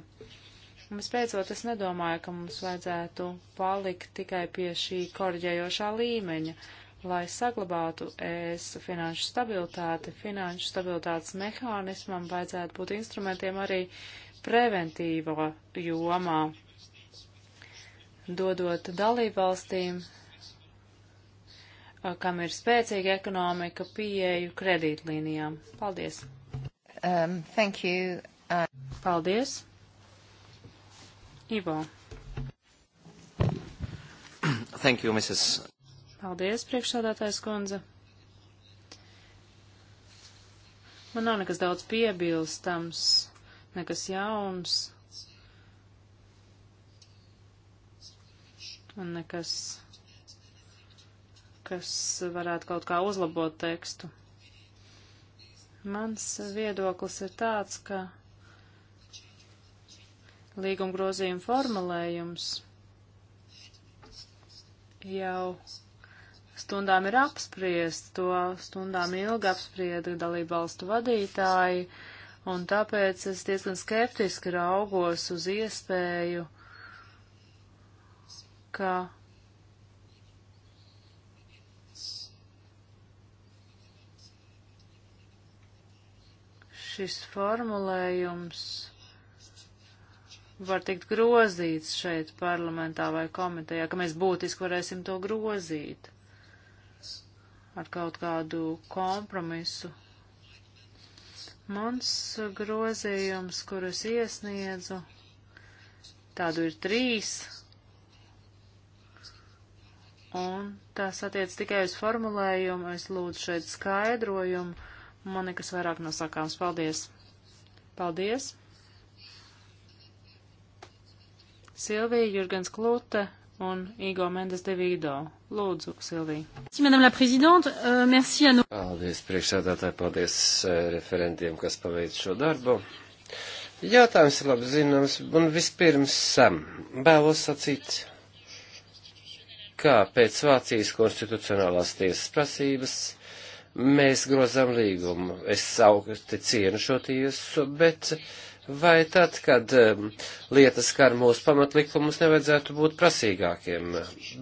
Un vispēcot, es nedomāju, ka mums vajadzētu palikt tikai pie šī korģējošā līmeņa lai saglabātu ES finanšu stabilitāti, finanšu stabilitātes mehānismam vajadzētu būt instrumentiem arī preventīvo jomā, dodot dalībvalstīm, kam ir spēcīga ekonomika, pieeju kredītlīnijām. Paldies! Um, thank you. Uh... Paldies! Ivo. Thank you, Mrs. Paldies, priekšsādātājs kundze. Man nav nekas daudz piebilstams, nekas jauns un nekas, kas varētu kaut kā uzlabot tekstu. Mans viedoklis ir tāds, ka līguma grozījuma formulējums jau stundām ir apspriest, to stundām ilgi apsprieda dalību valstu vadītāji, un tāpēc es diezgan skeptiski raugos uz iespēju, ka šis formulējums var tikt grozīts šeit parlamentā vai komitejā, ka mēs būtiski varēsim to grozīt ar kaut kādu kompromisu. Mans grozījums, kurus iesniedzu, tādu ir trīs, un tas attiec tikai uz formulējumu, es lūdzu šeit skaidrojumu, man nekas vairāk nav sakāms. Paldies! Paldies! Silvija Jurgens Klute un Igo Mendes de Vido. Lūdzu, Silvija. Euh, paldies, priekšsēdētāji, paldies eh, referentiem, kas paveic šo darbu. Jātājums ir labi zināms, un vispirms sam vēlos sacīt, kā pēc Vācijas konstitucionālās tiesas prasības mēs grozam līgumu. Es augstu cienu šo tiesu, bet Vai tad, kad um, lietas skar mūsu pamatlikumus, nevajadzētu būt prasīgākiem?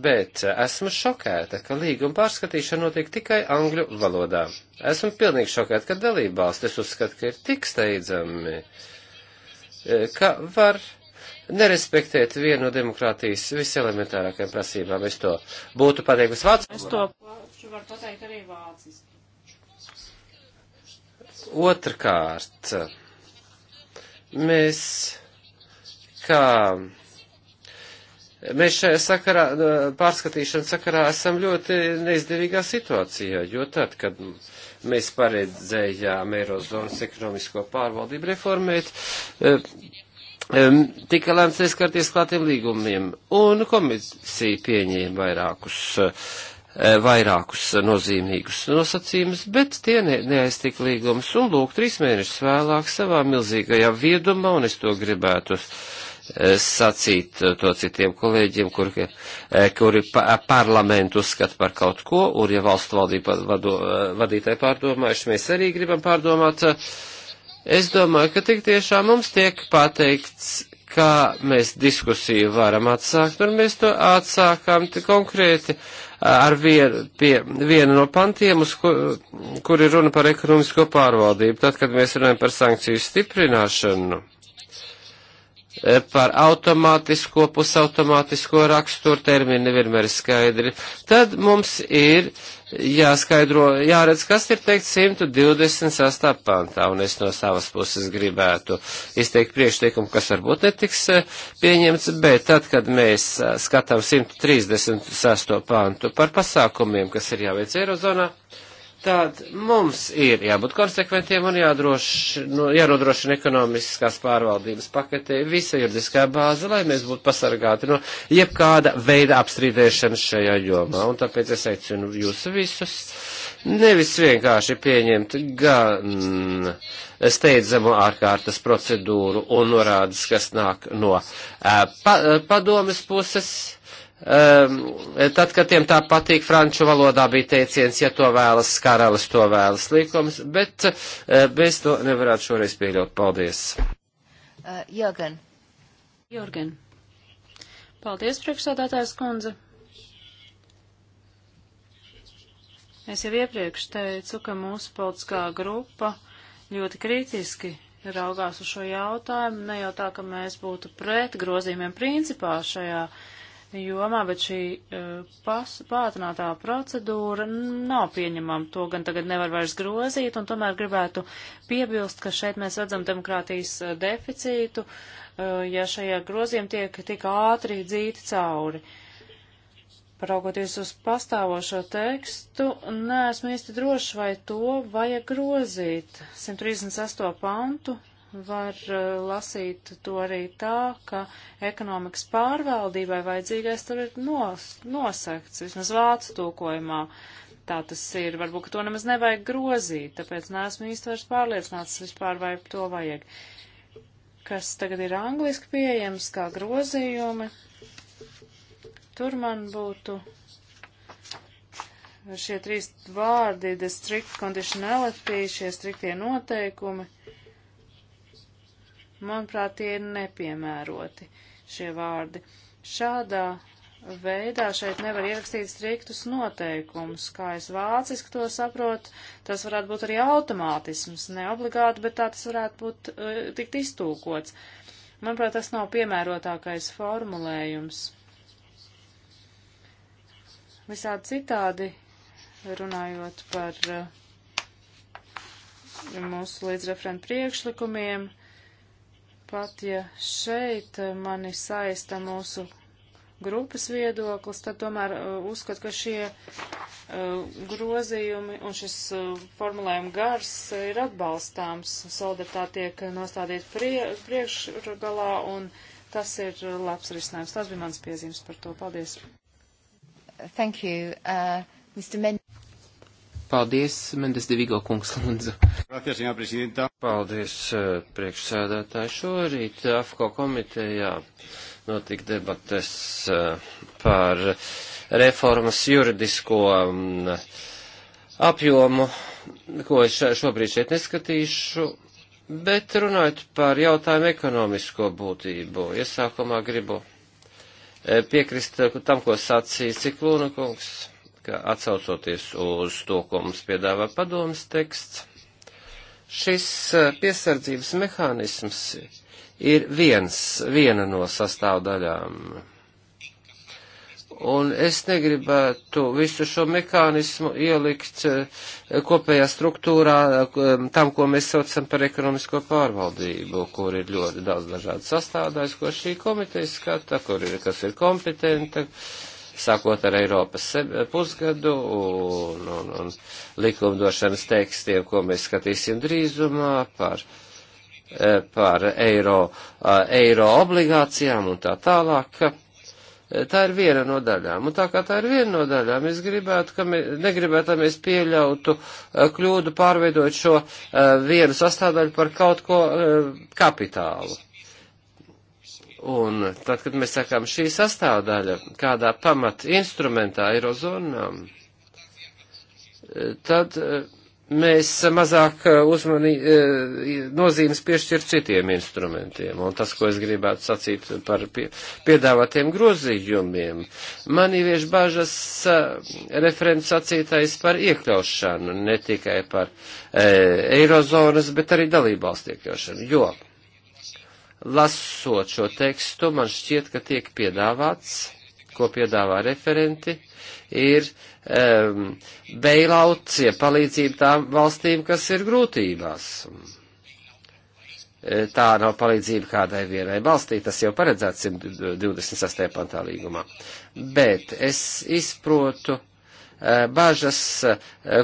Bet uh, esmu šokēta, ka līguma pārskatīšana notiek tikai angļu valodā. Esmu pilnīgi šokēta, ka dalībvalstis uzskata, ka ir tik steidzami, uh, ka var nerespektēt vienu no demokrātijas viselelementārākajām prasībām. Es to būtu pateikusi vācu. Es to pašu varu pateikt arī vācis. Otrkārt Mēs kā mēs šajā sakarā, pārskatīšanas sakarā esam ļoti neizdevīgā situācijā, jo tad, kad mēs paredzējām Eirozonas ekonomisko pārvaldību reformēt, tika lēmts neskarties klātiem līgumiem, un komisija pieņēma vairākus uh, E, vairākus nozīmīgus nosacījumus, bet tie ne, neaiztika līgumus. Un lūk, trīs mēnešus vēlāk savā milzīgajā viedumā, un es to gribētu e, sacīt to citiem kolēģiem, kur, e, kuri pa, parlamentu uzskata par kaut ko, un ja valstu valdība vado, vadītāji pārdomājuši, mēs arī gribam pārdomāt. Es domāju, ka tik tiešām mums tiek pateikts, kā mēs diskusiju varam atsākt, un mēs to atsākām konkrēti. Uh, ar vien, pie viena no pantiem, uz kur, kur ir runa par ekonomisko pārvaldību. Tad, kad mēs runājam par sankciju stiprināšanu, par automātisko, pusautomātisko raksturu termini nevienmēr ir skaidri. Tad mums ir jāskaidro, jāredz, kas ir teikt 128. pantā, un es no savas puses gribētu izteikt priekšteikumu, kas varbūt netiks eh, pieņemts, bet tad, kad mēs eh, skatām 136. pantu par pasākumiem, kas ir jāveic Eirozonā, uh, tad mums ir jābūt konsekventiem un no, nu, jānodrošina ekonomiskās pārvaldības paketē visa juridiskā bāze, lai mēs būtu pasargāti no jebkāda veida apstrīdēšanas šajā jomā. Un tāpēc es aicinu jūs visus nevis vienkārši pieņemt gan steidzamo ārkārtas procedūru un norādes, kas nāk no eh, pa, eh, padomes puses, Ehm, tad, kad tiem tā patīk, franču valodā bija teiciens, ja to vēlas karalis, to vēlas likums, bet eh, bez to nevarētu šoreiz pieļaut. Paldies. Uh, Jorgen. Jorgen. Paldies, priekšsādātājs kundze. Es jau iepriekš teicu, ka mūsu politiskā grupa ļoti kritiski raugās uz šo jautājumu, ne jau tā, ka mēs būtu pret grozījumiem principā šajā uh, jomā, bet šī e, pas, pātrinātā procedūra nav pieņemama. To gan tagad nevar vairs grozīt, un tomēr gribētu piebilst, ka šeit mēs redzam demokrātijas e, deficītu, e, ja šajā grozījumā tiek tik ātri dzīti cauri. Paraugoties uz pastāvošo tekstu, neesmu īsti droši, vai to vajag grozīt. 138 pantu var eh, lasīt to arī tā, ka ekonomikas pārvaldībai vajadzīgais tur ir nos, nosakts, vismaz vācu tūkojumā. Tā tas ir, varbūt, ka to nemaz nevajag grozīt, tāpēc neesmu īsti vairs pārliecināts vispār, vai to vajag. Kas tagad ir angliski pieejams kā grozījumi, tur man būtu šie trīs vārdi, the strict conditionality, šie striktie noteikumi. Manuprāt, tie ir nepiemēroti šie vārdi. Šādā veidā šeit nevar ierakstīt striktus noteikumus, kā es vāciski to saprotu, tas varētu būt arī automātisms, ne obligāti, bet tā tas varētu būt uh, tikt iztūkots. Manuprāt, tas nav piemērotākais formulējums. Visādi citādi runājot par uh, mūsu līdzreferentu priekšlikumiem. Uh, Pat ja šeit eh, mani saista mūsu grupas viedoklis, tad tomēr eh, uzskat, ka šie eh, grozījumi un šis formulējuma gars ir atbalstāms. Solidaritāte tiek nostādīta prie, priekšgalā un tas ir labs risinājums. Tas bija mans piezīmes par to. Paldies. Thank you, uh, Mr. Men Paldies, Mendes Devigo kungs, lūdzu. Paldies, eh, priekšsēdētāji. Šorīt AFKO komitejā notika debates eh, par reformas juridisko mm, apjomu, ko es šobrīd šeit neskatīšu, bet runājot par jautājumu ekonomisko būtību. Iesākumā gribu eh, piekrist tam, ko sacīja Ciklūna kungs ka atsaucoties uz to, ko mums piedāvā padomas teksts, šis eh, piesardzības mehānisms ir viens, viena no sastāvdaļām. Un es negribētu visu šo mehānismu ielikt eh, kopējā struktūrā eh, tam, ko mēs saucam par ekonomisko pārvaldību, kur ir ļoti daudz dažādu sastāvdaļas, ko šī komiteja skata, kur ir, kas ir kompetenta, uh, sākot ar Eiropas pusgadu un, un, un likumdošanas tekstiem, ko mēs skatīsim drīzumā par, e, par eiro, eiro obligācijām un tā tālāk. E, tā ir viena no daļām, un tā kā tā ir viena no daļām, es gribētu, ka mēs, negribētu, lai mēs pieļautu e, kļūdu pārveidot šo vienu sastāvdaļu par kaut ko kapitālu. Un tad, kad mēs sakām šī sastāvdaļa kādā pamat instrumentā eirozonām, tad eh, mēs mazāk eh, uzmanī, eh, nozīmes piešķir citiem instrumentiem. Un tas, ko es gribētu sacīt par pie, piedāvātiem grozījumiem, man ievieš bažas referents sacītais par iekļaušanu, ne tikai par e, eirozonas, bet arī dalībvalstu iekļaušanu. Jo Lasot šo tekstu, man šķiet, ka tiek piedāvāts, ko piedāvā referenti, ir um, beilauts, ja palīdzība tām valstīm, kas ir grūtībās. E, tā nav palīdzība kādai vienai valstī, tas jau paredzēts 128. pantā līgumā. Bet es izprotu Eh, bažas, eh,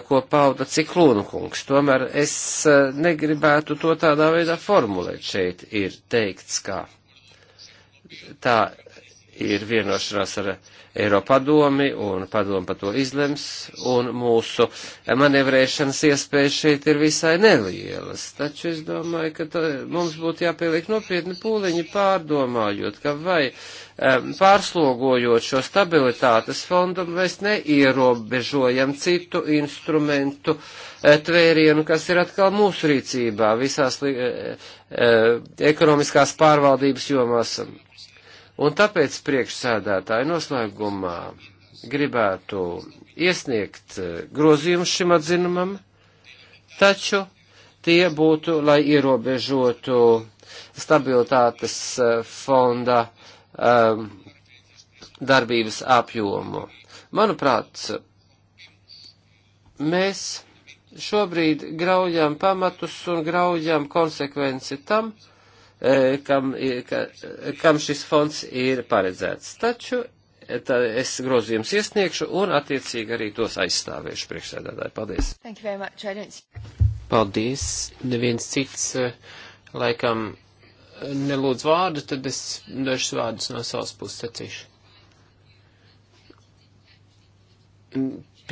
ko pauda ciklūnu kungs. Tomēr es eh, negribētu to tādā veidā formulēt. Šeit ir teikts, kā tā ir vienošanās ar Eiropadomi un padomu par to izlems, un mūsu manevrēšanas iespējas šeit ir visai nelielas. Taču es domāju, ka tā, mums būtu jāpieliek nopietni pūliņi pārdomājot, ka vai um, pārslogojot šo stabilitātes fondu mēs neierobežojam citu instrumentu e, tvērienu, kas ir atkal mūsu rīcībā visās uh, ekonomiskās pārvaldības jomās. Um, Un tāpēc priekšsēdētāji noslēgumā gribētu iesniegt eh, grozījumus šim atzinumam, taču tie būtu, lai ierobežotu stabilitātes eh, fonda um, darbības apjomu. Manuprāt, mēs šobrīd graujam pamatus un graujam konsekvenci tam, uh, E, kam, ka, kam šis fonds ir paredzēts. Taču e, es grozījumus iesniegšu un attiecīgi arī tos aizstāvēšu priekšsēdētāji. Paldies! Paldies! Neviens cits e, laikam nelūdz vārdu, tad es dažus vārdus no savas puses sacīšu.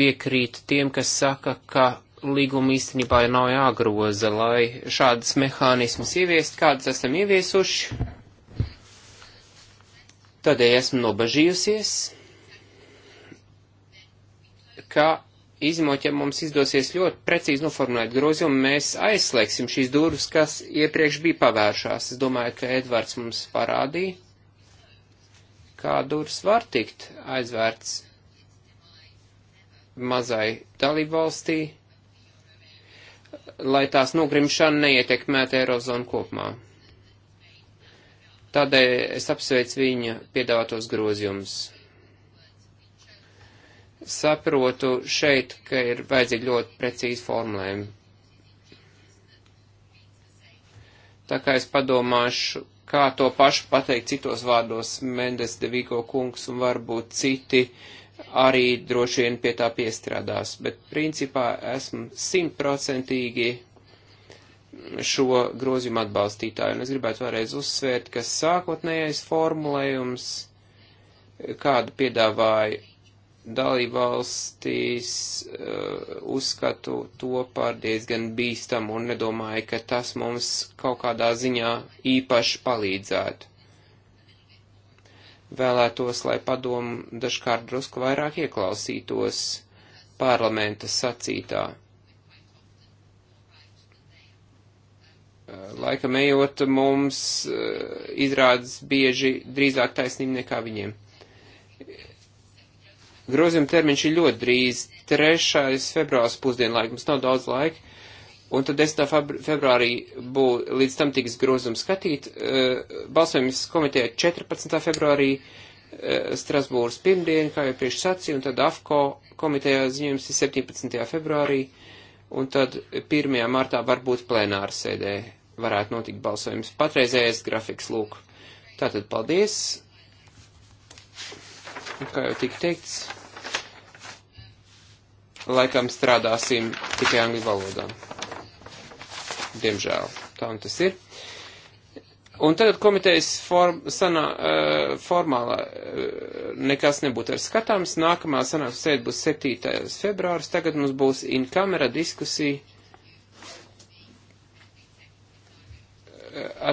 Piekrīt tiem, kas saka, ka līguma īstenībā nav jāgroza, lai šādas mehānismas ieviest, kādas esam ieviesuši. Tādēļ ja esmu nobažījusies, ka izņemot, ja mums izdosies ļoti precīzi noformulēt grozījumu, mēs aizslēgsim šīs durvis, kas iepriekš bija pavēršās. Es domāju, ka Edvards mums parādīja, kā durvis var tikt aizvērts mazai dalībvalstī lai tās nogrimšana neietekmētu Eirozonu kopumā. Tādēļ es apsveicu viņa piedāvātos grozījumus. Saprotu šeit, ka ir vajadzīgi ļoti precīzi formulējumi. Tā kā es padomāšu, kā to pašu pateikt citos vārdos Mendes de Vigo kungs un varbūt citi uh, arī droši vien pie tā piestrādās, bet principā esmu simtprocentīgi šo grozījumu atbalstītāju. Un es gribētu vēlreiz uzsvērt, ka sākotnējais formulējums, kādu piedāvāja dalībvalstīs, uh, uzskatu to par diezgan bīstamu un nedomāju, ka tas mums kaut kādā ziņā īpaši palīdzētu vēlētos, lai padomu dažkārt drusku vairāk ieklausītos parlamenta sacītā. Eh, laikam ejot, mums eh, izrādas bieži drīzāk taisnība nekā viņiem. Grozījuma termiņš ir ļoti drīz, 3. februārs pusdienlaika, mums nav daudz laika, Un tad 10. februārī bū, līdz tam tiks grozums skatīt. Eh, balsojums komiteja 14. februārī eh, Strasbūras pirmdien, kā jau priekš sacīja, un tad AFCO komitejā ziņojums ir 17. februārī, un tad 1. martā varbūt plenāra sēdē varētu notikt balsojums. Patreizējais grafiks lūk. Tātad paldies. Kā jau tika teikts, laikam strādāsim tikai angļu valodā. Diemžēl tā un tas ir. Un tagad komitejas form, sanā, uh, formālā uh, nekas nebūtu ar skatāms. Nākamā sanāks sēd būs 7. februāris. Tagad mums būs in kamera diskusija eh,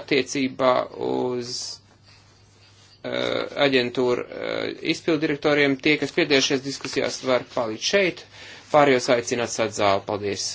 attiecībā uz uh, aģentūru uh, izpildirektoriem. Tie, kas piedalījušies diskusijās, var palikt šeit. Pārējos aicināt sadzāli. Paldies!